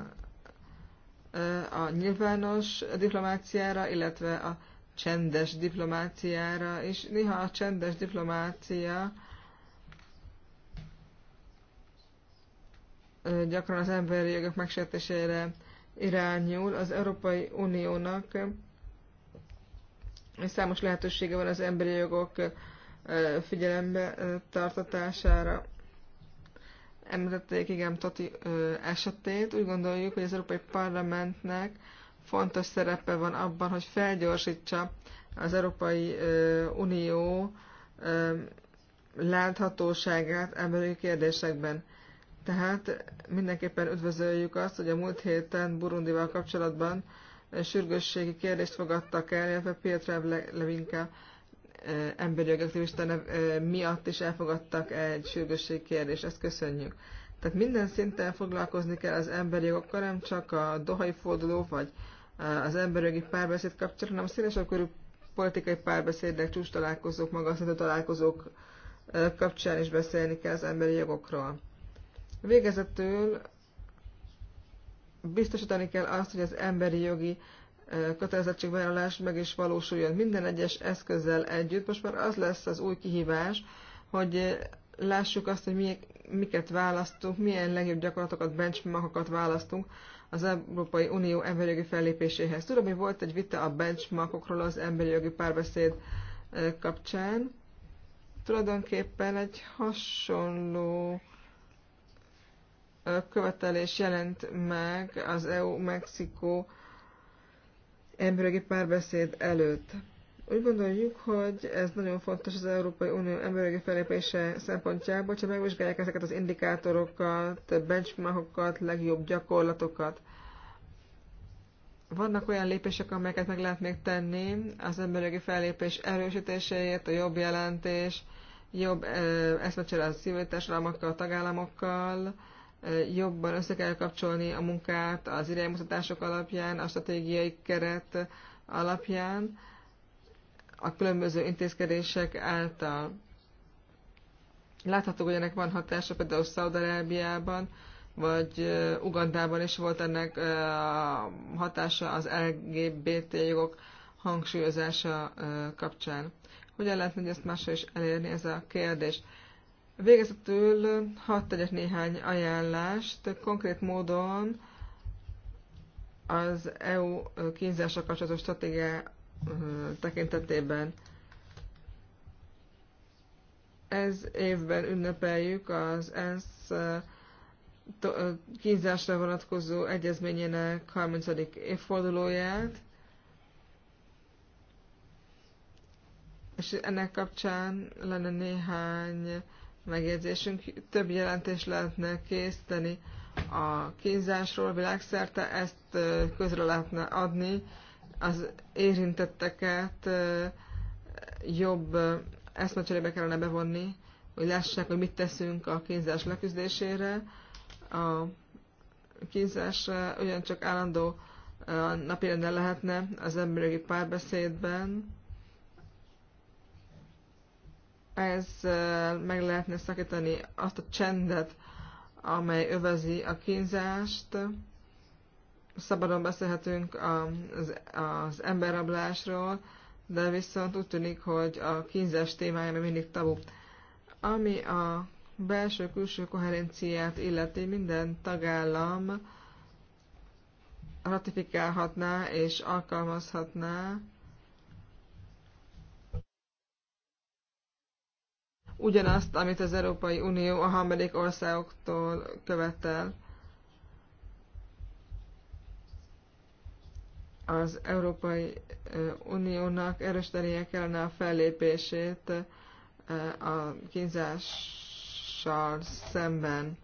a nyilvános diplomáciára, illetve a csendes diplomáciára, és néha a csendes diplomácia gyakran az emberi jogok megsértésére irányul. Az Európai Uniónak számos lehetősége van az emberi jogok figyelembe tartatására. Említették igen Tati esetét. Úgy gondoljuk, hogy az Európai Parlamentnek fontos szerepe van abban, hogy felgyorsítsa az Európai Unió láthatóságát emberi kérdésekben. Tehát mindenképpen üdvözöljük azt, hogy a múlt héten Burundival kapcsolatban sürgősségi kérdést fogadtak el, illetve Pietre Levinka emberi aktivista miatt is elfogadtak egy sürgősségi kérdést. Ezt köszönjük. Tehát minden szinten foglalkozni kell az emberi jogokkal, nem csak a dohai forduló vagy az emberi jogi párbeszéd kapcsán, hanem szélesebb körű politikai párbeszédek, csúcs találkozók, magaszintű találkozók kapcsán is beszélni kell az emberi jogokról. Végezetül biztosítani kell azt, hogy az emberi jogi kötelezettségvállalás meg is valósuljon minden egyes eszközzel együtt. Most már az lesz az új kihívás, hogy lássuk azt, hogy mi, miket választunk, milyen legjobb gyakorlatokat, benchmarkokat választunk az Európai Unió emberi jogi fellépéséhez. Tudom, hogy volt egy vita a benchmarkokról az emberi jogi párbeszéd kapcsán. Tulajdonképpen egy hasonló követelés jelent meg az EU-Mexikó emberi párbeszéd előtt. Úgy gondoljuk, hogy ez nagyon fontos az Európai Unió emberi felépése szempontjából, hogyha megvizsgálják ezeket az indikátorokat, benchmarkokat, legjobb gyakorlatokat. Vannak olyan lépések, amelyeket meg lehet még tenni, az emberi felépés erősítéséért, a jobb jelentés, jobb eszmecsere a civil társadalmakkal, tagállamokkal, jobban össze kell kapcsolni a munkát az iránymutatások alapján, a stratégiai keret alapján, a különböző intézkedések által. Látható, hogy ennek van hatása például Szaudarábiában, vagy Ugandában is volt ennek hatása az LGBT jogok hangsúlyozása kapcsán. Hogyan lehetne hogy ezt máshol is elérni, ez a kérdés. Végezetül hadd tegyek néhány ajánlást. Konkrét módon az EU kínzásra kapcsolatos stratégia tekintetében ez évben ünnepeljük az ENSZ kínzásra vonatkozó egyezményének 30. évfordulóját, és ennek kapcsán lenne néhány megjegyzésünk. Több jelentést lehetne készíteni a kínzásról világszerte, ezt közre lehetne adni, az érintetteket jobb eszmecserébe kellene bevonni, hogy lássák, hogy mit teszünk a kínzás leküzdésére. A kínzás ugyancsak állandó napirenden lehetne az emberi párbeszédben, ezzel meg lehetne szakítani azt a csendet, amely övezi a kínzást. Szabadon beszélhetünk az, az emberrablásról, de viszont úgy tűnik, hogy a kínzás témája még mindig tabu. Ami a belső-külső koherenciát illeti, minden tagállam ratifikálhatná és alkalmazhatná ugyanazt, amit az Európai Unió a harmadik országoktól követel. Az Európai Uniónak erősítenie kellene a fellépését a kínzással szemben.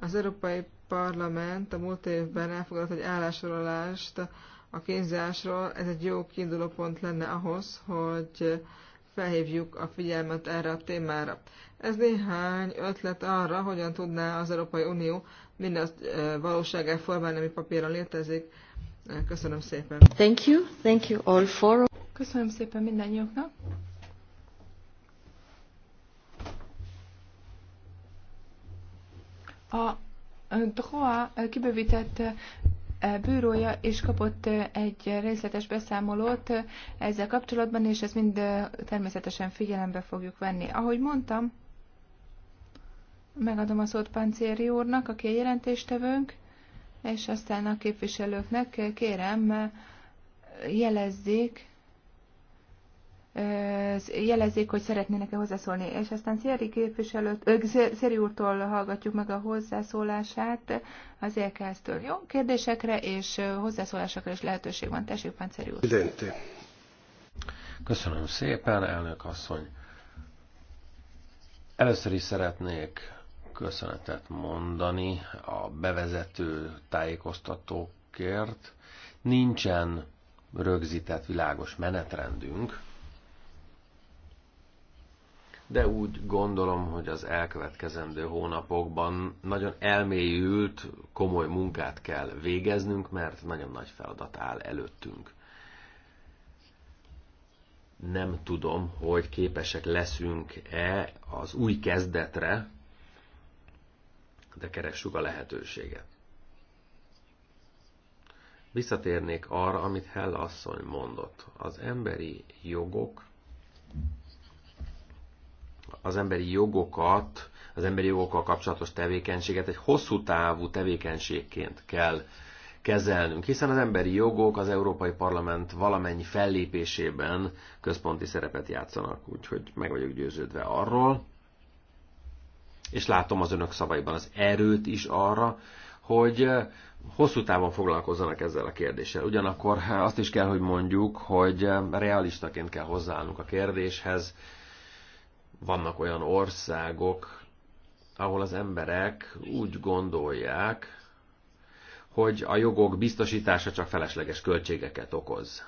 Az Európai Parlament a múlt évben elfogadott egy állásorolást a kínzásról. Ez egy jó kiinduló pont lenne ahhoz, hogy felhívjuk a figyelmet erre a témára. Ez néhány ötlet arra, hogyan tudná az Európai Unió mindazt valóságá formálni, ami papíron létezik. Köszönöm szépen. Thank you. Thank you all for... Köszönöm szépen mindannyiuknak. A DOA kibővített bűrója is kapott egy részletes beszámolót ezzel kapcsolatban, és ezt mind természetesen figyelembe fogjuk venni. Ahogy mondtam, megadom a szót Pancéri úrnak, aki a jelentéstevőnk, és aztán a képviselőknek kérem jelezzék, jelezzék, hogy szeretnének-e hozzászólni. És aztán Szeri képviselőt, Szeri úrtól hallgatjuk meg a hozzászólását az EKS-től. Jó, kérdésekre és hozzászólásokra is lehetőség van. Tessék, Szeri úr. Identi. Köszönöm szépen, elnök asszony. Először is szeretnék köszönetet mondani a bevezető tájékoztatókért. Nincsen rögzített világos menetrendünk, de úgy gondolom, hogy az elkövetkezendő hónapokban nagyon elmélyült, komoly munkát kell végeznünk, mert nagyon nagy feladat áll előttünk. Nem tudom, hogy képesek leszünk-e az új kezdetre, de keressük a lehetőséget. Visszatérnék arra, amit Hella asszony mondott. Az emberi jogok az emberi jogokat, az emberi jogokkal kapcsolatos tevékenységet egy hosszú távú tevékenységként kell kezelnünk, hiszen az emberi jogok az Európai Parlament valamennyi fellépésében központi szerepet játszanak, úgyhogy meg vagyok győződve arról, és látom az önök szavaiban az erőt is arra, hogy hosszú távon foglalkozzanak ezzel a kérdéssel. Ugyanakkor azt is kell, hogy mondjuk, hogy realistaként kell hozzáállnunk a kérdéshez, vannak olyan országok, ahol az emberek úgy gondolják, hogy a jogok biztosítása csak felesleges költségeket okoz.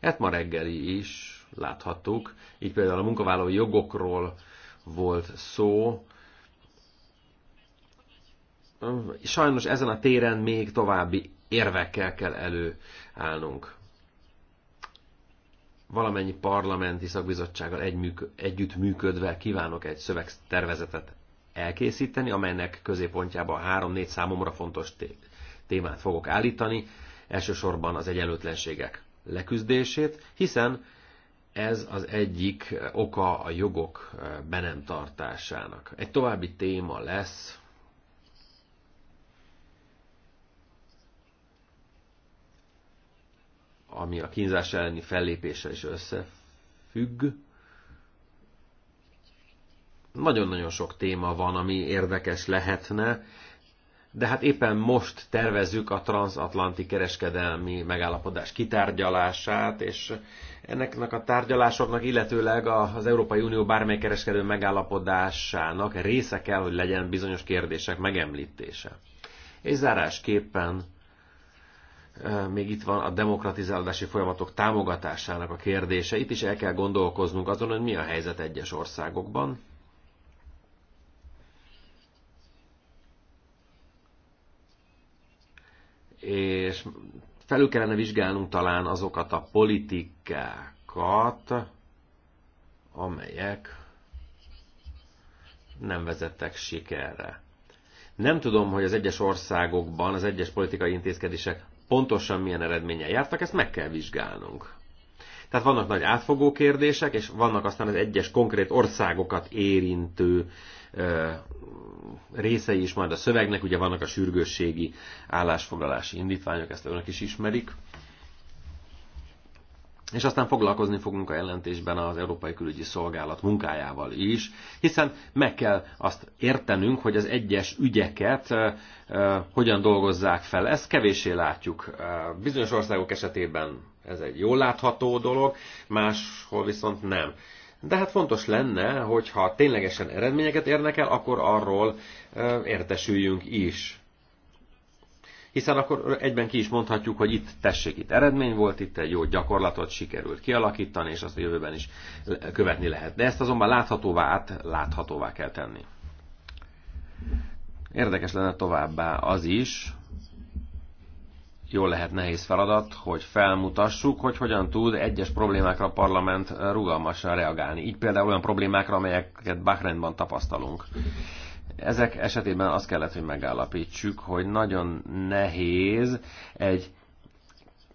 Ezt ma reggeli is láthattuk, így például a munkavállalói jogokról volt szó. Sajnos ezen a téren még további érvekkel kell előállnunk valamennyi parlamenti szakbizottsággal együtt együttműködve kívánok egy szövegtervezetet elkészíteni, amelynek középpontjában három-négy számomra fontos témát fogok állítani, elsősorban az egyenlőtlenségek leküzdését, hiszen ez az egyik oka a jogok eh, be nem tartásának. Egy további téma lesz ami a kínzás elleni fellépéssel is összefügg. Nagyon-nagyon sok téma van, ami érdekes lehetne, de hát éppen most tervezzük a transatlanti kereskedelmi megállapodás kitárgyalását, és ennek a tárgyalásoknak, illetőleg az Európai Unió bármely kereskedő megállapodásának része kell, hogy legyen bizonyos kérdések megemlítése. És zárásképpen még itt van a demokratizálási folyamatok támogatásának a kérdése. Itt is el kell gondolkoznunk azon, hogy mi a helyzet egyes országokban. És felül kellene vizsgálnunk talán azokat a politikákat, amelyek nem vezettek sikerre. Nem tudom, hogy az egyes országokban az egyes politikai intézkedések pontosan milyen eredménnyel jártak, ezt meg kell vizsgálnunk. Tehát vannak nagy átfogó kérdések, és vannak aztán az egyes konkrét országokat érintő ö, részei is majd a szövegnek, ugye vannak a sürgősségi állásfoglalási indítványok, ezt önök is ismerik. És aztán foglalkozni fogunk a jelentésben az Európai Külügyi Szolgálat munkájával is, hiszen meg kell azt értenünk, hogy az egyes ügyeket e, e, hogyan dolgozzák fel. Ezt kevéssé látjuk. E, bizonyos országok esetében ez egy jól látható dolog, máshol viszont nem. De hát fontos lenne, hogyha ténylegesen eredményeket érnek el, akkor arról e, értesüljünk is hiszen akkor egyben ki is mondhatjuk, hogy itt tessék, itt eredmény volt, itt egy jó gyakorlatot sikerült kialakítani, és azt a jövőben is követni lehet. De ezt azonban láthatóvá, át láthatóvá kell tenni. Érdekes lenne továbbá az is, jól lehet nehéz feladat, hogy felmutassuk, hogy hogyan tud egyes problémákra a parlament rugalmasan reagálni. Így például olyan problémákra, amelyeket Bahreinban tapasztalunk. Ezek esetében azt kellett, hogy megállapítsuk, hogy nagyon nehéz egy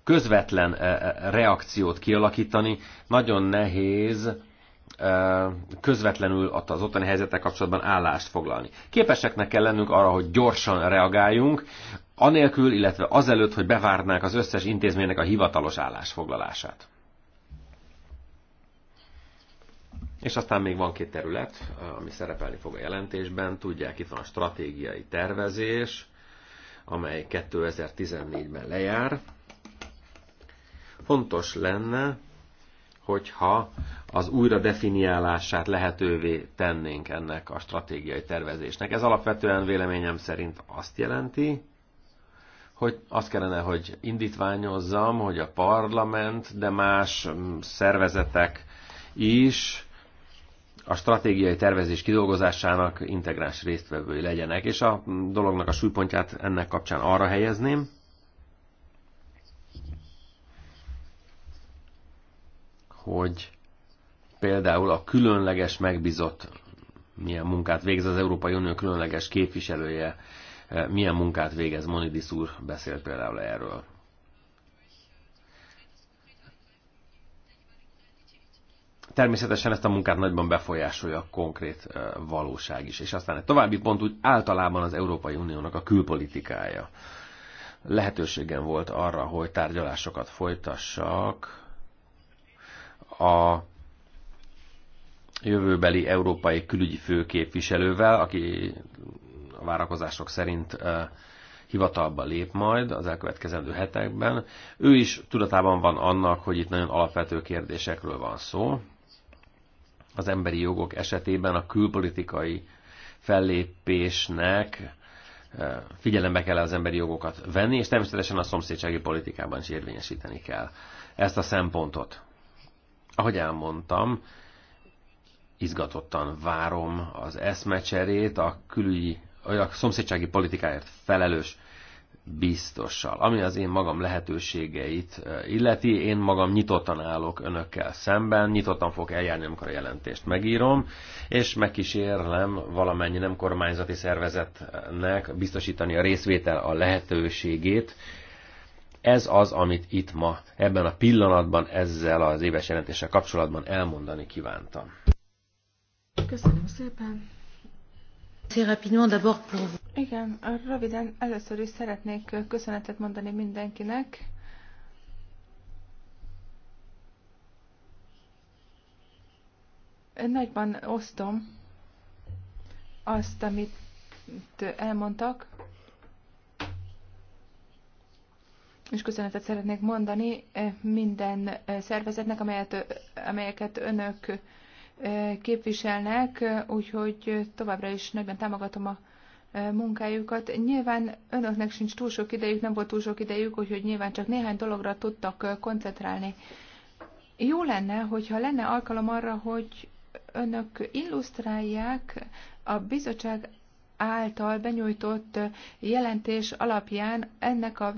közvetlen e, e, reakciót kialakítani, nagyon nehéz e, közvetlenül az ottani helyzetek kapcsolatban állást foglalni. Képeseknek kell lennünk arra, hogy gyorsan reagáljunk, anélkül, illetve azelőtt, hogy bevárnák az összes intézménynek a hivatalos állásfoglalását. És aztán még van két terület, ami szerepelni fog a jelentésben. Tudják, itt van a stratégiai tervezés, amely 2014-ben lejár. Fontos lenne, hogyha az újra definiálását lehetővé tennénk ennek a stratégiai tervezésnek. Ez alapvetően véleményem szerint azt jelenti, hogy azt kellene, hogy indítványozzam, hogy a parlament, de más mm, szervezetek is a stratégiai tervezés kidolgozásának integráns résztvevői legyenek, és a dolognak a súlypontját ennek kapcsán arra helyezném, hogy például a különleges megbízott milyen munkát végez az Európai Unió különleges képviselője, milyen munkát végez, Monidis úr beszélt például erről. Természetesen ezt a munkát nagyban befolyásolja a konkrét valóság is. És aztán egy további pont úgy általában az Európai Uniónak a külpolitikája. Lehetőségem volt arra, hogy tárgyalásokat folytassak a jövőbeli európai külügyi főképviselővel, aki a várakozások szerint hivatalba lép majd az elkövetkezendő hetekben. Ő is tudatában van annak, hogy itt nagyon alapvető kérdésekről van szó, az emberi jogok esetében a külpolitikai fellépésnek eh, figyelembe kell az emberi jogokat venni, és természetesen a szomszédsági politikában is érvényesíteni kell ezt a szempontot. Ahogy elmondtam, izgatottan várom az eszmecserét a külügyi, a szomszédsági politikáért felelős biztossal. Ami az én magam lehetőségeit illeti, én magam nyitottan állok önökkel szemben, nyitottan fogok eljárni, amikor a jelentést megírom, és megkísérlem valamennyi nem kormányzati szervezetnek biztosítani a részvétel a lehetőségét. Ez az, amit itt ma, ebben a pillanatban, ezzel az éves jelentéssel kapcsolatban elmondani kívántam. Köszönöm szépen! Très rapidement d'abord pour vous. Igen, röviden először is szeretnék köszönetet mondani mindenkinek. Nagyban osztom azt, amit elmondtak, és köszönetet szeretnék mondani minden szervezetnek, amelyet, amelyeket önök képviselnek, úgyhogy továbbra is nagyban támogatom a munkájukat. Nyilván önöknek sincs túl sok idejük, nem volt túl sok idejük, úgyhogy nyilván csak néhány dologra tudtak koncentrálni. Jó lenne, hogyha lenne alkalom arra, hogy önök illusztrálják a bizottság által benyújtott jelentés alapján ennek a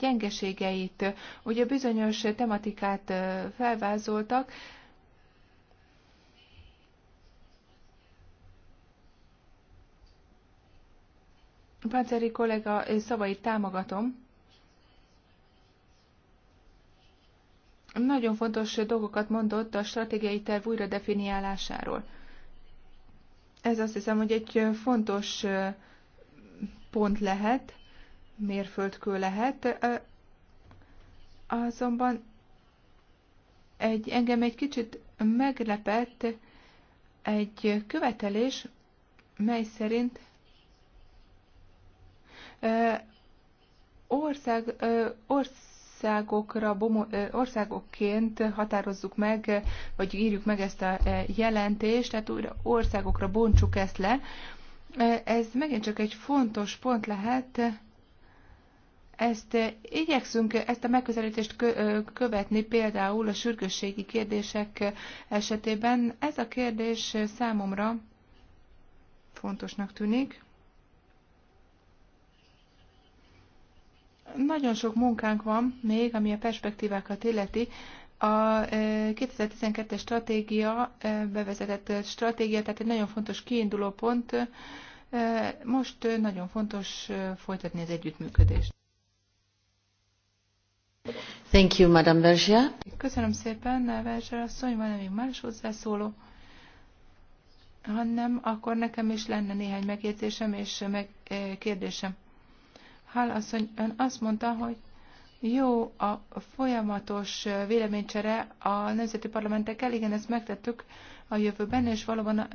gyengeségeit. Ugye bizonyos tematikát felvázoltak, Pánceri kollega szavait támogatom. Nagyon fontos dolgokat mondott a stratégiai terv újra definiálásáról. Ez azt hiszem, hogy egy fontos pont lehet, mérföldkő lehet, azonban egy, engem egy kicsit meglepett egy követelés, mely szerint Ország, országokra, országokként határozzuk meg, vagy írjuk meg ezt a jelentést, tehát újra országokra bontsuk ezt le. Ez megint csak egy fontos pont lehet, ezt igyekszünk ezt a megközelítést követni például a sürgősségi kérdések esetében. Ez a kérdés számomra fontosnak tűnik. Nagyon sok munkánk van még, ami a perspektívákat illeti. A 2012-es e, stratégia e, bevezetett stratégia, tehát egy nagyon fontos kiinduló pont. E, most nagyon fontos folytatni az együttműködést. Thank you, Madame Berger. Köszönöm szépen, Berger asszony, van -e még más hozzászóló? Ha nem, akkor nekem is lenne néhány megjegyzésem és meg, kérdésem. Hál asszony, ön azt mondta, hogy jó a folyamatos véleménycsere a nemzeti parlamentekkel, igen, ezt megtettük a jövőben, és valóban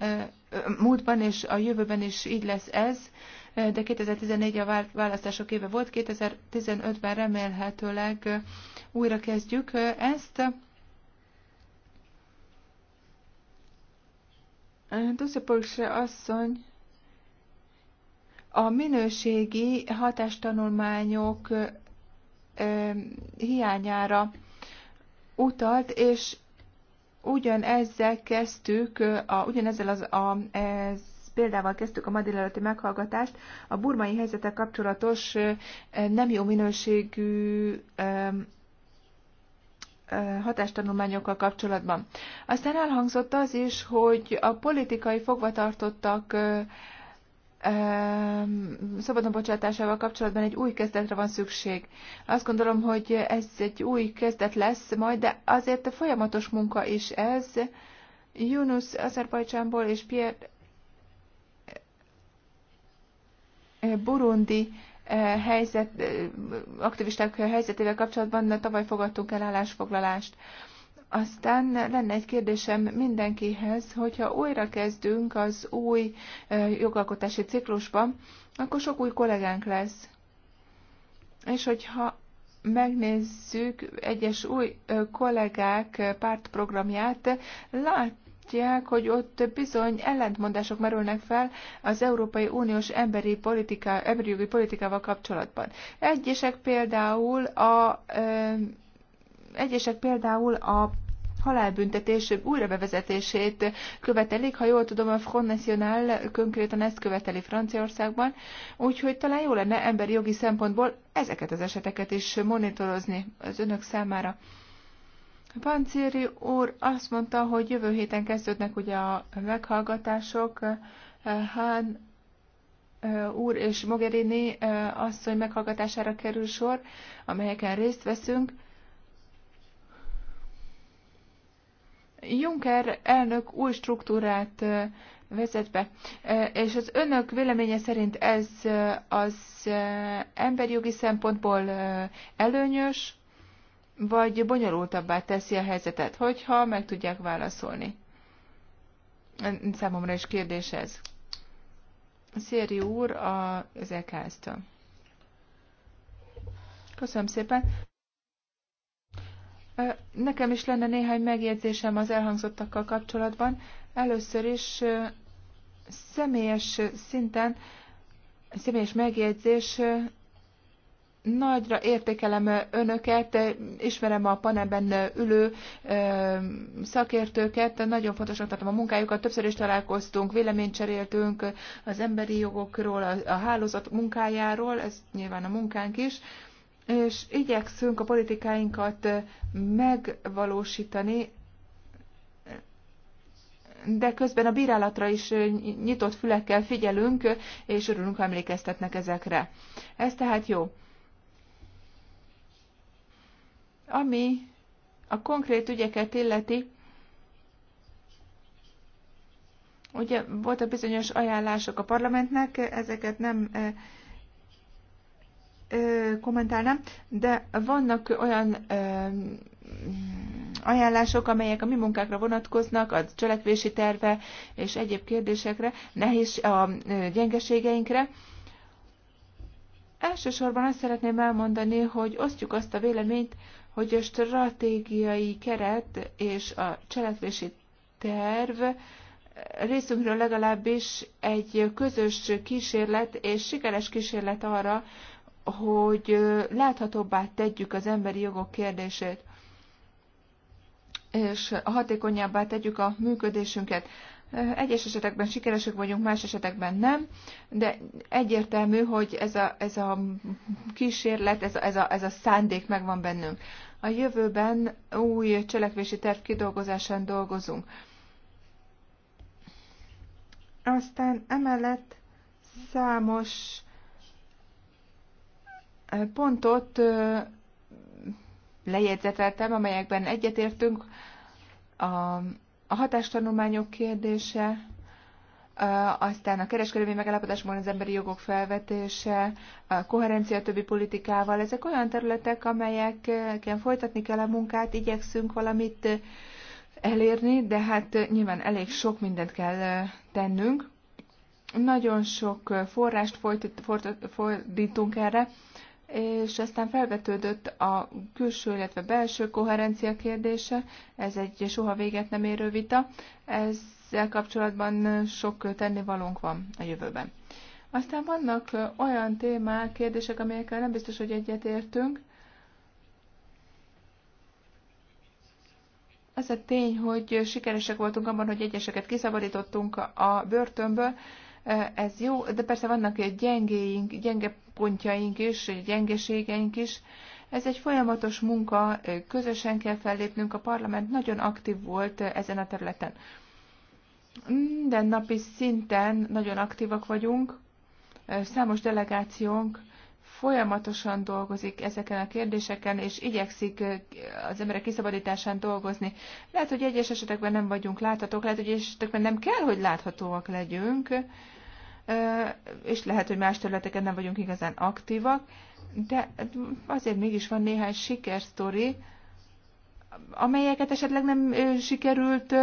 múltban és a jövőben is így lesz ez, de 2014 a választások éve volt, 2015-ben remélhetőleg újra kezdjük ezt. Dussepolse asszony a minőségi hatástanulmányok hiányára utalt, és ugyanezzel kezdtük, a, ugyanezzel az, a, ez példával kezdtük a ma délelőtti meghallgatást, a burmai helyzetek kapcsolatos nem jó minőségű hatástanulmányokkal kapcsolatban. Aztán elhangzott az is, hogy a politikai fogvatartottak szabadon bocsátásával kapcsolatban egy új kezdetre van szükség. Azt gondolom, hogy ez egy új kezdet lesz majd, de azért a folyamatos munka is ez. Yunus Azerbajcsánból és Pierre eh, Burundi eh, helyzet, eh, aktivisták helyzetével kapcsolatban tavaly fogadtunk el állásfoglalást. Aztán lenne egy kérdésem mindenkihez, hogyha újra kezdünk az új jogalkotási ciklusban, akkor sok új kollégánk lesz. És hogyha megnézzük egyes új kollégák pártprogramját, látják, hogy ott bizony ellentmondások merülnek fel az Európai Uniós emberi, politika, emberi jogi politikával kapcsolatban. Egyesek például a egyesek például a halálbüntetés újra bevezetését követelik. Ha jól tudom, a Front National konkrétan ezt követeli Franciaországban, úgyhogy talán jó lenne emberi jogi szempontból ezeket az eseteket is monitorozni az önök számára. Pancéri úr azt mondta, hogy jövő héten kezdődnek ugye a meghallgatások. Hán úr és Mogherini asszony meghallgatására kerül sor, amelyeken részt veszünk. Juncker elnök új struktúrát vezet be, és az önök véleménye szerint ez az emberjogi szempontból előnyös, vagy bonyolultabbá teszi a helyzetet, hogyha meg tudják válaszolni? Számomra is kérdés ez. Széri úr az EKS-től. Köszönöm szépen. Nekem is lenne néhány megjegyzésem az elhangzottakkal kapcsolatban. Először is személyes szinten, személyes megjegyzés, nagyra értékelem önöket, ismerem a panelben ülő szakértőket, nagyon fontosnak tartom a munkájukat, többször is találkoztunk, véleményt cseréltünk az emberi jogokról, a hálózat munkájáról, ez nyilván a munkánk is, és igyekszünk a politikáinkat megvalósítani, de közben a bírálatra is nyitott fülekkel figyelünk, és örülünk, ha emlékeztetnek ezekre. Ez tehát jó. Ami a konkrét ügyeket illeti, ugye voltak bizonyos ajánlások a parlamentnek, ezeket nem kommentálnám, de vannak olyan ajánlások, amelyek a mi munkákra vonatkoznak, a cselekvési terve és egyéb kérdésekre, nehéz a gyengeségeinkre. Elsősorban azt szeretném elmondani, hogy osztjuk azt a véleményt, hogy a stratégiai keret és a cselekvési terv részünkről legalábbis egy közös kísérlet és sikeres kísérlet arra, hogy láthatóbbá tegyük az emberi jogok kérdését, és hatékonyabbá tegyük a működésünket. Egyes esetekben sikeresek vagyunk, más esetekben nem, de egyértelmű, hogy ez a, ez a kísérlet, ez a, ez, a, ez a szándék megvan bennünk. A jövőben új cselekvési terv kidolgozásán dolgozunk. Aztán emellett számos pontot lejegyzeteltem, amelyekben egyetértünk. A, a hatástanulmányok kérdése, aztán a kereskedelmi megállapodásban az emberi jogok felvetése, a koherencia a többi politikával, ezek olyan területek, amelyeken folytatni kell a munkát, igyekszünk valamit elérni, de hát nyilván elég sok mindent kell tennünk. Nagyon sok forrást fordítunk erre, és aztán felvetődött a külső, illetve belső koherencia kérdése, ez egy soha véget nem érő vita, ezzel kapcsolatban sok tennivalónk van a jövőben. Aztán vannak olyan témák, kérdések, amelyekkel nem biztos, hogy egyetértünk. Az a tény, hogy sikeresek voltunk abban, hogy egyeseket kiszabadítottunk a börtönből, ez jó, de persze vannak gyengéink, gyenge pontjaink is, gyengeségeink is. Ez egy folyamatos munka, közösen kell fellépnünk, a parlament nagyon aktív volt ezen a területen. Minden napi szinten nagyon aktívak vagyunk, számos delegációnk folyamatosan dolgozik ezeken a kérdéseken, és igyekszik az emberek kiszabadításán dolgozni. Lehet, hogy egyes esetekben nem vagyunk láthatók, lehet, hogy egyes esetekben nem kell, hogy láthatóak legyünk, és lehet, hogy más területeken nem vagyunk igazán aktívak, de azért mégis van néhány sikersztori, amelyeket esetleg nem sikerült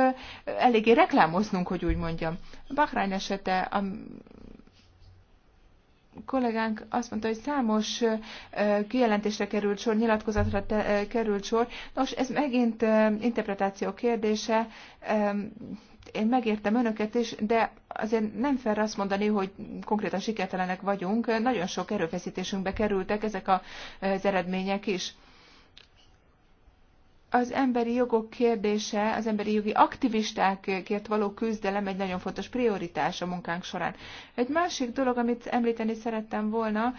eléggé reklámoznunk, hogy úgy mondjam. Bahrány esete, a kollégánk azt mondta, hogy számos kijelentésre került sor, nyilatkozatra került sor. Nos, ez megint interpretáció kérdése. Én megértem önöket is, de azért nem fel azt mondani, hogy konkrétan sikertelenek vagyunk. Nagyon sok erőfeszítésünkbe kerültek ezek az eredmények is az emberi jogok kérdése, az emberi jogi aktivistákért való küzdelem egy nagyon fontos prioritás a munkánk során. Egy másik dolog, amit említeni szerettem volna,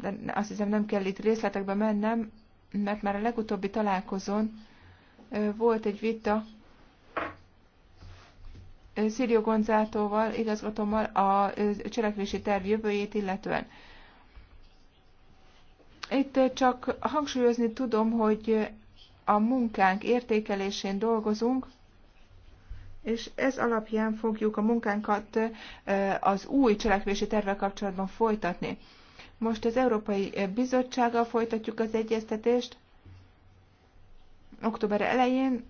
de azt hiszem nem kell itt részletekbe mennem, mert már a legutóbbi találkozón volt egy vita Szírió Gonzátóval, igazgatommal a cselekvési terv jövőjét illetően. Itt csak hangsúlyozni tudom, hogy a munkánk értékelésén dolgozunk, és ez alapján fogjuk a munkánkat az új cselekvési tervek kapcsolatban folytatni. Most az Európai Bizottsággal folytatjuk az egyeztetést. Október elején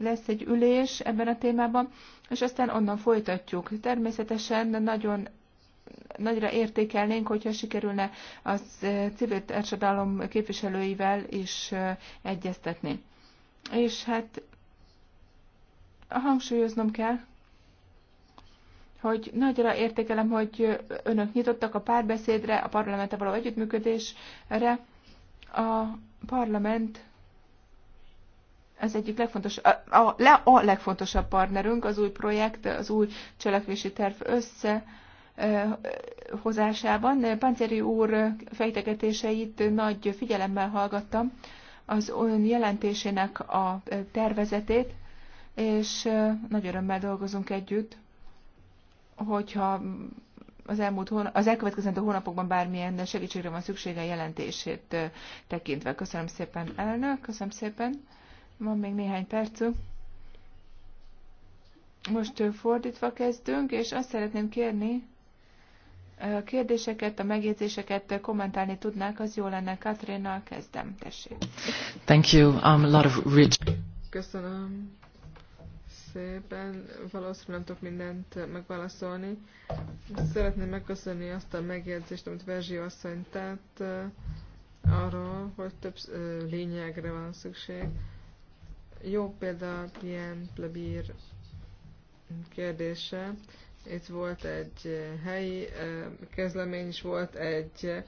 lesz egy ülés ebben a témában, és aztán onnan folytatjuk. Természetesen nagyon nagyra értékelnénk, hogyha sikerülne az civil társadalom képviselőivel is egyeztetni. És hát hangsúlyoznom kell, hogy nagyra értékelem, hogy önök nyitottak a párbeszédre, a parlamente való együttműködésre. A parlament az egyik legfontos, a, a, a legfontosabb partnerünk az új projekt, az új cselekvési terv össze, hozásában. Panceri úr fejtegetéseit nagy figyelemmel hallgattam, az ön jelentésének a tervezetét, és nagy örömmel dolgozunk együtt, hogyha az, elmúlt hónap, az elkövetkezendő hónapokban bármilyen segítségre van szüksége jelentését tekintve. Köszönöm szépen, elnök, köszönöm szépen. Van még néhány percünk. Most fordítva kezdünk, és azt szeretném kérni, a kérdéseket, a megjegyzéseket kommentálni tudnák, az jó lenne. Katrénnal kezdem, tessék. Thank you. I'm um, a lot of rich... Köszönöm szépen. Valószínűleg nem tudok mindent megválaszolni. Szeretném megköszönni azt a megjegyzést, amit Verzsi asszony tett arról, hogy több lényegre van szükség jó példa Prien Plebír kérdése. Itt volt egy eh, helyi eh, közlemény, is volt egy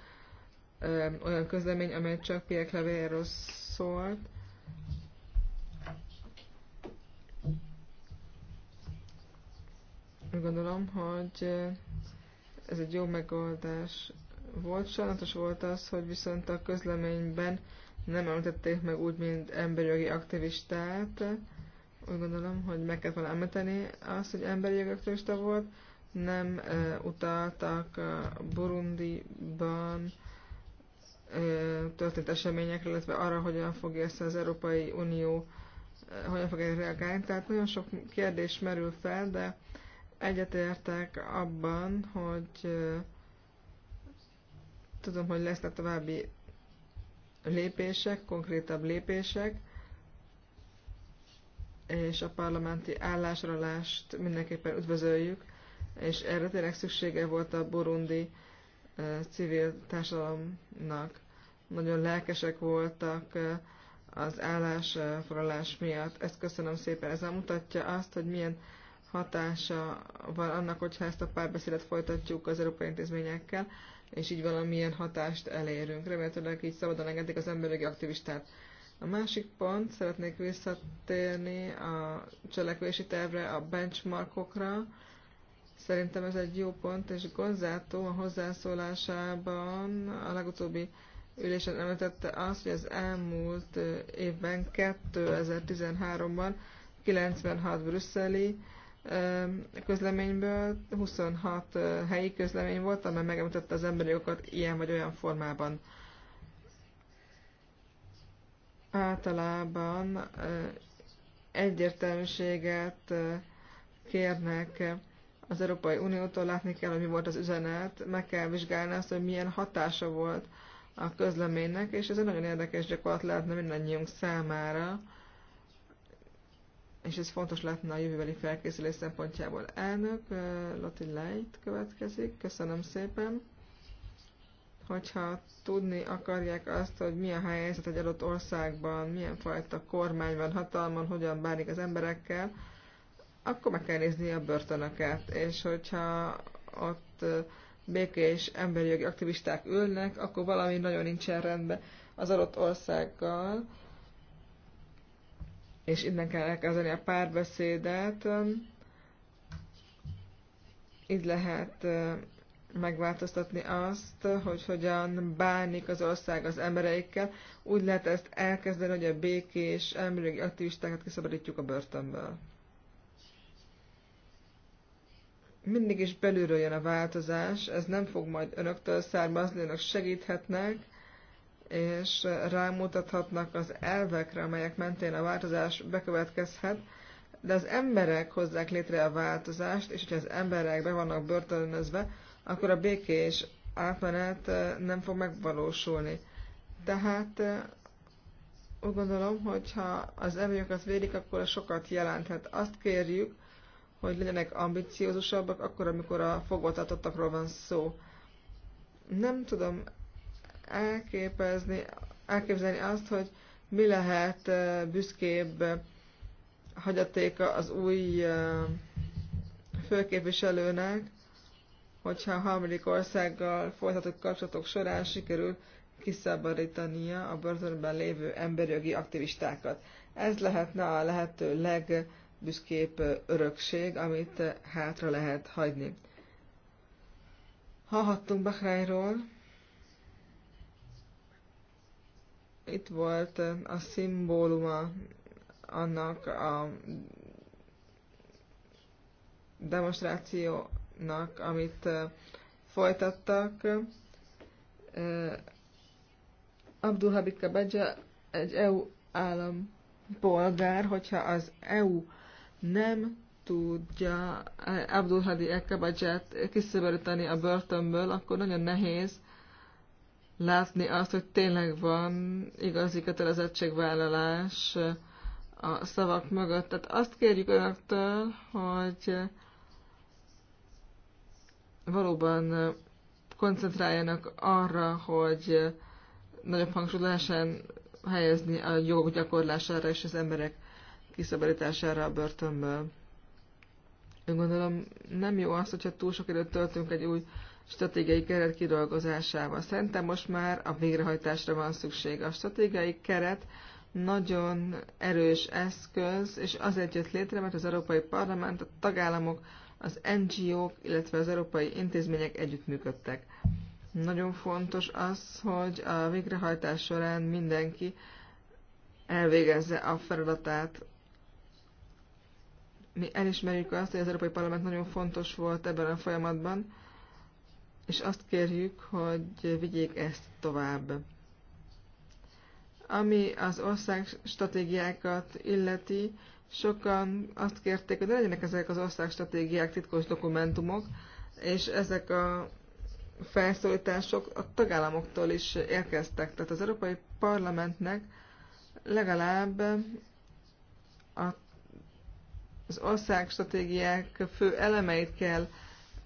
eh, olyan közlemény, amely csak Pierre Clavéről szólt. Gondolom, hogy ez egy jó megoldás volt. Sajnos volt az, hogy viszont a közleményben nem említették meg úgy, mint emberi jogi aktivistát. Úgy gondolom, hogy meg kellett volna említeni azt, hogy emberi jogi aktivista volt. Nem e, utaltak Burundiban e, történt eseményekre, illetve arra, hogyan fogja ezt az Európai Unió e, hogyan fog reagálni. Tehát nagyon sok kérdés merül fel, de egyetértek abban, hogy e, tudom, hogy lesznek további lépések, konkrétabb lépések, és a parlamenti állásralást mindenképpen üdvözöljük, és erre tényleg szüksége volt a burundi civil társadalomnak. Nagyon lelkesek voltak az állásfoglalás miatt. Ezt köszönöm szépen. Ez mutatja azt, hogy milyen hatása van annak, hogyha ezt a párbeszédet folytatjuk az európai intézményekkel, és így valamilyen hatást elérünk. Remélhetőleg így szabadon engedik az emberi aktivistát. A másik pont, szeretnék visszatérni a cselekvési tervre, a benchmarkokra. Szerintem ez egy jó pont, és Gonzátó a hozzászólásában a legutóbbi ülésen említette azt, hogy az elmúlt évben, 2013-ban 96 brüsszeli közleményből 26 helyi közlemény volt, amely megmutatta, az emberi jogokat ilyen vagy olyan formában. Általában egyértelműséget kérnek az Európai Uniótól, látni kell, hogy mi volt az üzenet, meg kell vizsgálni azt, hogy milyen hatása volt a közleménynek, és ez egy nagyon érdekes gyakorlat lehetne mindannyiunk számára, és ez fontos lehetne a jövőbeli felkészülés szempontjából. Elnök, Lati Light következik, köszönöm szépen. Hogyha tudni akarják azt, hogy mi a helyzet egy adott országban, milyen fajta kormány van hatalmon, hogyan bánik az emberekkel, akkor meg kell nézni a börtönöket, és hogyha ott békés emberi jogi aktivisták ülnek, akkor valami nagyon nincsen rendben az adott országgal, és innen kell elkezdeni a párbeszédet. Így lehet megváltoztatni azt, hogy hogyan bánik az ország az embereikkel. Úgy lehet ezt elkezdeni, hogy a békés emberi aktivistákat kiszabadítjuk a börtönből. Mindig is belülről jön a változás, ez nem fog majd önöktől származni, önök segíthetnek, és rámutathatnak az elvekre, amelyek mentén a változás bekövetkezhet, de az emberek hozzák létre a változást, és hogyha az emberek be vannak börtönözve, akkor a békés átmenet nem fog megvalósulni. Tehát úgy gondolom, hogyha az embereket védik, akkor ez sokat jelenthet. Azt kérjük, hogy legyenek ambiciózusabbak, akkor, amikor a fogoltatottakról van szó. Nem tudom elképezni, elképzelni azt, hogy mi lehet büszkébb hagyatéka az új főképviselőnek, hogyha a harmadik országgal folytatott kapcsolatok során sikerül kiszabadítania a börtönben lévő emberjogi aktivistákat. Ez lehetne a lehető legbüszkébb örökség, amit hátra lehet hagyni. Hallhattunk Bahrányról, itt volt a szimbóluma annak a demonstrációnak, amit eh, folytattak. Eh, Abdul Habib Kabadja egy EU állampolgár, hogyha az EU nem tudja eh, Abdul Hadi Ekabadzsát kiszabadítani a börtönből, akkor nagyon nehéz látni azt, hogy tényleg van igazi kötelezettségvállalás a szavak mögött. Tehát azt kérjük önöktől, hogy valóban koncentráljanak arra, hogy nagyobb hangsúlyt lehessen helyezni a jogok gyakorlására és az emberek kiszabadítására a börtönből. Én gondolom nem jó az, hogyha túl sok időt töltünk egy új stratégiai keret kidolgozásával. Szerintem most már a végrehajtásra van szükség. A stratégiai keret nagyon erős eszköz, és azért jött létre, mert az Európai Parlament, a tagállamok, az NGO-k, illetve az európai intézmények együttműködtek. Nagyon fontos az, hogy a végrehajtás során mindenki elvégezze a feladatát. Mi elismerjük azt, hogy az Európai Parlament nagyon fontos volt ebben a folyamatban, és azt kérjük, hogy vigyék ezt tovább. Ami az ország stratégiákat illeti, sokan azt kérték, hogy ne legyenek ezek az ország stratégiák titkos dokumentumok, és ezek a felszólítások a tagállamoktól is érkeztek. Tehát az Európai Parlamentnek legalább a, az stratégiák fő elemeit kell,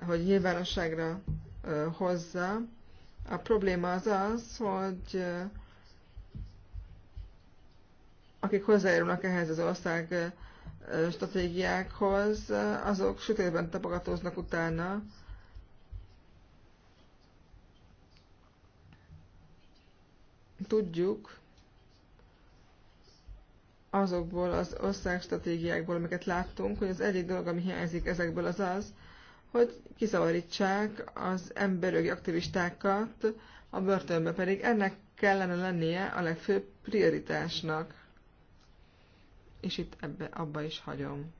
hogy nyilvánosságra hozza. A probléma az az, hogy akik hozzájárulnak ehhez az ország stratégiákhoz, azok sötétben tapogatóznak utána. Tudjuk azokból az országstratégiákból, amiket láttunk, hogy az egyik dolog, ami hiányzik ezekből az az, hogy kiszavarítsák az emberögi aktivistákat, a börtönbe pedig ennek kellene lennie a legfőbb prioritásnak. És itt ebbe, abba is hagyom.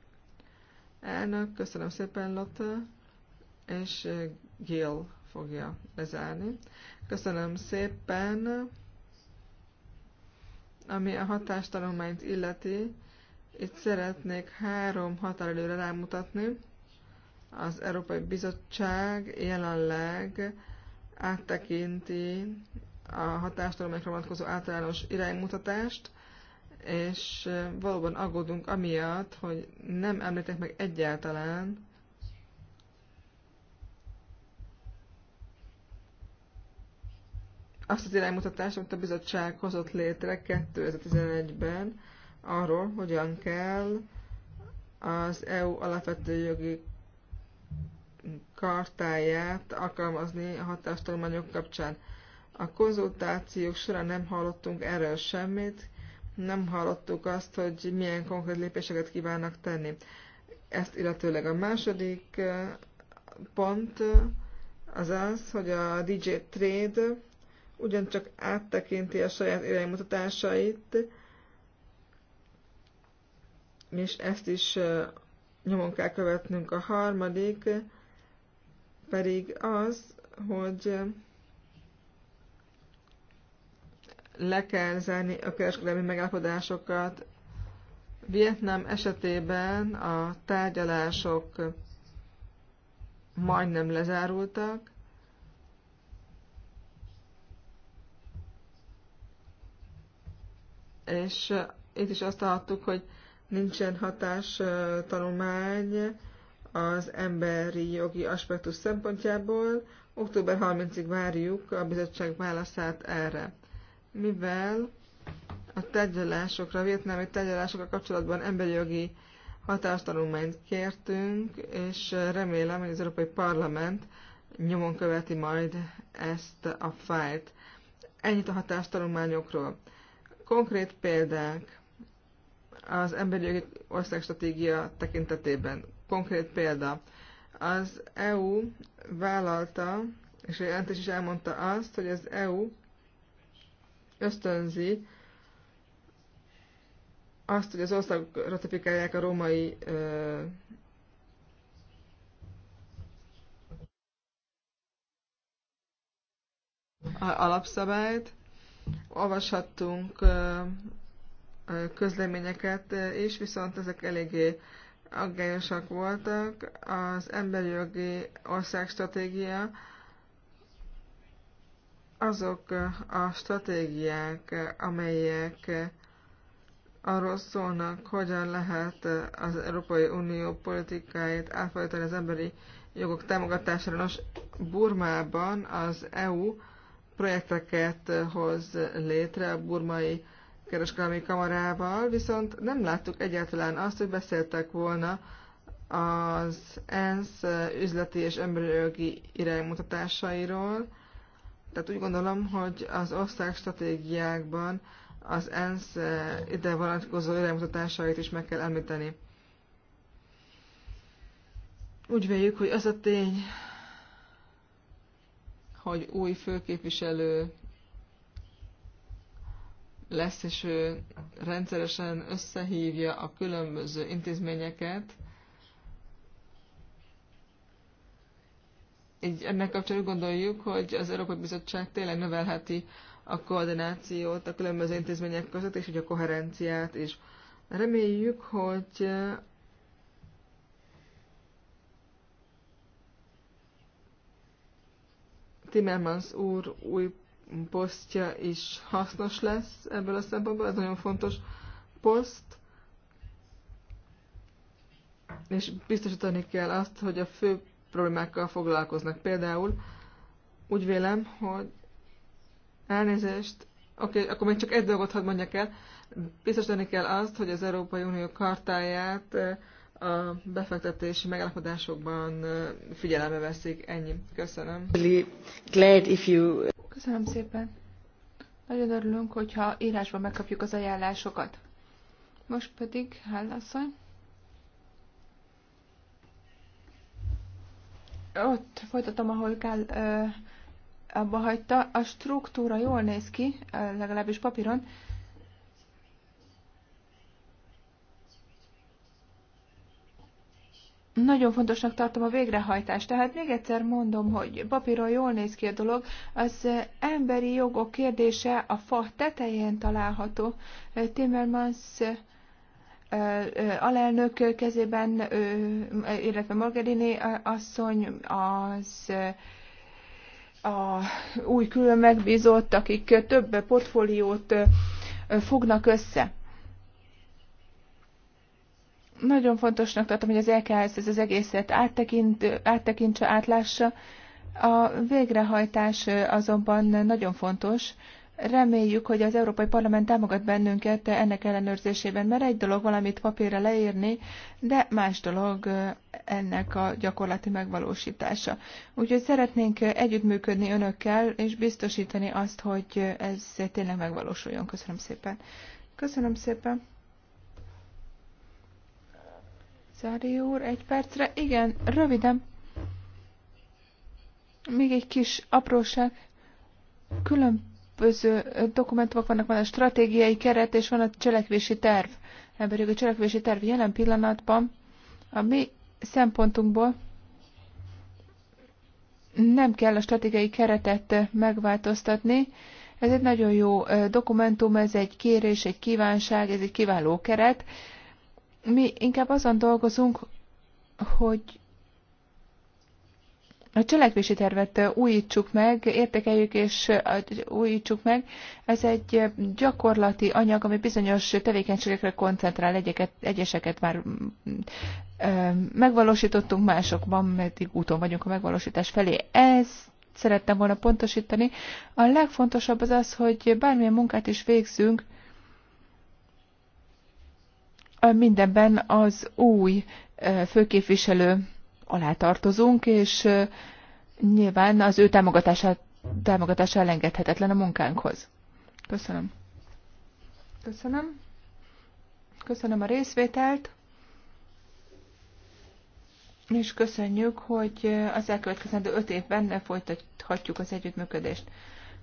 Elnök, köszönöm szépen Lotte, és Gil fogja lezárni. Köszönöm szépen, ami a hatástanulmányt illeti, itt szeretnék három határidőre rámutatni. Az Európai Bizottság jelenleg áttekinti a hatástudományokra vonatkozó általános iránymutatást, és valóban aggódunk amiatt, hogy nem említek meg egyáltalán azt az iránymutatást, amit a bizottság hozott létre 2011-ben arról, hogyan kell az EU alapvető jogi kartáját alkalmazni a hatástanulmányok kapcsán. A konzultációk során nem hallottunk erről semmit, nem hallottuk azt, hogy milyen konkrét lépéseket kívánnak tenni. Ezt illetőleg a második eh, pont eh, az az, hogy a DJ Trade ugyancsak áttekinti a saját iránymutatásait, és ezt is eh, nyomon kell követnünk. A harmadik pedig az, hogy le kell zárni a kereskedelmi megállapodásokat. Vietnám esetében a tárgyalások majdnem lezárultak, és eh, itt is azt hallottuk, hogy nincsen hatás tanulmány, az emberi jogi aspektus szempontjából. Október 30-ig várjuk a bizottság válaszát erre. Mivel a tegyelásokra, a vietnámi tegyelásokra kapcsolatban emberi jogi hatástanulmányt kértünk, és remélem, hogy az Európai Parlament nyomon követi majd ezt a fájt. Ennyit a hatástanulmányokról. Konkrét példák az emberi jogi országstratégia tekintetében konkrét példa. Az EU vállalta, és a jelentés is elmondta azt, hogy az EU ösztönzi azt, hogy az ország ratifikálják a római ö, alapszabályt. Olvashattunk ö, közleményeket is, viszont ezek eléggé aggályosak voltak. Az emberi jogi országstratégia azok a stratégiák, amelyek arról szólnak, hogyan lehet az Európai Unió politikáját átfordítani az emberi jogok támogatására. Nos, Burmában az EU projekteket hoz létre a burmai kereskedelmi kamarával, viszont nem láttuk egyáltalán azt, hogy beszéltek volna az ENSZ üzleti és emberi iránymutatásairól. Tehát úgy gondolom, hogy az ország stratégiákban az ENSZ ide vonatkozó iránymutatásait is meg kell említeni. Úgy véljük, hogy az a tény, hogy új főképviselő lesz, és ő rendszeresen összehívja a különböző intézményeket. Így ennek kapcsán gondoljuk, hogy az Európai Bizottság tényleg növelheti a koordinációt a különböző intézmények között, és hogy a koherenciát is. Reméljük, hogy eh, Timmermans úr új posztja is hasznos lesz ebből a szempontból, ez nagyon fontos poszt, és biztosítani kell azt, hogy a fő problémákkal foglalkoznak. Például úgy vélem, hogy elnézést, oké, okay, akkor még csak egy dolgot hadd mondjak el, biztosítani kell azt, hogy az Európai Unió kartáját eh, a befektetési megállapodásokban eh, figyelembe veszik. Ennyi. Köszönöm. Glad if you... Köszönöm szépen. Nagyon örülünk, hogyha írásban megkapjuk az ajánlásokat. Most pedig, hálászony. Ott folytatom, ahol kell, abba hagyta. A struktúra jól néz ki, legalábbis papíron nagyon fontosnak tartom a végrehajtást. Tehát még egyszer mondom, hogy papíron jól néz ki a dolog, az emberi jogok kérdése a fa tetején található. Timmermans alelnök kezében, illetve Margarini asszony az a új külön megbízott, akik több portfóliót fognak össze. Nagyon fontosnak tartom, hogy az EKS ez az egészet áttekint, áttekintse, átlássa. A végrehajtás azonban nagyon fontos. Reméljük, hogy az Európai Parlament támogat bennünket ennek ellenőrzésében, mert egy dolog valamit papírra leírni, de más dolog ennek a gyakorlati megvalósítása. Úgyhogy szeretnénk együttműködni önökkel, és biztosítani azt, hogy ez tényleg megvalósuljon. Köszönöm szépen. Köszönöm szépen. Zári úr, egy percre. Igen, röviden. Még egy kis apróság. Különböző dokumentumok vannak, van a stratégiai keret, és van a cselekvési terv. Emberi a cselekvési terv jelen pillanatban a mi szempontunkból nem kell a stratégiai keretet megváltoztatni. Ez egy nagyon jó dokumentum, ez egy kérés, egy kívánság, ez egy kiváló keret mi inkább azon dolgozunk, hogy a cselekvési tervet újítsuk meg, értékeljük és újítsuk meg. Ez egy gyakorlati anyag, ami bizonyos tevékenységekre koncentrál, egyeket, egyeseket már megvalósítottunk, másokban mert úton vagyunk a megvalósítás felé. Ez szerettem volna pontosítani. A legfontosabb az az, hogy bármilyen munkát is végzünk, mindenben az új főképviselő alá tartozunk, és nyilván az ő támogatása, támogatása elengedhetetlen a munkánkhoz. Köszönöm. Köszönöm. Köszönöm a részvételt. És köszönjük, hogy az elkövetkezendő öt évben folytathatjuk az együttműködést.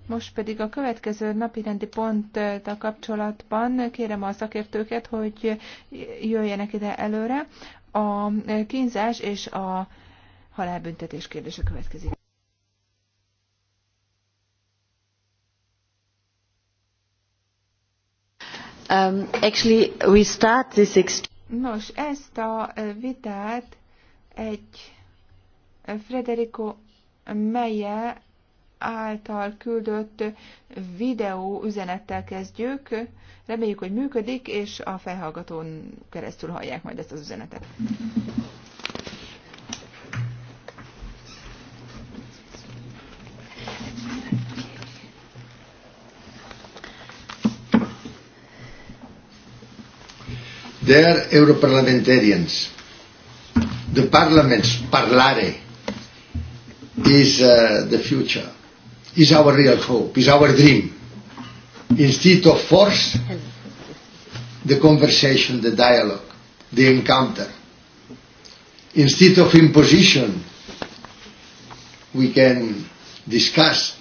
Most pedig a következő napi rendi ponttal kapcsolatban kérem a szakértőket, hogy jöjjenek ide előre. A kínzás és a halálbüntetés kérdése következik. Um, actually, we start this Nos, ezt a vitát egy Frederico Meyer által küldött videó üzenettel kezdjük. Reméljük, hogy működik, és a felhallgatón keresztül hallják majd ezt az üzenetet. Dear Europarlamentarians, the Parliament's parlare is uh, the future is our real hope, is our dream. Instead of force, the conversation, the dialogue, the encounter. Instead of imposition, we can discuss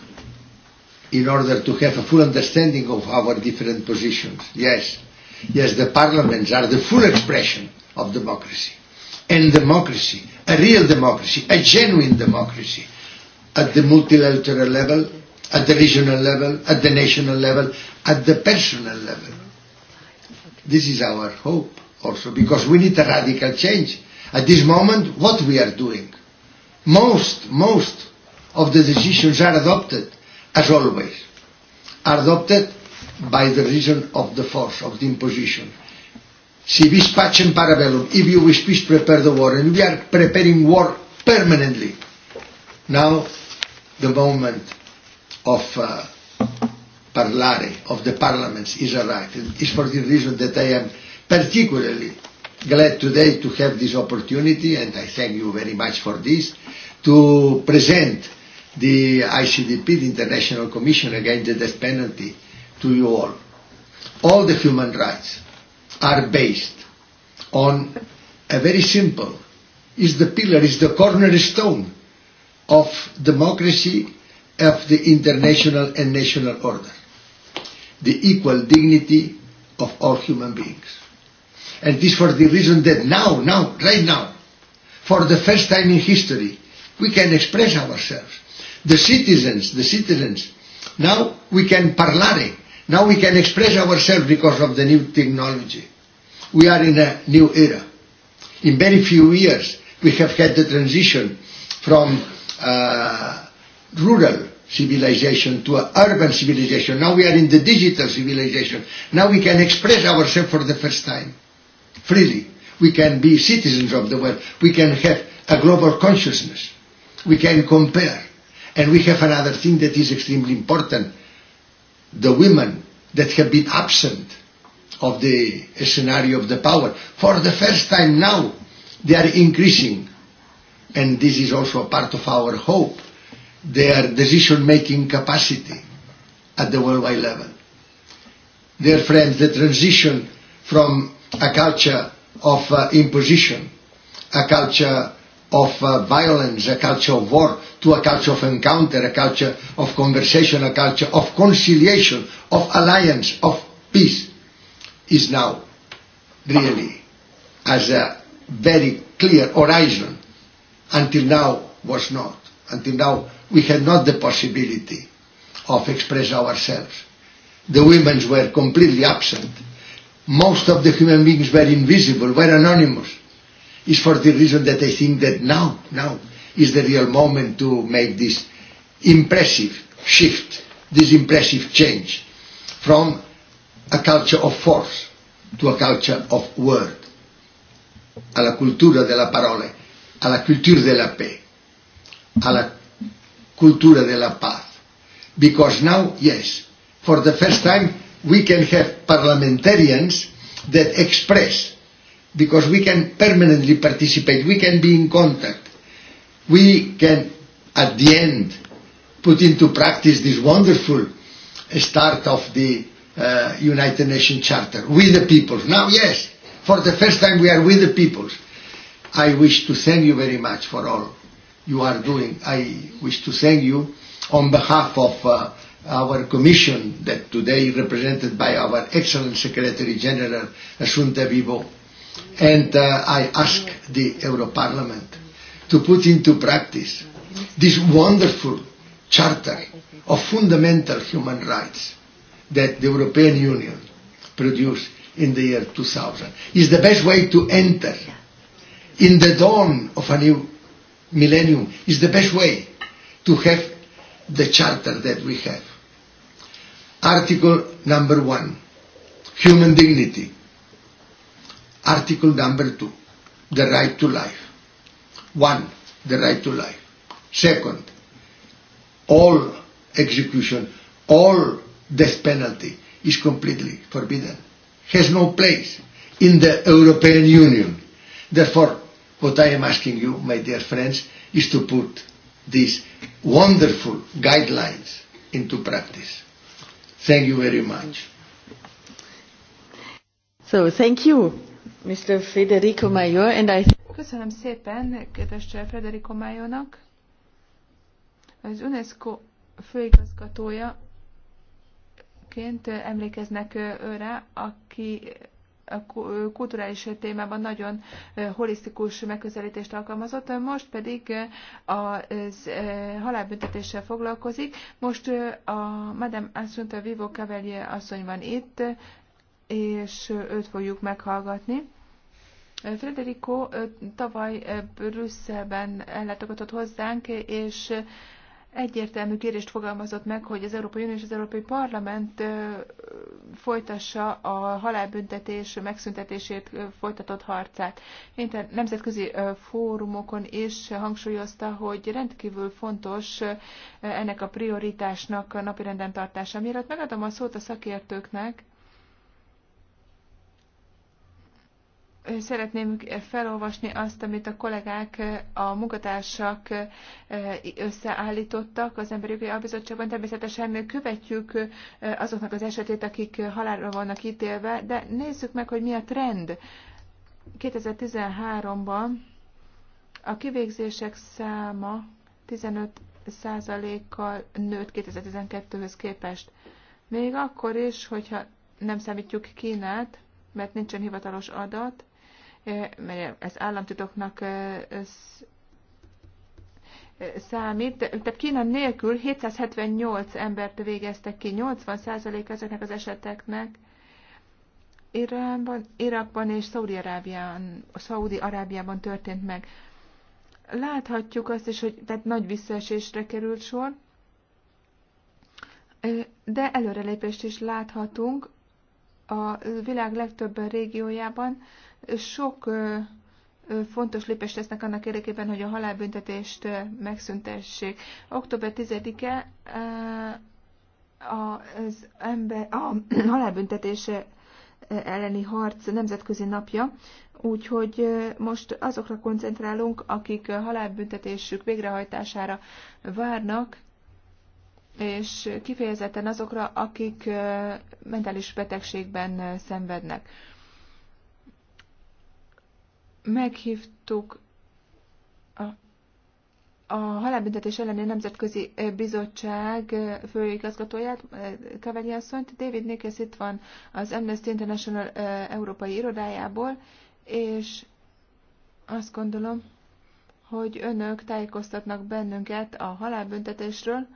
in order to have a full understanding of our different positions. Yes, yes, the parliaments are the full expression of democracy. And democracy, a real democracy, a genuine democracy, at the multilateral level, at the regional level, at the national level, at the personal level. This is our hope also, because we need a radical change. At this moment, what we are doing, most, most of the decisions are adopted, as always, are adopted by the reason of the force, of the imposition. Si vis pacem para bellum, if you wish peace, prepare the war. And we are preparing war permanently. Now, the moment of uh, parlare, of the parliaments is arrived. And it's for this reason that I am particularly glad today to have this opportunity, and I thank you very much for this, to present the ICDP, the International Commission Against the Death Penalty, to you all. All the human rights are based on a very simple, is the pillar, is the cornerstone of democracy of the international and national order, the equal dignity of all human beings. And this for the reason that now, now, right now, for the first time in history, we can express ourselves. The citizens, the citizens, now we can parlare, now we can express ourselves because of the new technology. We are in a new era. In very few years, we have had the transition from uh, rural civilization to an urban civilization. Now we are in the digital civilization. Now we can express ourselves for the first time freely. We can be citizens of the world. We can have a global consciousness. We can compare. And we have another thing that is extremely important. The women that have been absent of the scenario of the power. For the first time now, they are increasing and this is also a part of our hope, their decision-making capacity at the worldwide level. Dear friends, the transition from a culture of uh, imposition, a culture of uh, violence, a culture of war, to a culture of encounter, a culture of conversation, a culture of conciliation, of alliance, of peace, is now really as a very clear horizon until now was not. Until now we had not the possibility of express ourselves. The women were completely absent. Most of the human beings were invisible, were anonymous. It's for the reason that I think that now, now is the real moment to make this impressive shift, this impressive change from a culture of force to a culture of word, a la cultura de la parole a la culture de la paix, a la culture de la paz. Because now, yes, for the first time we can have parliamentarians that express, because we can permanently participate, we can be in contact, we can at the end put into practice this wonderful start of the uh, United Nations Charter with the peoples. Now, yes, for the first time we are with the peoples I wish to thank you very much for all you are doing. I wish to thank you on behalf of uh, our commission that today represented by our excellent Secretary General Assunta Vivo. And uh, I ask the Parliament to put into practice this wonderful charter of fundamental human rights that the European Union produced in the year 2000. It's the best way to enter yeah in the dawn of a new millennium is the best way to have the charter that we have. Article number one, human dignity. Article number two, the right to life. One, the right to life. Second, all execution, all death penalty is completely forbidden. Has no place in the European Union. Therefore, What I am asking you, my dear friends, is to put these wonderful guidelines into practice. Thank you very much. So, thank you, Mr. Federico Mayor, and I. Köszönöm szépen, kedves Federico Mayornak. Az UNESCO főigazgatója emlékeznek őre, aki kulturális témában nagyon holisztikus megközelítést alkalmazott, most pedig a halálbüntetéssel foglalkozik. Most a Madame Assunta Vivo Cavalier asszony van itt, és őt fogjuk meghallgatni. Frederico tavaly Brüsszelben ellátogatott hozzánk, és egyértelmű kérést fogalmazott meg, hogy az Európai Unió és az Európai Parlament folytassa a halálbüntetés megszüntetését folytatott harcát. Inter nemzetközi fórumokon is hangsúlyozta, hogy rendkívül fontos ennek a prioritásnak napirenden tartása. Mielőtt megadom a szót a szakértőknek, Szeretném felolvasni azt, amit a kollégák, a munkatársak e, összeállítottak az Emberi Jogi Albizottságban. Természetesen követjük e, azoknak az esetét, akik halálra vannak ítélve, de nézzük meg, hogy mi a trend. 2013-ban a kivégzések száma 15%-kal nőtt 2012-höz képest. Még akkor is, hogyha nem számítjuk Kínát, mert nincsen hivatalos adat, mert ez államtitoknak számít. Tehát Kína nélkül 778 embert végeztek ki, 80% ezeknek az eseteknek Iránban, Irakban és Szaudi-Arábiában, Szaudi-Arábiában történt meg. Láthatjuk azt is, hogy tehát nagy visszaesésre került sor, de előrelépést is láthatunk a világ legtöbb régiójában sok fontos lépést tesznek annak érdekében, hogy a halálbüntetést megszüntessék. Október 10-e az ember, a halálbüntetés elleni harc nemzetközi napja, úgyhogy most azokra koncentrálunk, akik halálbüntetésük végrehajtására várnak, és kifejezetten azokra, akik mentális betegségben szenvednek meghívtuk a, a halálbüntetés elleni nemzetközi bizottság főigazgatóját, Kaveli asszonyt. David Nikész itt van az Amnesty International európai irodájából, és azt gondolom, hogy önök tájékoztatnak bennünket a halálbüntetésről,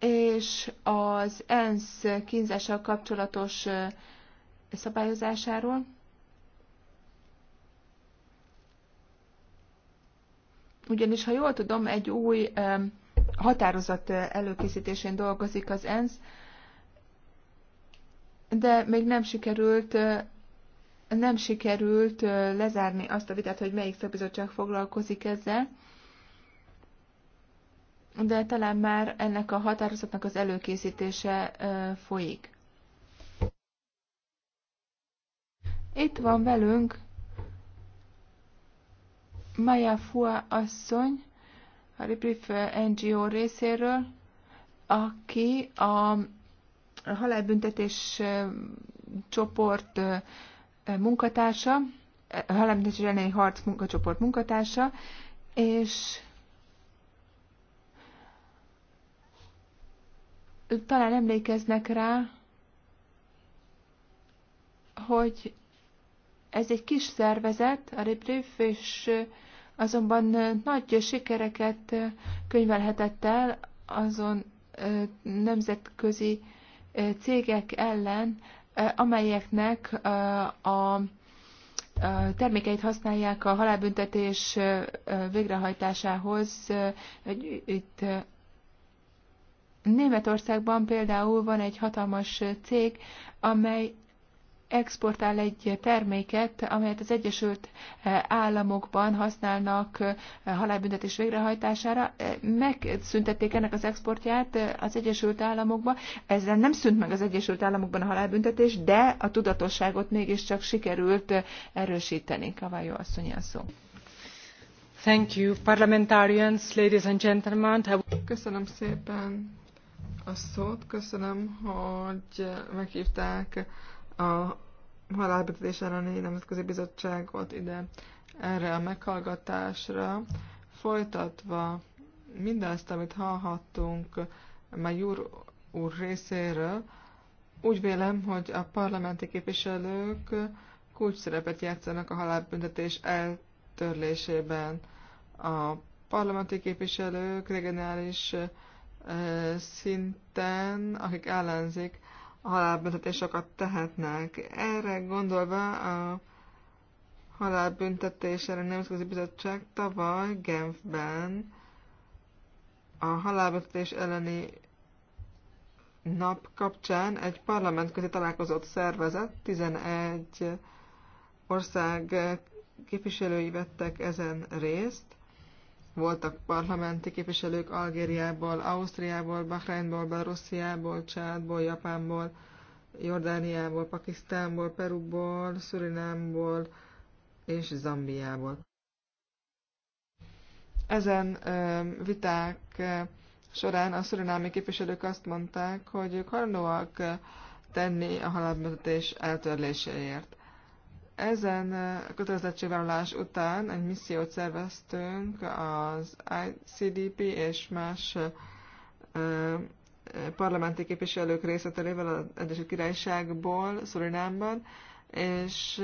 és az ENSZ kínzással kapcsolatos szabályozásáról. Ugyanis, ha jól tudom, egy új határozat eh, előkészítésén dolgozik az ENSZ, de még nem sikerült eh, nem sikerült eh, lezárni azt a vitát, hogy melyik szakbizottság foglalkozik ezzel, de talán már ennek a határozatnak az előkészítése folyik. Itt van velünk Maya Fua asszony, a Reprief NGO részéről, aki a halálbüntetés csoport munkatársa, a halálbüntetés elleni harc munkacsoport munkatársa, és talán emlékeznek rá, hogy ez egy kis szervezet, a Reprief, és azonban nagy sikereket könyvelhetett el azon nemzetközi cégek ellen, amelyeknek a termékeit használják a halálbüntetés végrehajtásához. Itt Németországban például van egy hatalmas cég, amely exportál egy terméket, amelyet az Egyesült eh, Államokban használnak eh, halálbüntetés végrehajtására. Eh, megszüntették ennek az exportját az Egyesült Államokba. Ezzel nem szűnt meg az Egyesült Államokban a halálbüntetés, de a tudatosságot mégiscsak sikerült erősíteni. Kavályó asszony a szó. Thank you, parliamentarians, ladies and gentlemen. Köszönöm szépen a szót, köszönöm, hogy meghívták a halálbüntetés elleni nemzetközi bizottságot ide erre a meghallgatásra, folytatva mindazt, amit hallhattunk Majur úr részéről, úgy vélem, hogy a parlamenti képviselők kulcs szerepet játszanak a halálbüntetés eltörlésében. A parlamenti képviselők regionális eh, szinten, akik ellenzik halálbüntetés tehetnek. Erre gondolva a halálbüntetésre Nemzetközi Bizottság tavaly Genfben a halálbüntetés elleni nap kapcsán egy parlamentközi találkozót szervezett, 11 ország képviselői vettek ezen részt, voltak parlamenti képviselők Algériából, Ausztriából, Bahreinból, Belorussziából, Csádból, Japánból, Jordániából, Pakisztánból, Perúból, Szurinámból és Zambiából. Ezen viták során a szurinámi képviselők azt mondták, hogy ők hajlandóak tenni a halálbüntetés eltörléséért. Ezen kötelezettségvállalás után egy missziót szerveztünk az ICDP és más parlamenti képviselők részletelével az Egyesült Királyságból, Szurinámban, és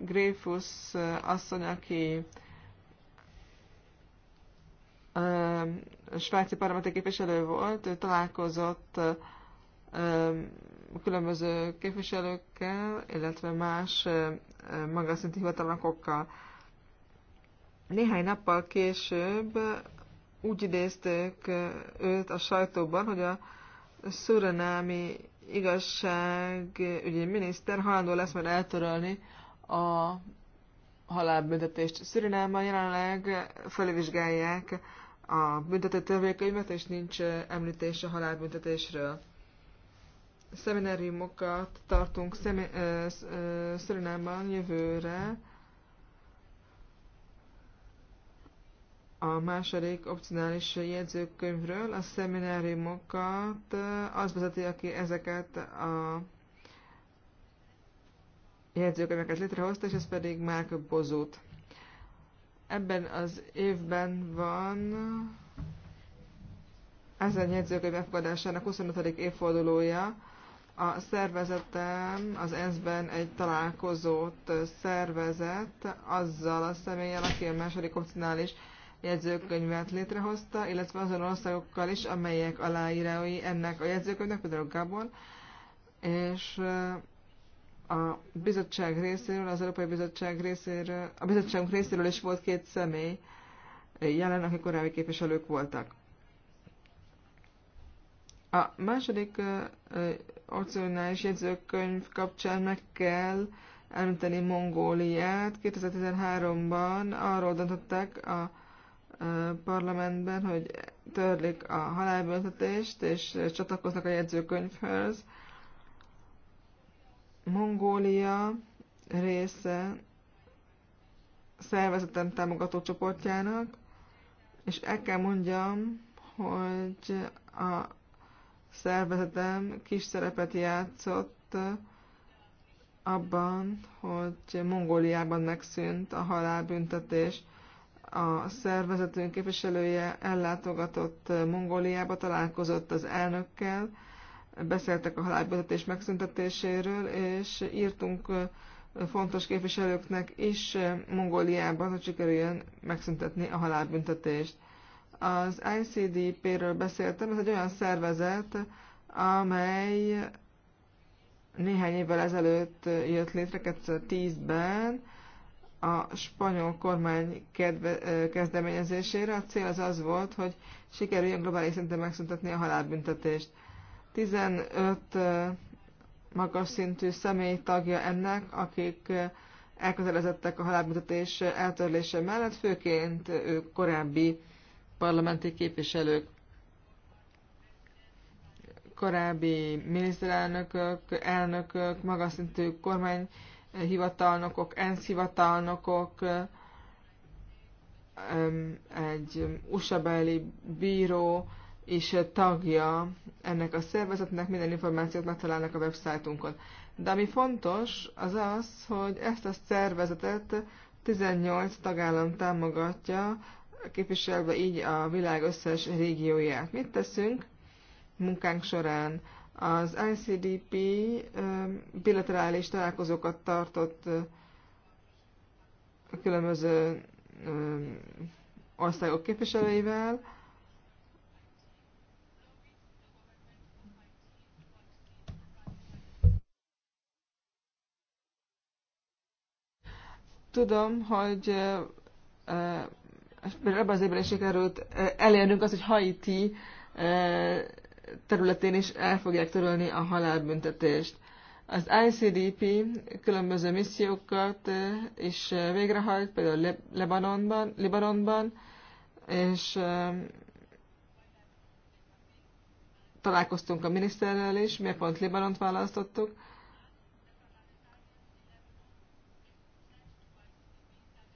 Gréfusz asszony, aki svájci parlamenti képviselő volt, ő találkozott különböző képviselőkkel, illetve más magas szintű Néhány nappal később úgy idézték őt a sajtóban, hogy a szurinámi igazságügyi miniszter halandó lesz majd eltörölni a halálbüntetést. Szürinámban jelenleg felvizsgálják a büntető törvénykönyvet, és nincs említés a halálbüntetésről szemináriumokat tartunk Szerinában jövőre. A második opcionális jegyzőkönyvről a szemináriumokat az vezeti, aki ezeket a jegyzőkönyveket létrehozta, és ez pedig Márk Bozót. Ebben az évben van ezen jegyzőkönyv elfogadásának 25. évfordulója, a szervezetem az ESZ-ben egy találkozót szervezett azzal a személlyel, aki a második opcionális jegyzőkönyvet létrehozta, illetve azon országokkal is, amelyek aláírói ennek a jegyzőkönyvnek, például Gabon, és eh, a bizottság részéről, az Európai Bizottság részéről, a bizottságunk részéről is volt két személy jelen, akik korábbi képviselők voltak. A második eh, opcionális jegyzőkönyv kapcsán meg kell említeni Mongóliát. 2013-ban arról döntöttek a parlamentben, hogy törlik a halálbüntetést, és csatlakoznak a jegyzőkönyvhöz. Mongólia része szervezetem támogató csoportjának, és el kell mondjam, hogy a szervezetem kis szerepet játszott abban, hogy Mongóliában megszűnt a halálbüntetés. A szervezetünk képviselője ellátogatott Mongóliába, találkozott az elnökkel, beszéltek a halálbüntetés megszüntetéséről, és írtunk fontos képviselőknek is Mongóliában, hogy sikerüljön megszüntetni a halálbüntetést. Az ICDP-ről beszéltem, ez egy olyan szervezet, amely néhány évvel ezelőtt jött létre, 2010-ben, a spanyol kormány kedve, kezdeményezésére. A cél az az volt, hogy sikerüljön globális szinten megszüntetni a halálbüntetést. 15 magas szintű személy tagja ennek, akik elkötelezettek a halálbüntetés eltörlése mellett, főként ők korábbi parlamenti képviselők, korábbi miniszterelnökök, elnökök, magaszintű kormányhivatalnokok, ENSZ hivatalnokok, egy usa bíró és tagja ennek a szervezetnek, minden információt megtalálnak a websájtunkon. De ami fontos, az az, hogy ezt a szervezetet 18 tagállam támogatja képviselve így a világ összes régióját. Mit teszünk munkánk során? Az ICDP bilaterális találkozókat tartott a különböző országok képviselőivel, Tudom, hogy ebben az évben is sikerült elérnünk az, hogy Haiti területén is el fogják törölni a halálbüntetést. Az ICDP különböző missziókat is végrehajt, például Libanonban, Libanonban és találkoztunk a miniszterrel is, miért pont Libanont választottuk.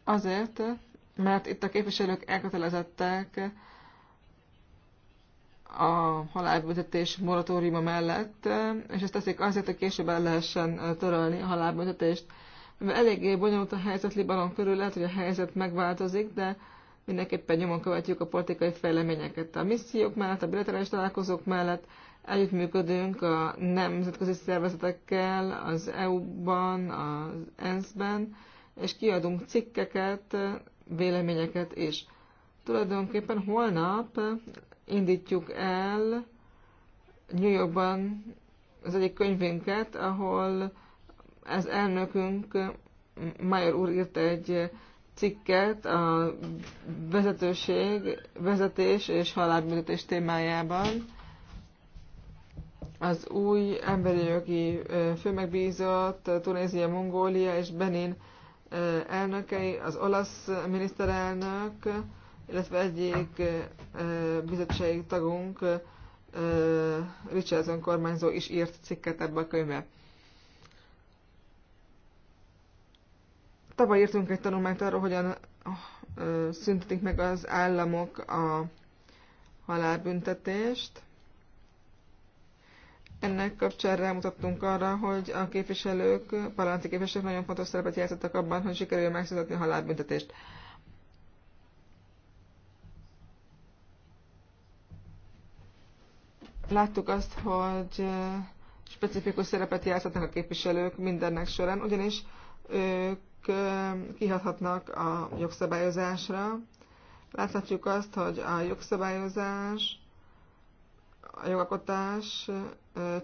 Azért, mert itt a képviselők elkötelezettek a halálbüntetés moratóriuma mellett, és ezt teszik azért, hogy később el lehessen törölni a halálbüntetést. eléggé bonyolult a helyzet Libanon körül, lehet, hogy a helyzet megváltozik, de mindenképpen nyomon követjük a politikai fejleményeket. A missziók mellett, a bilaterális találkozók mellett együttműködünk a nemzetközi szervezetekkel, az EU-ban, az ENSZ-ben, és kiadunk cikkeket véleményeket és Tulajdonképpen holnap indítjuk el New Yorkban az egyik könyvünket, ahol ez elnökünk, Major úr írt egy cikket a vezetőség, vezetés és halálbüntetés témájában. Az új emberi jogi főmegbízott Tunézia, Mongólia és Benin elnökei, az olasz miniszterelnök, illetve egyik bizottsági tagunk, Richardson kormányzó is írt cikket ebbe a könyve. Tavaly írtunk egy tanulmányt arról, hogyan szüntetik meg az államok a halálbüntetést. Ennek kapcsán rámutattunk arra, hogy a képviselők, parlamenti képviselők nagyon fontos szerepet játszottak abban, hogy sikerül megszületni a halálbüntetést. Láttuk azt, hogy specifikus szerepet játszhatnak a képviselők mindennek során, ugyanis ők kihathatnak a jogszabályozásra. Láthatjuk azt, hogy a jogszabályozás, a jogalkotás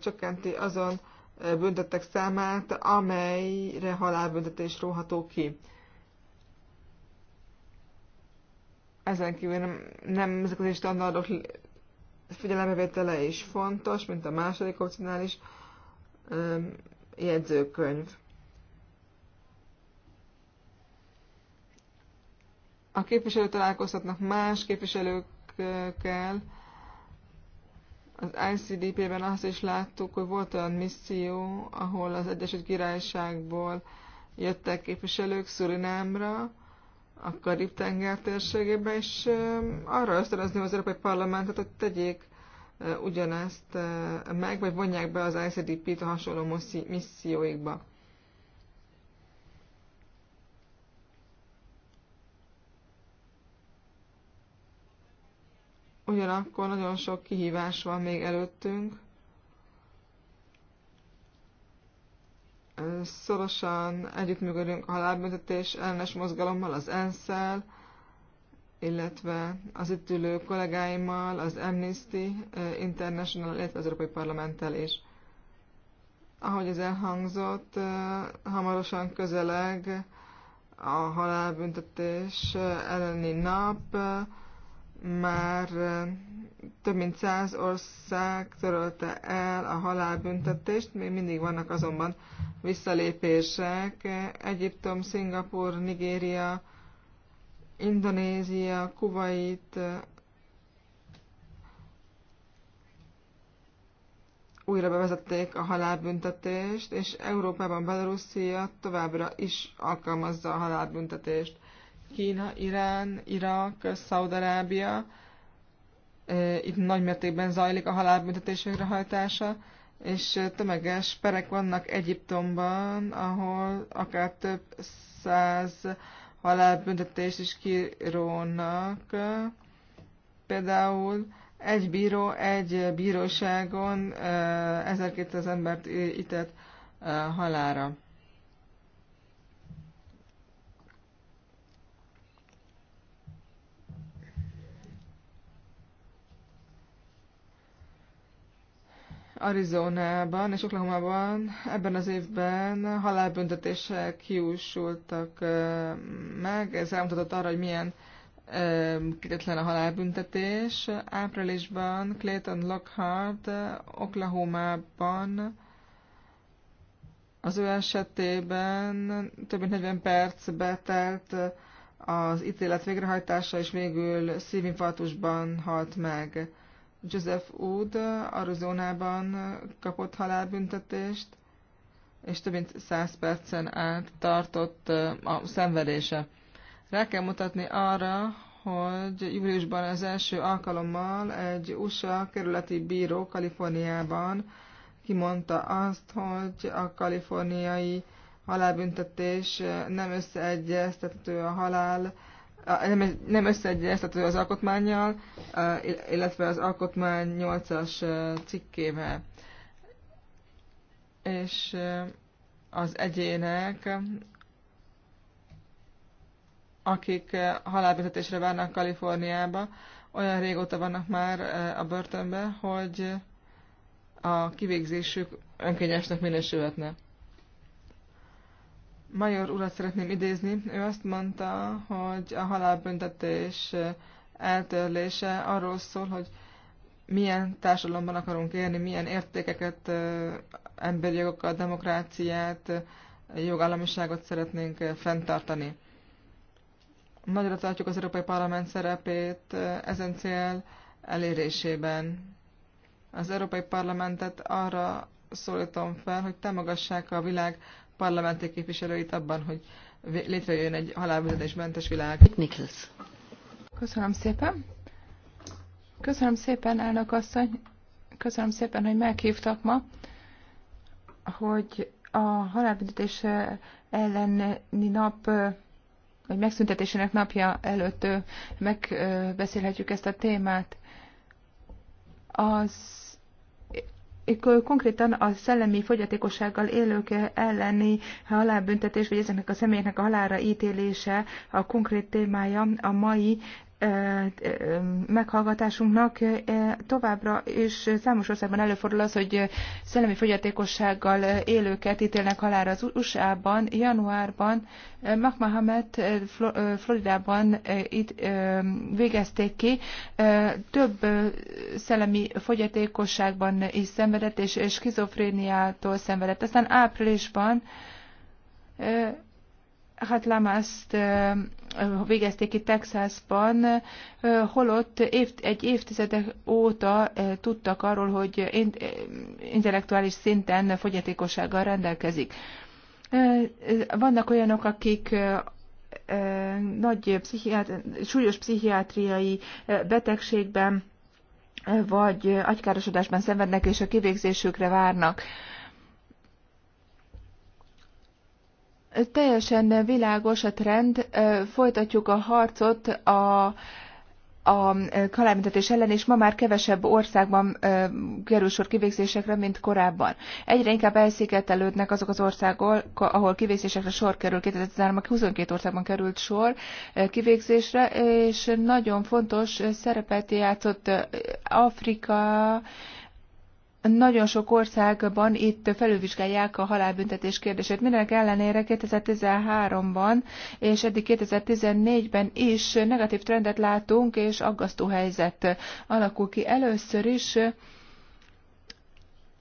csökkenti azon büntetek számát, amelyre halálbüntetés róható ki. Ezen kívül nem, ezek az standardok figyelembevétele is fontos, mint a második opcionális öm, jegyzőkönyv. A képviselő találkozhatnak más képviselőkkel, az ICDP-ben azt is láttuk, hogy volt olyan misszió, ahol az Egyesült Királyságból jöttek képviselők Szurinámra, a Karib-tenger térségébe, és arra ösztönözni az Európai Parlamentet, hogy tegyék ugyanezt meg, vagy vonják be az ICDP-t a hasonló misszióikba. Ugyanakkor nagyon sok kihívás van még előttünk. Szorosan együttműködünk a halálbüntetés ellenes mozgalommal, az ensz illetve az itt ülő kollégáimmal, az Amnesty eh, International, illetve az Európai Parlamenttel is. Ahogy ez elhangzott, eh, hamarosan közeleg a halálbüntetés eh, elleni nap, már több mint száz ország törölte el a halálbüntetést, még mindig vannak azonban visszalépések. Egyiptom, Szingapur, Nigéria, Indonézia, Kuwait, újra bevezették a halálbüntetést, és Európában Belarusia továbbra is alkalmazza a halálbüntetést. Kína, Irán, Irak, Szaudarábia. Itt nagymértékben zajlik a halálbüntetés végrehajtása, és tömeges perek vannak Egyiptomban, ahol akár több száz halálbüntetést is kirónak. Például egy bíró egy bíróságon 1200 embert ített halára. Arizonában és Oklahomában ebben az évben halálbüntetések kiúsultak meg. Ez elmutatott arra, hogy milyen kitetlen a halálbüntetés. Áprilisban Clayton Lockhart Oklahomában az ő esetében több mint 40 percbe telt az ítélet végrehajtása, és végül szívinfarktusban halt meg. Joseph Wood Arizonában kapott halálbüntetést, és több mint 100 percen át tartott a szenvedése. Rá kell mutatni arra, hogy júliusban az első alkalommal egy USA kerületi bíró Kaliforniában kimondta azt, hogy a kaliforniai halálbüntetés nem összeegyeztető a halál nem, nem összeegyeztető az alkotmányjal, illetve az alkotmány 8-as cikkével. És az egyének, akik halálbüntetésre várnak Kaliforniába, olyan régóta vannak már a börtönben, hogy a kivégzésük önkényesnek minősülhetne. Major urat szeretném idézni. Ő azt mondta, hogy a halálbüntetés eh, eltörlése arról szól, hogy milyen társadalomban akarunk élni, milyen értékeket, eh, emberi jogokat, demokráciát, eh, jogállamiságot szeretnénk fenntartani. Nagyra tartjuk az Európai Parlament szerepét ezen cél elérésében. Az Európai Parlamentet arra szólítom fel, hogy támogassák a világ parlamenti képviselőit abban, hogy létrejön egy halálbüntetésmentes világ. Nichols. Köszönöm szépen. Köszönöm szépen, elnök asszony. Köszönöm szépen, hogy meghívtak ma, hogy a halálbüntetés elleni nap vagy megszüntetésének napja előtt megbeszélhetjük ezt a témát. Az konkrétan a szellemi fogyatékossággal élők elleni halálbüntetés, vagy ezeknek a személyeknek a halára ítélése a konkrét témája a mai meghallgatásunknak továbbra is számos országban előfordul az, hogy szellemi fogyatékossággal élőket ítélnek halára az USA-ban. Januárban Mahmahamet Floridában itt végezték ki. Több szellemi fogyatékosságban is szenvedett, és skizofréniától szenvedett. Aztán áprilisban hát Lamaszt végezték itt Texasban, holott év, egy évtizedek óta tudtak arról, hogy intellektuális szinten fogyatékossággal rendelkezik. Vannak olyanok, akik nagy pszichiátri, súlyos pszichiátriai betegségben vagy agykárosodásban szenvednek, és a kivégzésükre várnak. Teljesen világos a trend, folytatjuk a harcot a a kalámítatás ellen, és ma már kevesebb országban kerül sor kivégzésekre, mint korábban. Egyre inkább elszigetelődnek azok az országok, ahol kivégzésekre sor kerül. 2013-ban 22 országban került sor kivégzésre, és nagyon fontos szerepet játszott Afrika, nagyon sok országban itt felülvizsgálják a halálbüntetés kérdését. Mindenek ellenére 2013-ban és eddig 2014-ben is negatív trendet látunk, és aggasztó helyzet alakul ki. Először is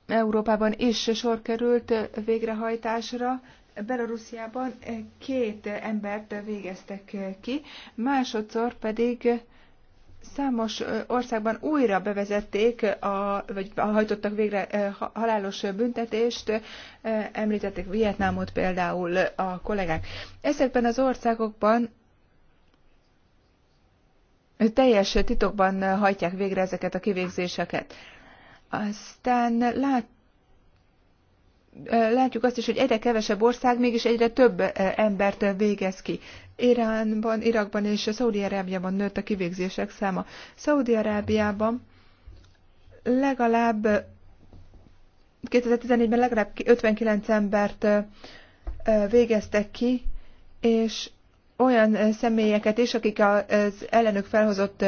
Európában is sor került végrehajtásra, Belarusziában két embert végeztek ki, másodszor pedig Számos országban újra bevezették, a, vagy hajtottak végre halálos büntetést, említették Vietnámot például a kollégák. Ezekben az országokban teljes titokban hajtják végre ezeket a kivégzéseket. Aztán lát, látjuk azt is, hogy egyre kevesebb ország mégis egyre több embert végez ki. Iránban, Irakban és Szaudi-Arábiában nőtt a kivégzések száma. Szaudi-Arábiában legalább 2014-ben legalább 59 embert végeztek ki, és olyan személyeket is, akik az ellenük felhozott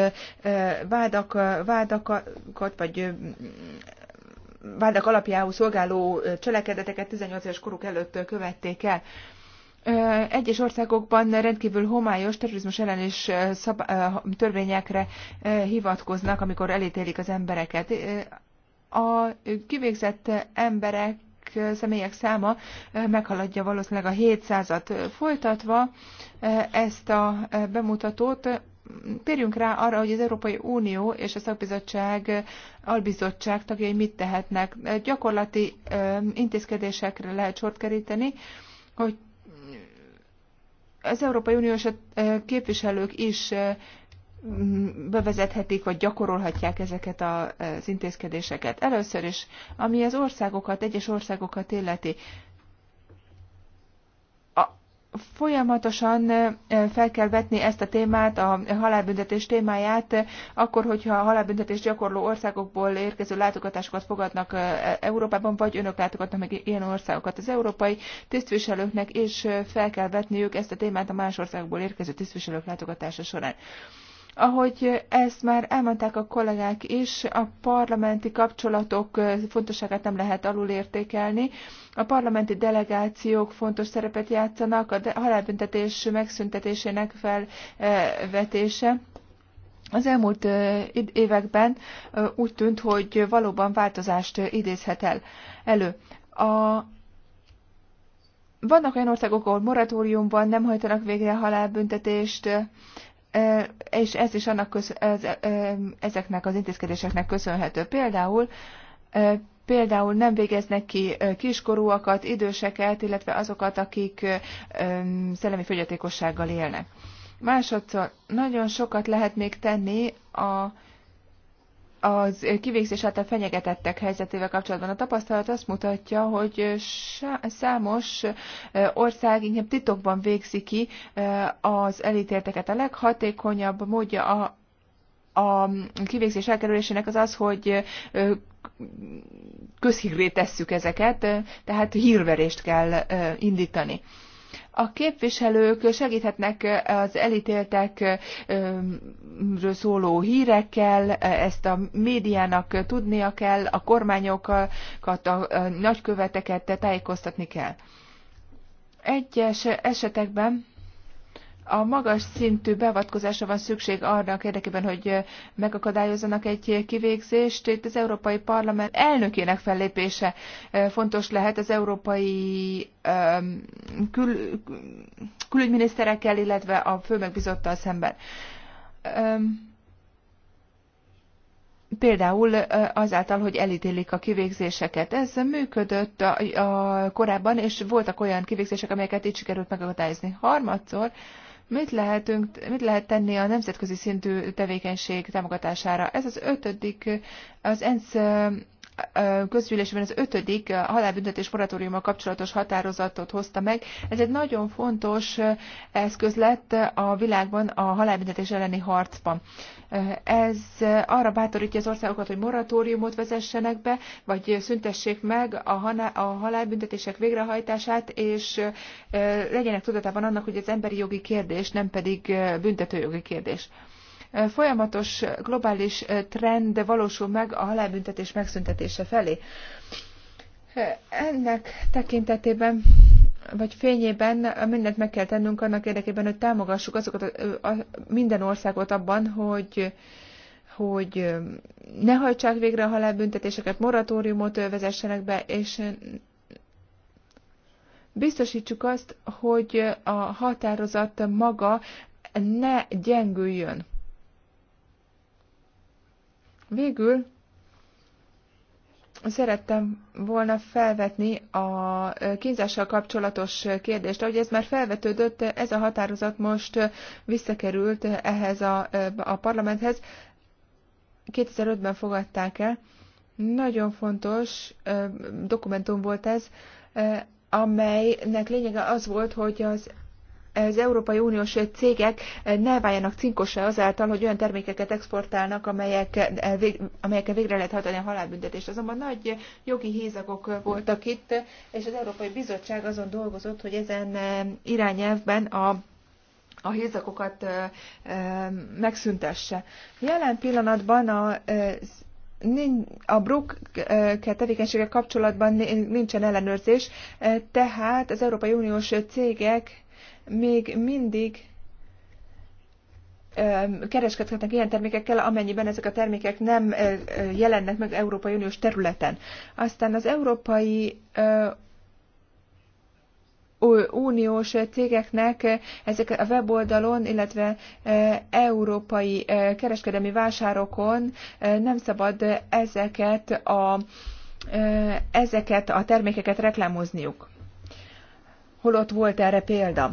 vádak, vádakat, vagy vádak alapjául szolgáló cselekedeteket 18 éves koruk előtt követték el egyes országokban rendkívül homályos terrorizmus ellenés szab- törvényekre hivatkoznak, amikor elítélik az embereket. A kivégzett emberek személyek száma meghaladja valószínűleg a 700-at. Folytatva ezt a bemutatót, térjünk rá arra, hogy az Európai Unió és a szakbizottság, albizottság tagjai mit tehetnek. Gyakorlati intézkedésekre lehet sort keríteni, hogy az Európai Uniós képviselők is bevezethetik, vagy gyakorolhatják ezeket az intézkedéseket. Először is, ami az országokat, egyes országokat illeti, folyamatosan fel kell vetni ezt a témát, a halálbüntetés témáját, akkor, hogyha a halálbüntetés gyakorló országokból érkező látogatásokat fogadnak Európában, vagy önök látogatnak meg ilyen országokat. Az európai tisztviselőknek és fel kell vetniük ezt a témát a más országokból érkező tisztviselők látogatása során. Ahogy ezt már elmondták a kollégák is, a parlamenti kapcsolatok fontosságát nem lehet alulértékelni. A parlamenti delegációk fontos szerepet játszanak, a halálbüntetés megszüntetésének felvetése. Az elmúlt években úgy tűnt, hogy valóban változást idézhet el elő. A vannak olyan országok, ahol moratóriumban nem hajtanak végre halálbüntetést, és ez is annak köz, ez, ezeknek az intézkedéseknek köszönhető. Például például nem végeznek ki kiskorúakat, időseket, illetve azokat, akik szellemi fogyatékossággal élnek. Másodszor nagyon sokat lehet még tenni a az kivégzés által fenyegetettek helyzetével kapcsolatban. A tapasztalat azt mutatja, hogy számos ország inkább titokban végzi ki az elítélteket. A leghatékonyabb módja a a kivégzés elkerülésének az az, hogy közhírré tesszük ezeket, tehát hírverést kell indítani. A képviselők segíthetnek az elítéltekről szóló hírekkel, ezt a médiának tudnia kell, a kormányokat, a nagyköveteket tájékoztatni kell. Egyes esetekben a magas szintű beavatkozásra van szükség arra érdekében, hogy megakadályozzanak egy kivégzést. Itt az Európai Parlament elnökének fellépése fontos lehet az európai kül, külügyminiszterekkel, illetve a főmegbizottal szemben. Például azáltal, hogy elítélik a kivégzéseket. Ez működött a, a korábban, és voltak olyan kivégzések, amelyeket így sikerült megakadályozni. Harmadszor, Mit, lehetünk, mit lehet tenni a nemzetközi szintű tevékenység támogatására? Ez az ötödik, az ENSZ közgyűlésben az ötödik eh, halálbüntetés moratóriummal kapcsolatos határozatot hozta meg. Ez egy nagyon fontos eh, eszköz lett eh, a világban a halálbüntetés elleni harcban. Ez arra bátorítja az országokat, hogy moratóriumot vezessenek be, vagy szüntessék meg a halálbüntetések végrehajtását, és legyenek tudatában annak, hogy ez emberi jogi kérdés nem pedig büntetőjogi kérdés folyamatos globális trend valósul meg a halálbüntetés megszüntetése felé. Ennek tekintetében vagy fényében mindent meg kell tennünk annak érdekében, hogy támogassuk azokat a, a, minden országot abban, hogy hogy ne hajtsák végre a halálbüntetéseket, moratóriumot vezessenek be, és biztosítsuk azt, hogy a határozat maga ne gyengüljön. Végül szerettem volna felvetni a kínzással kapcsolatos kérdést. Ahogy ez már felvetődött, ez a határozat most visszakerült ehhez a, a parlamenthez. 2005-ben fogadták el. Nagyon fontos dokumentum volt ez, amelynek lényege az volt, hogy az az Európai Uniós cégek ne váljanak cinkosra azáltal, hogy olyan termékeket exportálnak, amelyek, amelyekkel végre lehet hajtani a halálbüntetést. Azonban nagy jogi hézagok voltak itt, és az Európai Bizottság azon dolgozott, hogy ezen irányelvben a a hézakokat megszüntesse. Jelen pillanatban a a Brook tevékenysége kapcsolatban nincsen ellenőrzés, tehát az Európai Uniós cégek még mindig kereskedhetnek ilyen termékekkel, amennyiben ezek a termékek nem jelennek meg Európai Uniós területen. Aztán az Európai uniós cégeknek ezek a weboldalon, illetve európai kereskedelmi vásárokon nem szabad ezeket a, ezeket a termékeket reklámozniuk holott volt erre példa.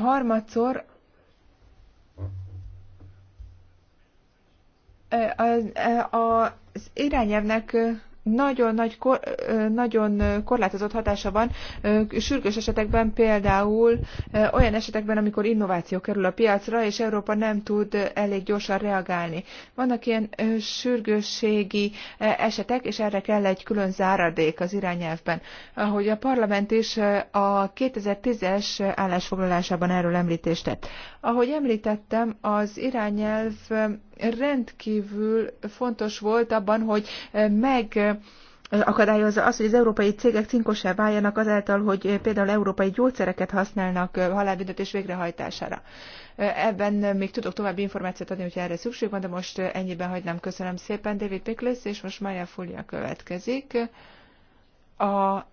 Harmadszor az irányelvnek nagyon, nagy kor, nagyon korlátozott hatása van sürgős esetekben, például olyan esetekben, amikor innováció kerül a piacra, és Európa nem tud elég gyorsan reagálni. Vannak ilyen sürgősségi esetek, és erre kell egy külön záradék az irányelvben. Ahogy a parlament is a 2010-es állásfoglalásában erről említést tett. Ahogy említettem, az irányelv rendkívül fontos volt abban, hogy meg akadályozza az, hogy az európai cégek cinkosá váljanak azáltal, hogy például európai gyógyszereket használnak halálbüntetés végrehajtására. Ebben még tudok további információt adni, hogyha erre szükség van, de most ennyiben hagynám. Köszönöm szépen David Pickles, és most Maja Fulia következik. A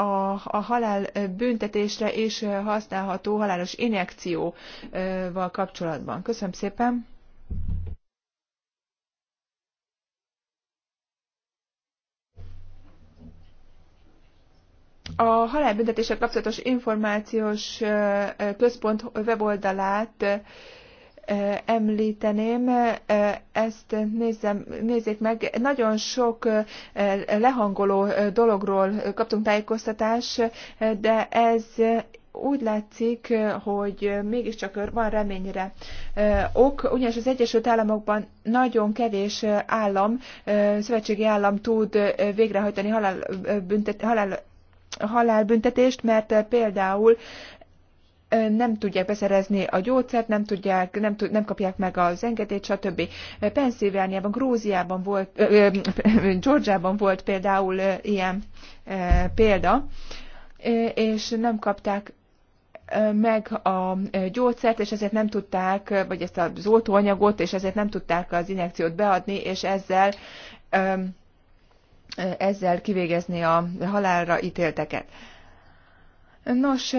a, a halál büntetésre és használható halálos injekcióval kapcsolatban. Köszönöm szépen! A halálbüntetéssel kapcsolatos információs központ weboldalát említeném, ezt nézzem, nézzék meg. Nagyon sok lehangoló dologról kaptunk tájékoztatást, de ez úgy látszik, hogy mégiscsak van reményre ok, ugyanis az Egyesült Államokban nagyon kevés állam, szövetségi állam tud végrehajtani halálbüntet, halál halálbüntetést, mert például nem tudják beszerezni a gyógyszert, nem, tudják, nem, tud, nem kapják meg az engedélyt, stb. Pennsylvániában, Grúziában volt, Georgiában volt például ilyen példa, és nem kapták meg a gyógyszert, és ezért nem tudták, vagy ezt az oltóanyagot, és ezért nem tudták az injekciót beadni, és ezzel ezzel kivégezni a halálra ítélteket. Nos,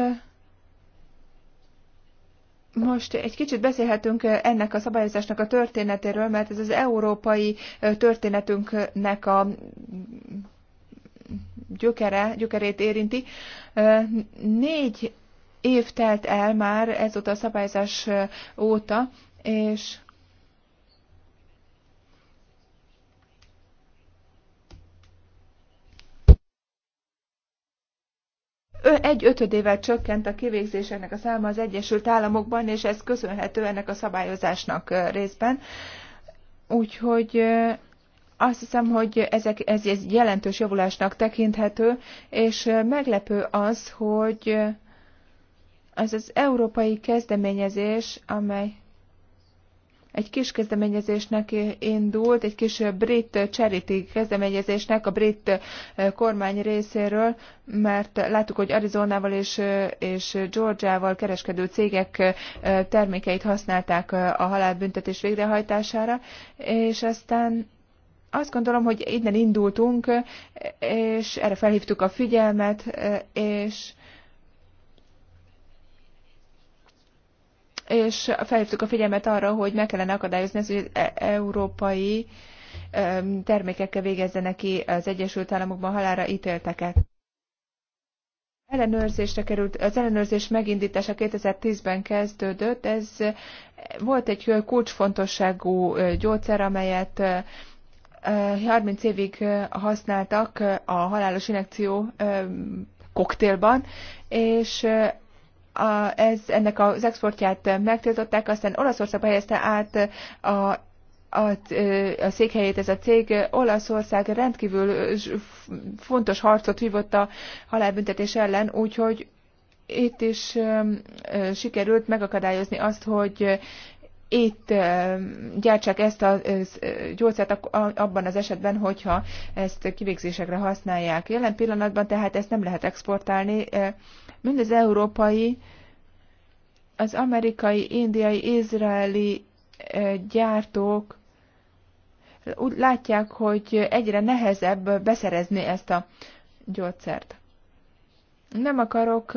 most egy kicsit beszélhetünk ennek a szabályozásnak a történetéről, mert ez az európai történetünknek a gyökere, gyökerét érinti. Négy év telt el már ezóta a szabályozás óta, és egy ötödével csökkent a kivégzéseknek a száma az Egyesült Államokban, és ez köszönhető ennek a szabályozásnak részben. Úgyhogy azt hiszem, hogy ezek, ez egy jelentős javulásnak tekinthető, és meglepő az, hogy az az európai kezdeményezés, amely egy kis kezdeményezésnek indult, egy kis brit charity kezdeményezésnek a brit eh, kormány részéről, mert láttuk, hogy Arizonával és, eh, és Georgiával kereskedő cégek eh, termékeit használták a halálbüntetés végrehajtására, és aztán azt gondolom, hogy innen indultunk, és erre felhívtuk a figyelmet, és és felhívtuk a figyelmet arra, hogy meg kellene akadályozni ezt, hogy az e- európai termékekkel végezzenek ki az Egyesült Államokban halára ítélteket. Ellenőrzésre került, az ellenőrzés megindítása 2010-ben kezdődött. Ez volt egy kulcsfontosságú gyógyszer, amelyet 30 évig használtak a halálos inekció koktélban, és a, ez, ennek az exportját megtiltották, aztán Olaszországba helyezte át a a, a székhelyét ez a cég Olaszország rendkívül fontos harcot vívott a halálbüntetés ellen, úgyhogy itt is sikerült megakadályozni azt, hogy itt gyártsák ezt a gyógyszert abban az esetben, hogyha ezt kivégzésekre használják. Jelen pillanatban tehát ezt nem lehet exportálni, mind az európai, az amerikai, indiai, izraeli gyártók úgy látják, hogy egyre nehezebb beszerezni ezt a gyógyszert. Nem akarok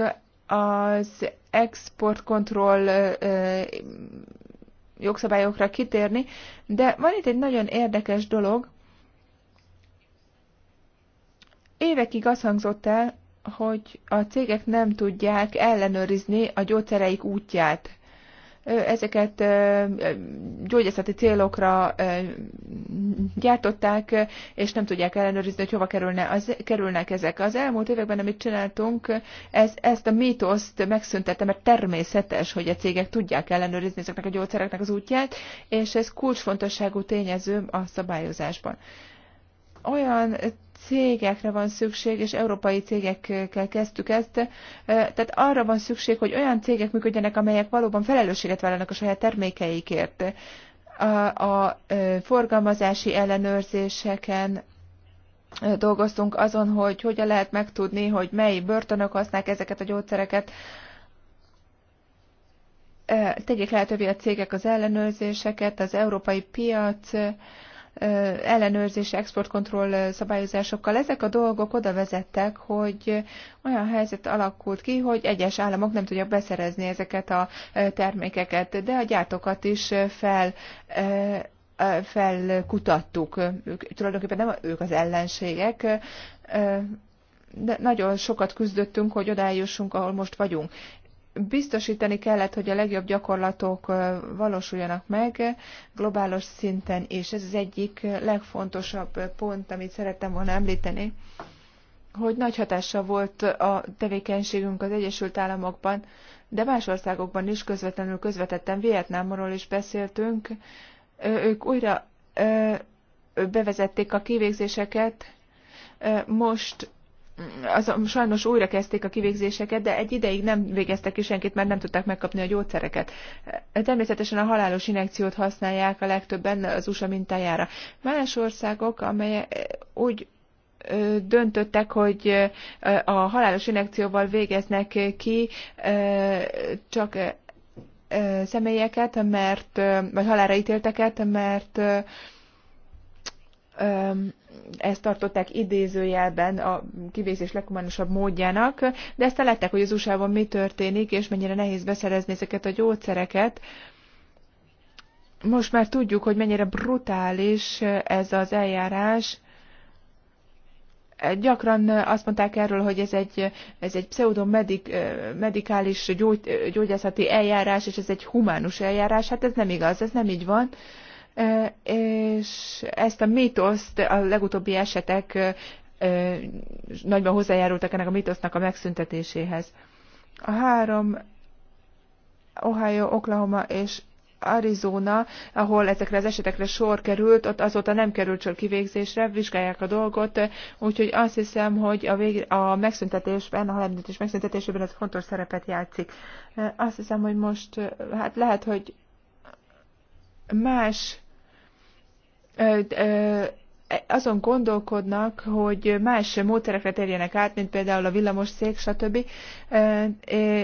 az exportkontroll jogszabályokra kitérni, de van itt egy nagyon érdekes dolog. Évekig az hangzott el, hogy a cégek nem tudják ellenőrizni a gyógyszereik útját. Ezeket gyógyászati célokra gyártották, és nem tudják ellenőrizni, hogy hova kerülne, az, kerülnek ezek. Az elmúlt években, amit csináltunk, ez, ezt a mítoszt megszüntette, mert természetes, hogy a cégek tudják ellenőrizni ezeknek a gyógyszereknek az útját, és ez kulcsfontosságú tényező a szabályozásban olyan cégekre van szükség, és európai cégekkel kezdtük ezt. Tehát arra van szükség, hogy olyan cégek működjenek, amelyek valóban felelősséget vállalnak a saját termékeikért. A, a forgalmazási ellenőrzéseken dolgoztunk azon, hogy hogyan lehet megtudni, hogy mely börtönök használják ezeket a gyógyszereket, tegyék lehetővé a cégek az ellenőrzéseket, az európai piac ellenőrzés, exportkontroll szabályozásokkal. Ezek a dolgok oda vezettek, hogy olyan helyzet alakult ki, hogy egyes államok nem tudják beszerezni ezeket a termékeket, de a gyártókat is fel felkutattuk. Ők, tulajdonképpen nem ők az ellenségek, de nagyon sokat küzdöttünk, hogy odájussunk, ahol most vagyunk biztosítani kellett, hogy a legjobb gyakorlatok valósuljanak meg globális szinten, és ez az egyik legfontosabb pont, amit szerettem volna említeni, hogy nagy hatása volt a tevékenységünk az Egyesült Államokban, de más országokban is közvetlenül közvetetten Vietnámról is beszéltünk. Ők újra bevezették a kivégzéseket, most az, sajnos újra kezdték a kivégzéseket, de egy ideig nem végeztek ki senkit, mert nem tudták megkapni a gyógyszereket. Természetesen a halálos inekciót használják a legtöbben az USA mintájára. Más országok, amelyek úgy döntöttek, hogy a halálos inekcióval végeznek ki csak személyeket, mert, vagy halára ítélteket, mert ezt tartották idézőjelben a kivégzés leghumánusabb módjának, de ezt látták, hogy az usa mi történik, és mennyire nehéz beszerezni ezeket a gyógyszereket. Most már tudjuk, hogy mennyire brutális ez az eljárás. Gyakran azt mondták erről, hogy ez egy, ez egy pseudomedikális gyógy, gyógyászati eljárás, és ez egy humánus eljárás. Hát ez nem igaz, ez nem így van és ezt a mítoszt a legutóbbi esetek nagyban hozzájárultak ennek a mítosznak a megszüntetéséhez. A három Ohio, Oklahoma és Arizona, ahol ezekre az esetekre sor került, ott azóta nem került sor kivégzésre, vizsgálják a dolgot, úgyhogy azt hiszem, hogy a, vég, a megszüntetésben, a halálbüntetés megszüntetésében ez fontos szerepet játszik. Azt hiszem, hogy most, hát lehet, hogy más azon gondolkodnak, hogy más módszerekre terjenek át, mint például a szék, stb.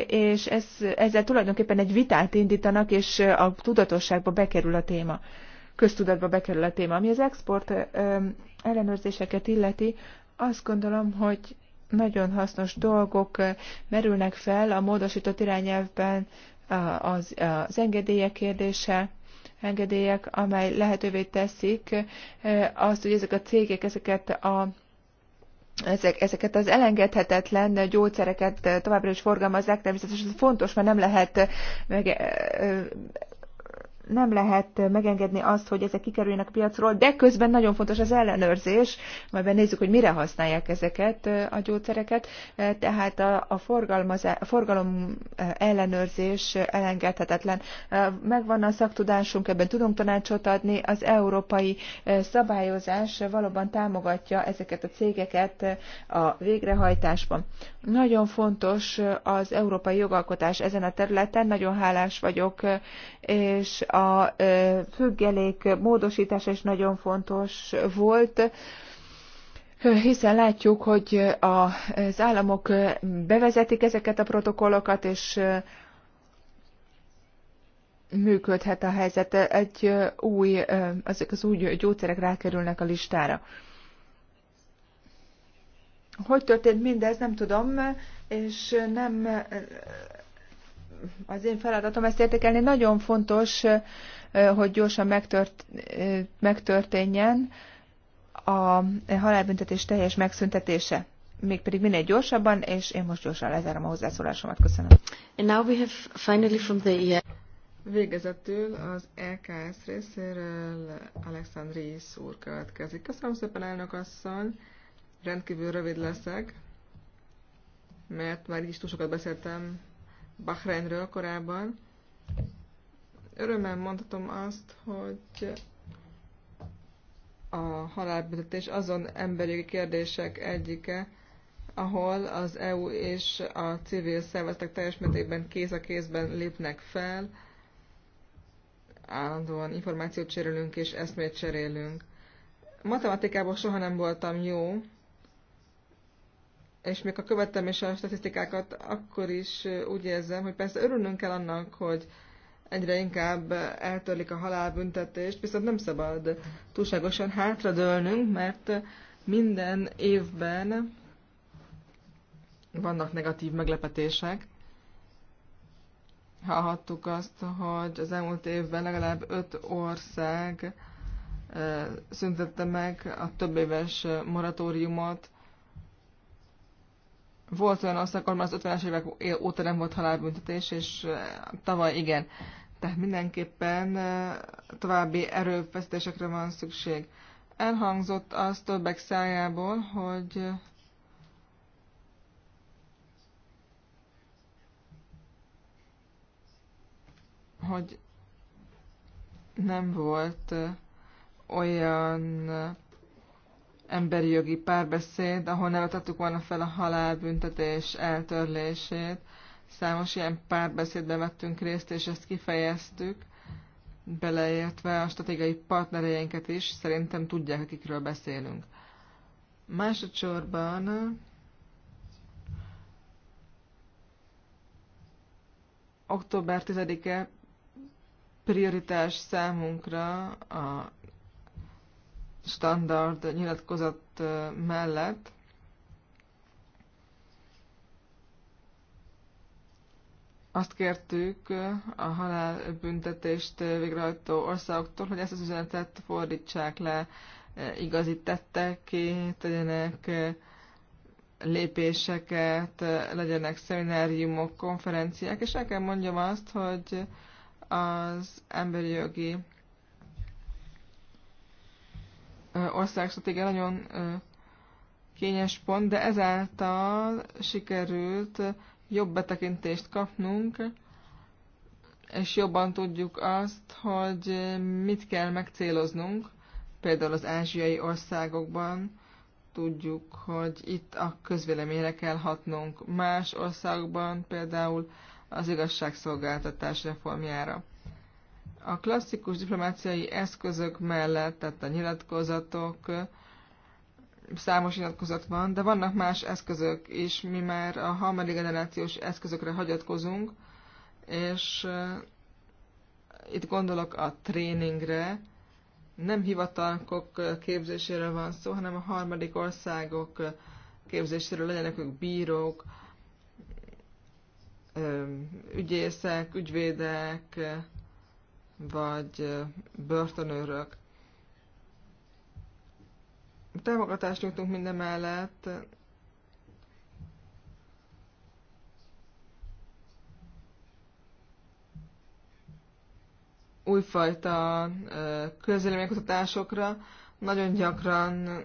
És ez, ezzel tulajdonképpen egy vitát indítanak, és a tudatosságba bekerül a téma, köztudatba bekerül a téma. Ami az export ellenőrzéseket illeti, azt gondolom, hogy nagyon hasznos dolgok merülnek fel a módosított irányelvben az, az engedélyek kérdése, engedélyek, amely lehetővé teszik azt, hogy ezek a cégek ezeket a ezek, ezeket az elengedhetetlen gyógyszereket továbbra is forgalmazzák, természetesen ez fontos, mert nem lehet meg, nem lehet megengedni azt, hogy ezek kikerüljenek a piacról, de közben nagyon fontos az ellenőrzés, majd nézzük, hogy mire használják ezeket eh, a gyógyszereket, eh, tehát a, a, a forgalom eh, ellenőrzés elengedhetetlen. Megvan a szaktudásunk, ebben tudunk tanácsot adni, az európai szabályozás valóban támogatja ezeket a cégeket a végrehajtásban. Nagyon fontos az európai jogalkotás ezen a területen, nagyon hálás vagyok, és a a függelék módosítása is nagyon fontos volt, hiszen látjuk, hogy az államok bevezetik ezeket a protokollokat, és működhet a helyzet. Egy új, ezek az új gyógyszerek rákerülnek a listára. Hogy történt mindez, nem tudom, és nem az én feladatom ezt értékelni. Nagyon fontos, hogy gyorsan megtört, megtörténjen a halálbüntetés teljes megszüntetése. Mégpedig minél gyorsabban, és én most gyorsan lezárom a hozzászólásomat. Köszönöm. And now we have finally from the e Végezetül az EKS részéről Alexandri úr következik. Köszönöm szépen, elnök asszony. Rendkívül rövid leszek, mert már így is túl sokat beszéltem Bahreinről korábban. Örömmel mondhatom azt, hogy a halálbüntetés azon emberi kérdések egyike, ahol az EU és a civil szervezetek teljes mértékben kéz a kézben lépnek fel, állandóan információt cserélünk és eszmét cserélünk. Matematikából soha nem voltam jó, és mikor követtem is a statisztikákat, akkor is úgy érzem, hogy persze örülnünk kell annak, hogy egyre inkább eltörlik a halálbüntetést, viszont nem szabad túlságosan hátradőlnünk, mert minden évben vannak negatív meglepetések. Hallhattuk azt, hogy az elmúlt évben legalább öt ország szüntette meg a több éves moratóriumot, volt olyan már az 50-es évek óta nem volt halálbüntetés, és tavaly igen. Tehát mindenképpen további erőfeszítésekre van szükség. Elhangzott az többek szájából, hogy hogy nem volt olyan emberi jogi párbeszéd, ahol nevetettük volna fel a halálbüntetés eltörlését. Számos ilyen párbeszédben vettünk részt, és ezt kifejeztük, beleértve a stratégiai partnereinket is, szerintem tudják, akikről beszélünk. Másodszorban október 10-e prioritás számunkra a standard nyilatkozat mellett, azt kértük a halálbüntetést végrehajtó országoktól, hogy ezt az üzenetet fordítsák le igazi tetteké, tegyenek lépéseket, legyenek szemináriumok, konferenciák, és el kell mondjam azt, hogy az emberi jogi országstratégia nagyon kényes pont, de ezáltal sikerült jobb betekintést kapnunk, és jobban tudjuk azt, hogy mit kell megcéloznunk, például az ázsiai országokban tudjuk, hogy itt a közvéleményre kell hatnunk, más országokban például az igazságszolgáltatás reformjára. A klasszikus diplomáciai eszközök mellett, tehát a nyilatkozatok, számos nyilatkozat van, de vannak más eszközök is, mi már a harmadik generációs eszközökre hagyatkozunk, és eh, itt gondolok a tréningre, nem hivatalkok eh, képzésére van szó, hanem a harmadik országok eh, képzéséről legyenek ők bírók, ügyészek, ügyvédek, vagy börtönőrök. Támogatást nyújtunk minden mellett. újfajta közvéleménykutatásokra. Nagyon gyakran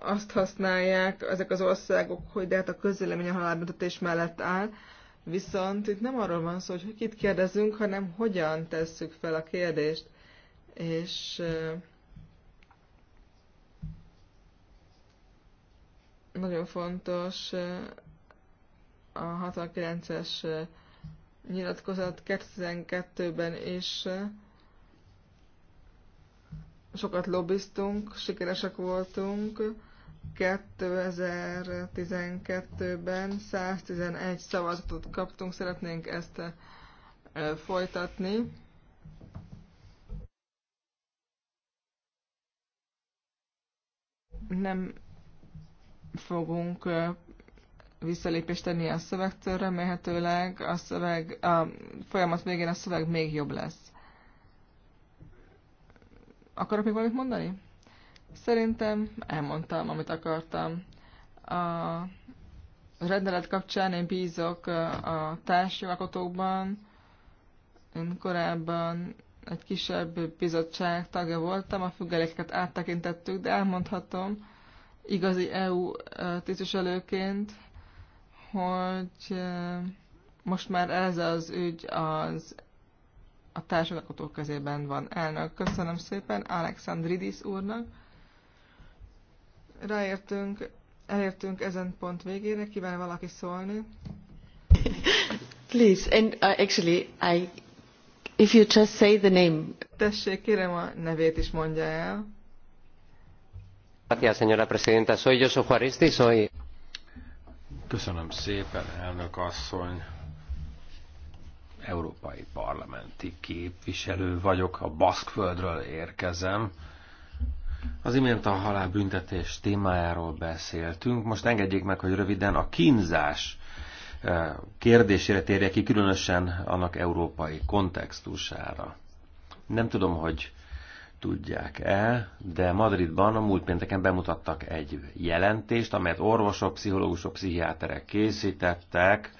azt használják ezek az országok, hogy de hát a közélemény a halálbüntetés mellett áll. Viszont itt nem arról van szó, hogy kit kérdezünk, hanem hogyan tesszük fel a kérdést. És nagyon fontos a 69-es nyilatkozat 2012-ben is sokat lobbiztunk, sikeresek voltunk, 2012-ben 111 szavazatot kaptunk, szeretnénk ezt eh, folytatni. Nem fogunk eh, visszalépést tenni a szövegtől, remélhetőleg a, szöveg, a folyamat végén a szöveg még jobb lesz. Akarok még valamit mondani? Szerintem elmondtam, amit akartam. A rendelet kapcsán én bízok a társjogalkotókban. Én korábban egy kisebb bizottság tagja voltam, a függeléket áttekintettük, de elmondhatom igazi EU tisztviselőként, hogy most már ez az ügy az a társadalkotók kezében van. Elnök, köszönöm szépen Alexandridis úrnak ráértünk, elértünk ezen pont végére. Kíván valaki szólni? Please, and uh, actually, I, if you just say the name. Tessék, kérem a nevét is mondja el. Gracias, señora presidenta. Soy soy Juaristi, soy... Köszönöm szépen, elnök asszony. Európai parlamenti képviselő vagyok, a Baszkföldről érkezem az imént a halálbüntetés témájáról beszéltünk. Most engedjék meg, hogy röviden a kínzás eh, kérdésére térje ki, különösen annak európai kontextusára. Nem tudom, hogy tudják-e, de Madridban a múlt pénteken bemutattak egy jelentést, amelyet orvosok, pszichológusok, pszichiáterek készítettek,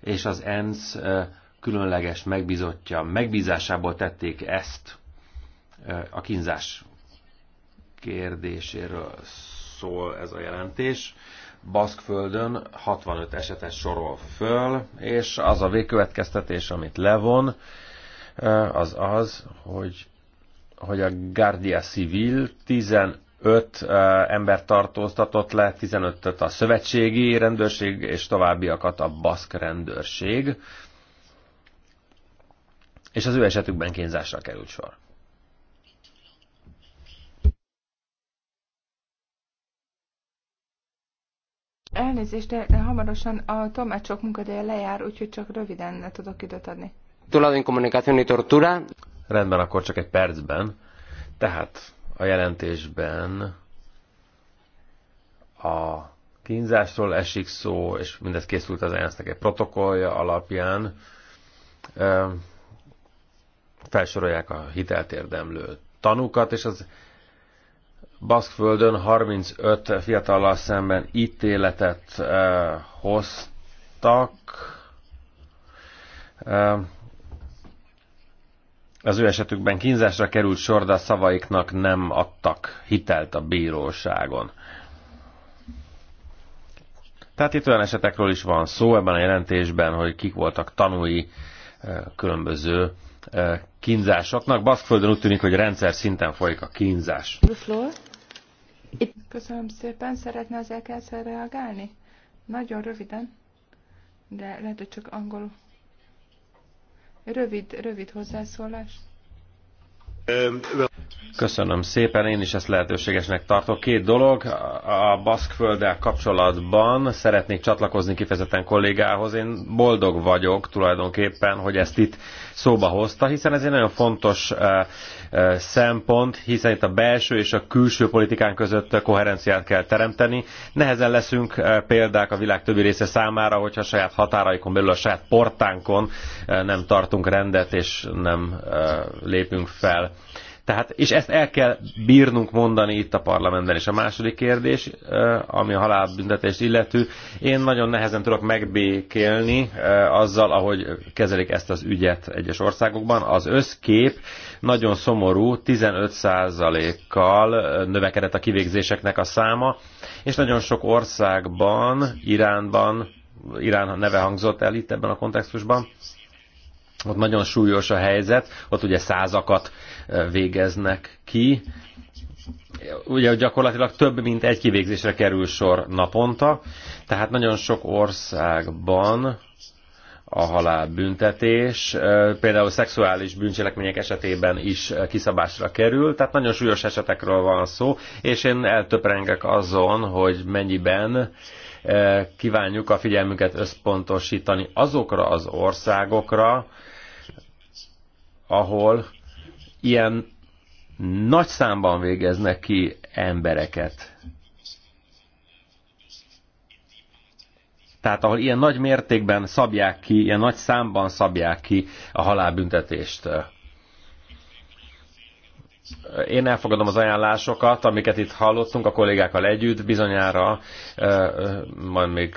és az ENSZ eh, különleges megbízottja megbízásából tették ezt eh, a kínzás kérdéséről szól ez a jelentés. Baszkföldön 65 esetet sorol föl, és az a végkövetkeztetés, amit levon, az az, hogy, hogy a Guardia Civil 15 ember tartóztatott le, 15-öt a szövetségi rendőrség, és továbbiakat a baszk rendőrség, és az ő esetükben kínzásra került sor. Elnézést, de hamarosan a tolmácsok munkadéje lejár, úgyhogy csak röviden tudok időt adni. Tulajdon kommunikáción y tortura. Rendben, akkor csak egy percben. Tehát a jelentésben a kínzásról esik szó, és mindez készült az ENSZ-nek egy protokollja alapján. Felsorolják a hitelt érdemlő tanúkat, és az Baszkföldön 35 fiatallal szemben ítéletet uh, hoztak. Uh, az ő esetükben kínzásra került sor, de a szavaiknak nem adtak hitelt a bíróságon. Tehát itt olyan esetekről is van szó ebben a jelentésben, hogy kik voltak tanúi eh, különböző kínzásoknak. Baszkföldön úgy tűnik, hogy rendszer szinten folyik a kínzás. The floor. Itt... Köszönöm szépen. Szeretne az EKSZ reagálni? Nagyon röviden, de lehet, hogy csak angolul. Rövid, rövid hozzászólás. Um, well. Köszönöm szépen, én is ezt lehetőségesnek tartok. Két dolog, a Baszkfölddel kapcsolatban szeretnék csatlakozni kifejezetten kollégához. Én boldog vagyok tulajdonképpen, hogy ezt itt szóba hozta, hiszen ez egy nagyon fontos eh, eh, szempont, hiszen itt a belső és a külső politikán között koherenciát kell teremteni. Nehezen leszünk eh, példák a világ többi része számára, hogyha a saját határaikon belül, a saját portánkon nem tartunk rendet és nem lépünk fel tehát, és ezt el kell bírnunk mondani itt a parlamentben. És a második kérdés, ami a halálbüntetést illető, én nagyon nehezen tudok megbékélni azzal, ahogy kezelik ezt az ügyet egyes országokban. Az összkép nagyon szomorú, 15%-kal növekedett a kivégzéseknek a száma, és nagyon sok országban, Iránban, Irán neve hangzott el itt ebben a kontextusban, ott nagyon súlyos a helyzet, ott ugye százakat végeznek ki. Ugye gyakorlatilag több mint egy kivégzésre kerül sor naponta, tehát nagyon sok országban a halálbüntetés, például szexuális bűncselekmények esetében is kiszabásra kerül, tehát nagyon súlyos esetekről van szó, és én eltöprengek azon, hogy mennyiben kívánjuk a figyelmüket összpontosítani azokra az országokra, ahol ilyen nagy számban végeznek ki embereket. Tehát ahol ilyen nagy mértékben szabják ki, ilyen nagy számban szabják ki a halálbüntetést. Én elfogadom az ajánlásokat, amiket itt hallottunk a kollégákkal együtt, bizonyára majd még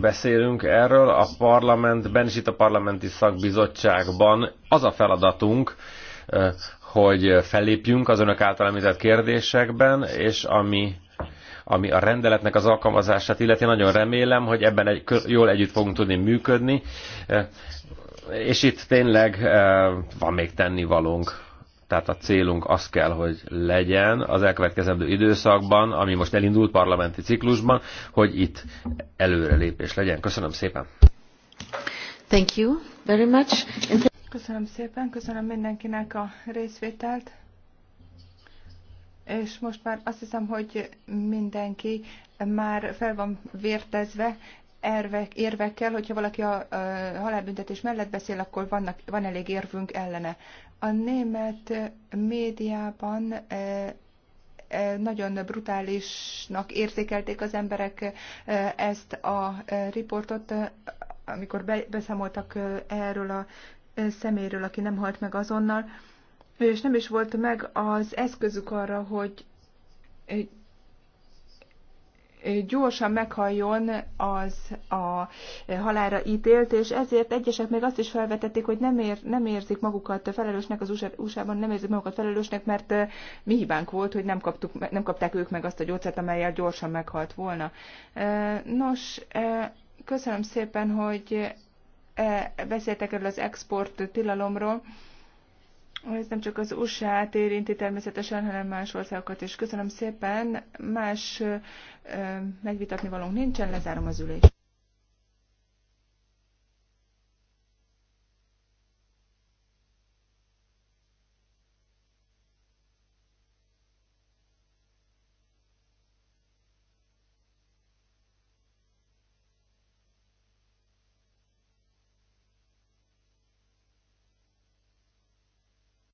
beszélünk erről, a parlamentben és itt a parlamenti szakbizottságban az a feladatunk, hogy fellépjünk az önök által említett kérdésekben, és ami, ami a rendeletnek az alkalmazását illeti, nagyon remélem, hogy ebben egy, jól együtt fogunk tudni működni, és itt tényleg van még tennivalónk. Tehát a célunk az kell, hogy legyen az elkövetkezendő időszakban, ami most elindult parlamenti ciklusban, hogy itt előrelépés legyen. Köszönöm szépen! Thank you very much. Köszönöm szépen, köszönöm mindenkinek a részvételt. És most már azt hiszem, hogy mindenki már fel van vértezve, ervek, érvekkel, hogyha valaki a, a halálbüntetés mellett beszél, akkor vannak, van elég érvünk ellene. A német médiában eh, eh, nagyon brutálisnak értékelték az emberek eh, ezt a riportot, amikor beszámoltak erről a szeméről, aki nem halt meg azonnal, és nem is volt meg az eszközük arra, hogy gyorsan meghalljon az a halára ítélt, és ezért egyesek még azt is felvetették, hogy nem, ér, nem érzik magukat felelősnek, az USA-ban nem érzik magukat felelősnek, mert mi hibánk volt, hogy nem, kaptuk, nem kapták ők meg azt a gyógyszert, amelyel gyorsan meghalt volna. Nos, köszönöm szépen, hogy beszéltek erről az export tilalomról. Ez nem csak az USA-t érinti természetesen, hanem más országokat is. Köszönöm szépen. Más megvitatni valónk nincsen, lezárom az ülést.